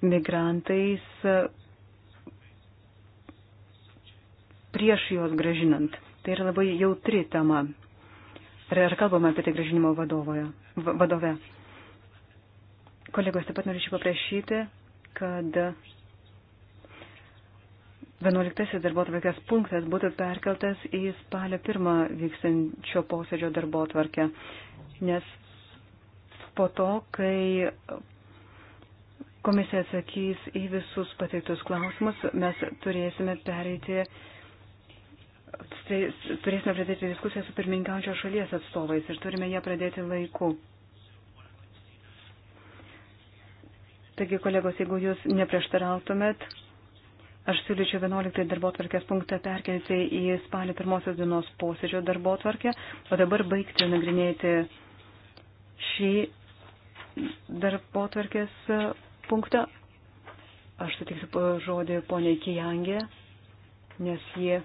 migrantais prieš juos gražinant. Tai yra labai jautri tema. Ar kalbame apie tai gražinimo vadovoje, vadove? Kolegos, taip pat norėčiau paprašyti, kad 11 darbo tvarkės punktas būtų perkeltas į spalio pirmą vykstančio posėdžio darbo tvarkę, nes po to, kai komisija atsakys į visus pateiktus klausimus, mes turėsime pereiti, turėsime pradėti diskusiją su pirmininkaujančios šalies atstovais ir turime ją pradėti laiku. Taigi, kolegos, jeigu jūs neprieštarautumėt, Aš siūlyčiau 11 darbo tvarkės punktą perkelti į spalio pirmosios dienos posėdžio darbo tvarkę, o dabar baigti nagrinėti šį darbo tvarkės punktą. Aš sutiksiu žodį poniai Kijangė, nes jie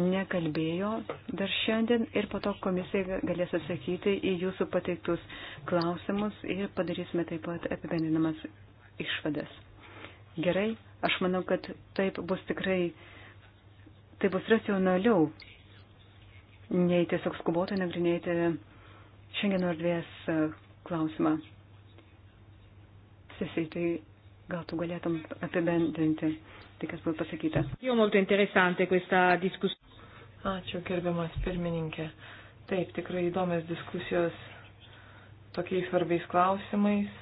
nekalbėjo dar šiandien ir po to komisija galės atsakyti į jūsų pateiktus klausimus ir padarysime taip pat apibendinamas išvadas. Gerai, Aš manau, kad taip bus tikrai, tai bus racionaliau, nei tiesiog skubotai nagrinėti šiandieno erdvės e, klausimą. Sesiai, tai gal tu galėtum apibendrinti tai, kas buvo pasakyta. Jau molto interesante questa diskusija. Ačiū, gerbiamas pirmininkė. Taip, tikrai įdomios diskusijos tokiais svarbiais klausimais.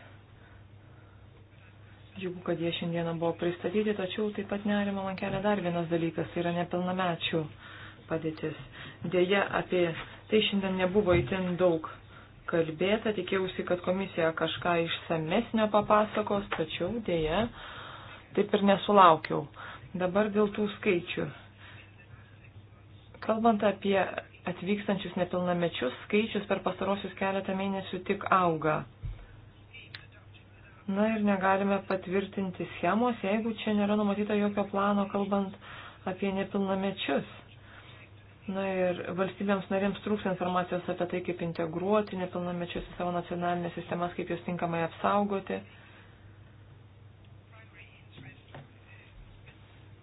Džiugu, kad jie šiandieną buvo pristatyti, tačiau taip pat nerima man kelia dar vienas dalykas, tai yra nepilnamečių padėtis. Deja, apie tai šiandien nebuvo itin daug kalbėta, tikėjausi, kad komisija kažką išsamesnio papasakos, tačiau dėja, taip ir nesulaukiau. Dabar dėl tų skaičių. Kalbant apie atvykstančius nepilnamečius, skaičius per pastarosius keletą mėnesių tik auga. Na ir negalime patvirtinti schemos, jeigu čia nėra numatyta jokio plano, kalbant apie nepilnamečius. Na ir valstybėms narėms trūks informacijos apie tai, kaip integruoti nepilnamečius į savo nacionalinės sistemas, kaip juos tinkamai apsaugoti.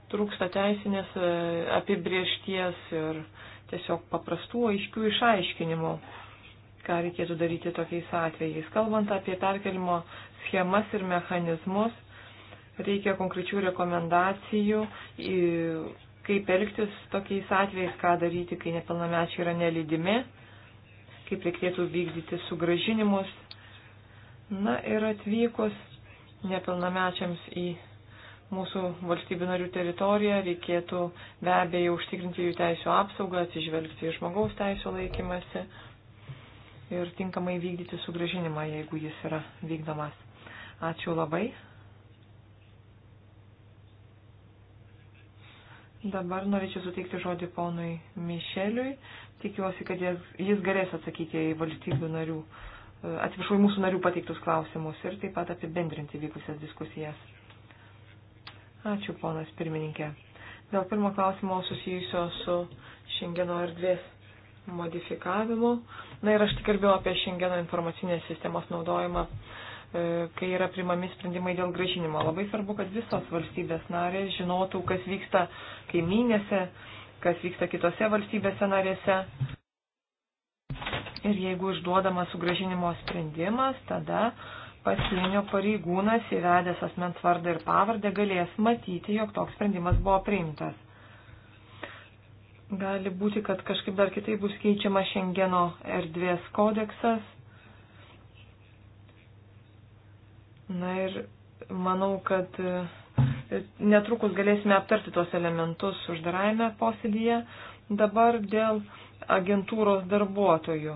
Trūksta teisinės e, apibriešties ir tiesiog paprastų, aiškių išaiškinimų ką reikėtų daryti tokiais atvejais. Kalbant apie perkelimo schemas ir mechanizmus, reikia konkrečių rekomendacijų, kaip elgtis tokiais atvejais, ką daryti, kai nepilnamečiai yra nelydimi, kaip reikėtų vykdyti sugražinimus. Na ir atvykus nepilnamečiams į mūsų valstybių narių teritoriją reikėtų be abejo užtikrinti jų teisų apsaugą, atsižvelgti į žmogaus teisų laikymasi ir tinkamai vykdyti sugražinimą, jeigu jis yra vykdomas. Ačiū labai. Dabar norėčiau suteikti žodį ponui Mišeliui. Tikiuosi, kad jis galės atsakyti į valstybių narių, e, atsiprašau, į mūsų narių pateiktus klausimus ir taip pat apibendrinti vykusias diskusijas. Ačiū, ponas pirmininkė. Dėl pirmo klausimo susijusio su Šengeno erdvės modifikavimu. Na ir aš tik kalbėjau apie Šengeno informacinės sistemos naudojimą E, kai yra primami sprendimai dėl gražinimo. Labai svarbu, kad visos valstybės narės žinotų, kas vyksta kaiminėse, kas vyksta kitose valstybėse narėse. Ir jeigu išduodamas sugražinimo sprendimas, tada pasienio pareigūnas įvedęs asmens vardą ir pavardę galės matyti, jog toks sprendimas buvo priimtas. Gali būti, kad kažkaip dar kitai bus keičiama Šengeno erdvės kodeksas Na ir manau, kad e, netrukus galėsime aptarti tuos elementus uždarajame posėdyje. Dabar dėl agentūros darbuotojų.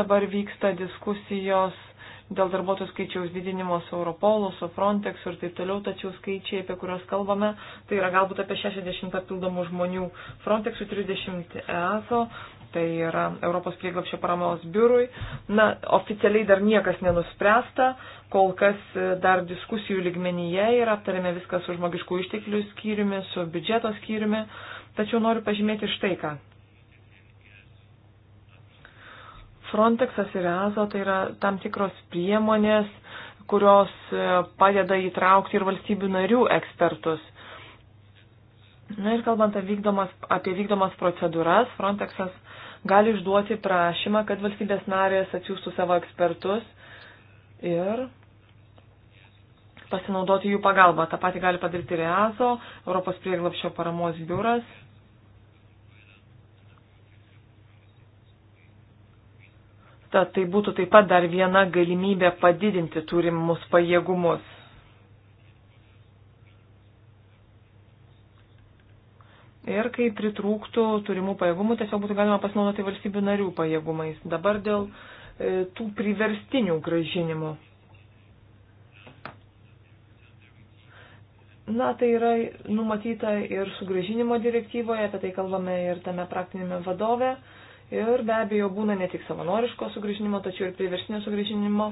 Dabar vyksta diskusijos dėl darbuotojų skaičiaus didinimo su Europolu, su Frontex ir taip toliau, tačiau skaičiai, apie kuriuos kalbame, tai yra galbūt apie 60 papildomų žmonių Frontexų, 30 ESO, tai yra Europos prieglapšio paramos biurui. Na, oficialiai dar niekas nenuspręsta, kol kas e, dar diskusijų ligmenyje ir aptarėme viską su žmogiškų išteklių skyriumi, su biudžeto skyriumi, tačiau noriu pažymėti štai ką. Frontexas ir EASO tai yra tam tikros priemonės, kurios e, padeda įtraukti ir valstybių narių ekspertus. Na ir kalbant apie vykdomas, apie vykdomas procedūras, Frontexas gali išduoti prašymą, kad valstybės narės atsiųstų savo ekspertus ir pasinaudoti jų pagalbą. Ta pati gali padaryti ir EASO, Europos prieglapščio paramos biuras. Tad tai būtų taip pat dar viena galimybė padidinti turimus pajėgumus. ir kai pritrūktų turimų pajėgumų, tiesiog būtų galima pasinaudoti valstybių narių pajėgumais. Dabar dėl e, tų priverstinių gražinimų. Na, tai yra numatyta ir sugražinimo direktyvoje, apie tai kalbame ir tame praktinėme vadove. Ir be abejo būna ne tik savanoriško sugražinimo, tačiau ir priverstinio sugražinimo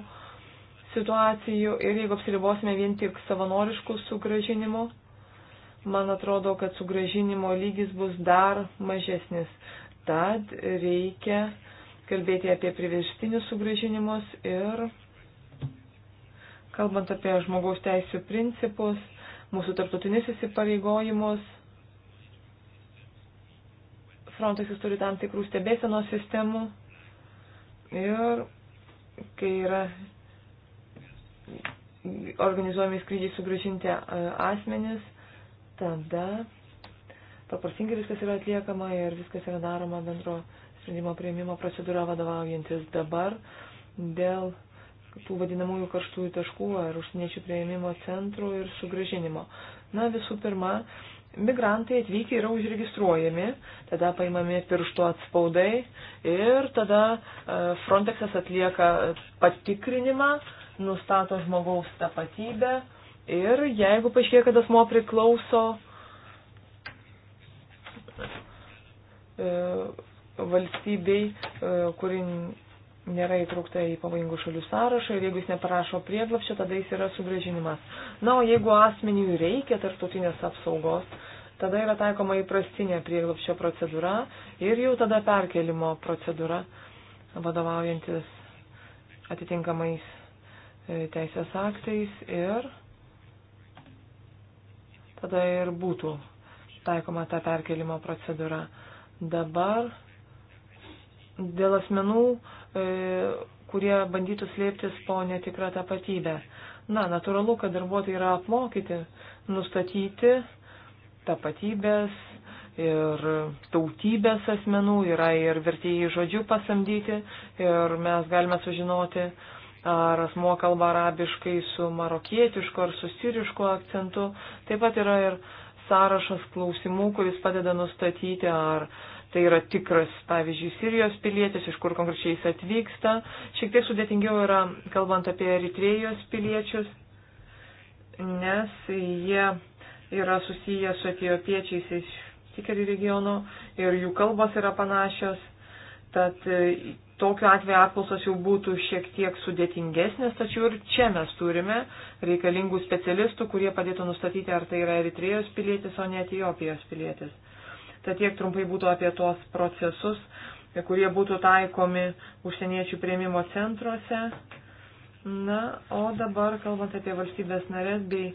situacijų. Ir jeigu apsiribosime vien tik savanoriškų sugražinimų, man atrodo, kad sugražinimo lygis bus dar mažesnis. Tad reikia kalbėti apie priverstinius sugražinimus ir, kalbant apie žmogaus teisų principus, mūsų tarptautinius įsipareigojimus, Frontexas turi tam tikrų stebėsenos sistemų ir kai yra organizuojami skrydžiai sugražinti asmenis, tada paprastingai viskas yra atliekama ir viskas yra daroma bendro sprendimo prieimimo procedūra vadovaujantis dabar dėl tų vadinamųjų karštųjų taškų ar užsieniečių prieimimo centrų ir sugražinimo. Na, visų pirma, migrantai atvykę yra užregistruojami, tada paimami piršto atspaudai ir tada e, Frontexas atlieka patikrinimą, nustato žmogaus tapatybę, Ir jeigu paaiškėja, kad asmo priklauso e, valstybei, e, kuri nėra įtraukta į pavojingų šalių sąrašą ir jeigu jis neparašo prieglapščio, tada jis yra sugrėžinimas. Na, o jeigu asmeniui reikia tarptautinės apsaugos, tada yra taikoma įprastinė prieglapščio procedūra ir jau tada perkelimo procedūra, vadovaujantis atitinkamais e, teisės aktais ir tada ir būtų taikoma ta perkelimo procedūra. Dabar dėl asmenų, e, kurie bandytų slėptis po netikrą tapatybę. Na, natūralu, kad darbuotojai yra apmokyti, nustatyti tapatybės ir tautybės asmenų, yra ir vertėjai žodžių pasamdyti ir mes galime sužinoti, uh, ar asmo kalba arabiškai su marokietišku ar su sirišku akcentu. Taip pat yra ir sąrašas klausimų, kuris padeda nustatyti, ar tai yra tikras, pavyzdžiui, Sirijos pilietis, iš kur konkrečiai jis atvyksta. Šiek tiek sudėtingiau yra, kalbant apie Eritrėjos piliečius, nes jie yra susiję su etijopiečiais iš Tikerių regiono ir jų kalbos yra panašios. Tad tokiu atveju apklausos jau būtų šiek tiek sudėtingesnės, tačiau ir čia mes turime reikalingų specialistų, kurie padėtų nustatyti, ar tai yra Eritrėjos pilietis, o ne Etijopijos pilietis. Tad tiek trumpai būtų apie tuos procesus, kurie būtų taikomi užsieniečių prieimimo centruose. Na, o dabar, kalbant apie valstybės narės bei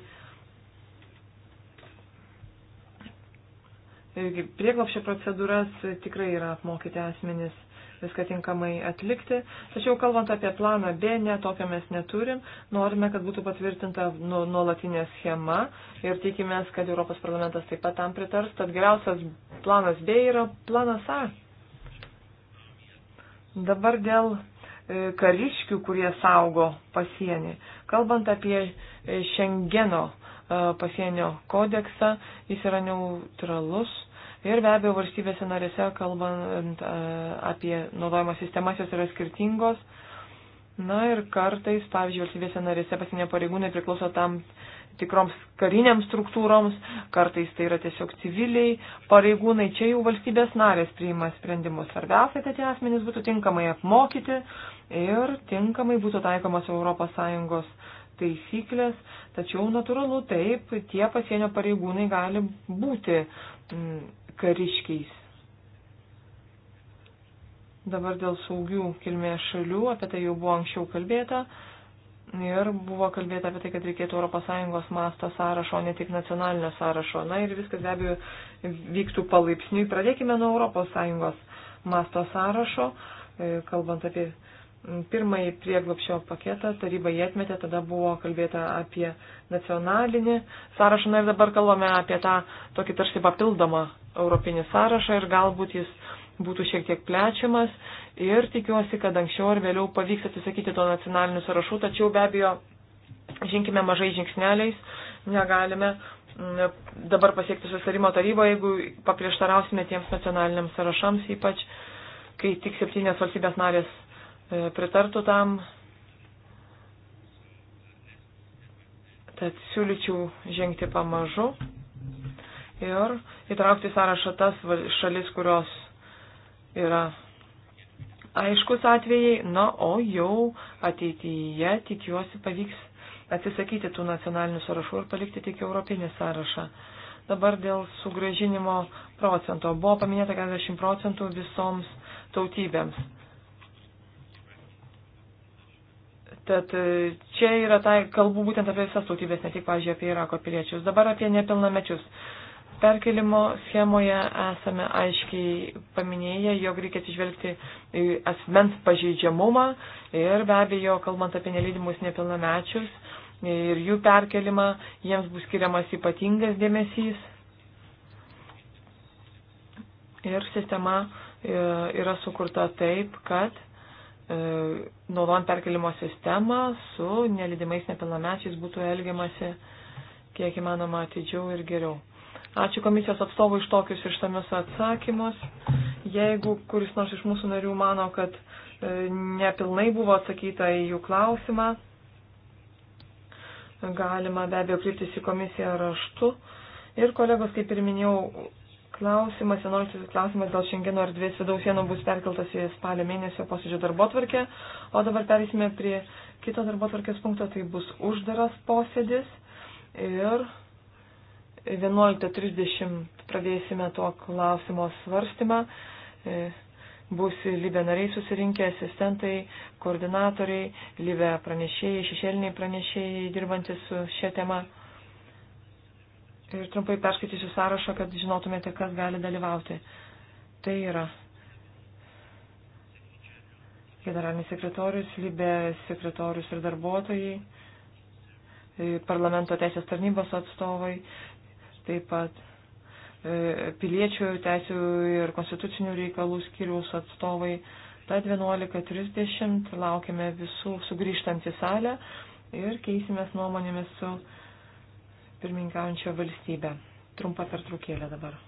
prieglopšio procedūras, tikrai yra apmokyti asmenys viską tinkamai atlikti. Tačiau kalbant apie planą B, ne, tokio mes neturim. Norime, kad būtų patvirtinta nu, nuolatinė schema ir tikimės, kad Europos parlamentas taip pat tam pritars. Tad geriausias planas B yra planas A. Dabar dėl e, kariškių, kurie saugo pasienį. Kalbant apie e, Šengeno e, pasienio kodeksą, jis yra neutralus Ir be abejo, valstybėse narėse, kalbant e, apie naudojimo sistemas, jos yra skirtingos. Na ir kartais, pavyzdžiui, valstybėse narėse pasinė pareigūnai priklauso tam tikroms kariniams struktūroms, kartais tai yra tiesiog civiliai pareigūnai, čia jau valstybės narės priima sprendimus. Svarbiausia, kad tie asmenys būtų tinkamai apmokyti ir tinkamai būtų taikomas ES taisyklės, tačiau natūralu taip, tie pasienio pareigūnai gali būti mm, kariškiais. Dabar dėl saugių kilmės šalių, apie tai jau buvo anksčiau kalbėta. Ir buvo kalbėta apie tai, kad reikėtų ES masto sąrašo, ne tik nacionalinio sąrašo. Na ir viskas be abejo vyktų palaipsniui. Pradėkime nuo ES masto sąrašo, e, kalbant apie pirmąjį prieglopšio paketą taryba jį atmetė, tada buvo kalbėta apie nacionalinį sąrašą, na ir dabar kalbame apie tą tokį tarsi papildomą europinį sąrašą ir galbūt jis būtų šiek tiek plečiamas ir tikiuosi, kad anksčiau ar vėliau pavyks atsisakyti to nacionalinių sąrašų, tačiau be abejo žinkime mažai žingsneliais, negalime dabar pasiekti susitarimo tarybo, jeigu paprieštarausime tiems nacionaliniams sąrašams, ypač kai tik septynės valstybės narės E, pritartų tam, tad siūlyčiau žengti pamažu ir įtraukti sąrašą tas šalis, kurios yra aiškus atvejai, na, o jau ateityje tikiuosi pavyks atsisakyti tų nacionalinių sąrašų ir palikti tik europinį sąrašą. Dabar dėl sugražinimo procento. Buvo paminėta 40 procentų visoms tautybėms. Tad e, čia yra tai, kalbu būtent apie visas tautybės, ne tik, pažiūrėjau, apie Irako piliečius. Dabar apie nepilnamečius. Perkelimo schemoje esame aiškiai paminėję, jog reikia atsižvelgti asmens pažeidžiamumą ir be abejo, kalbant apie nelydimus nepilnamečius ir jų perkelimą, jiems bus skiriamas ypatingas dėmesys. Ir sistema e, yra sukurta taip, kad E, naudojant perkelimo sistemą su nelidimais nepilnamečiais būtų elgiamasi kiek įmanoma atidžiau ir geriau. Ačiū komisijos atstovui iš tokius ištamius atsakymus. Jeigu kuris nors iš mūsų narių mano, kad e, nepilnai buvo atsakyta į jų klausimą, galima be abejo kryptis į komisiją raštu. Ir kolegos, kaip ir minėjau, klausimas, 11 klausimas dėl Šengeno erdvės vidaus sienų bus perkeltas į spalio mėnesio posėdžio darbotvarkę, o dabar perėsime prie kito darbotvarkės punkto, tai bus uždaras posėdis ir 11.30 pradėsime to klausimo svarstymą. E, bus lybė nariai susirinkę, asistentai, koordinatoriai, lybė pranešėjai, šešėliniai pranešėjai dirbantis su šia tema ir trumpai perskaitysiu sąrašą, kad žinotumėte, kas gali dalyvauti. Tai yra generalinis sekretorius, Libė sekretorius ir darbuotojai, parlamento teisės tarnybos atstovai, taip pat piliečių teisų ir konstitucinių reikalų skiriaus atstovai. Tad 11.30 laukime visų sugrįžtant į salę ir keisimės nuomonėmis su pirmininkaujančią valstybę. Trumpa pertraukėlė dabar.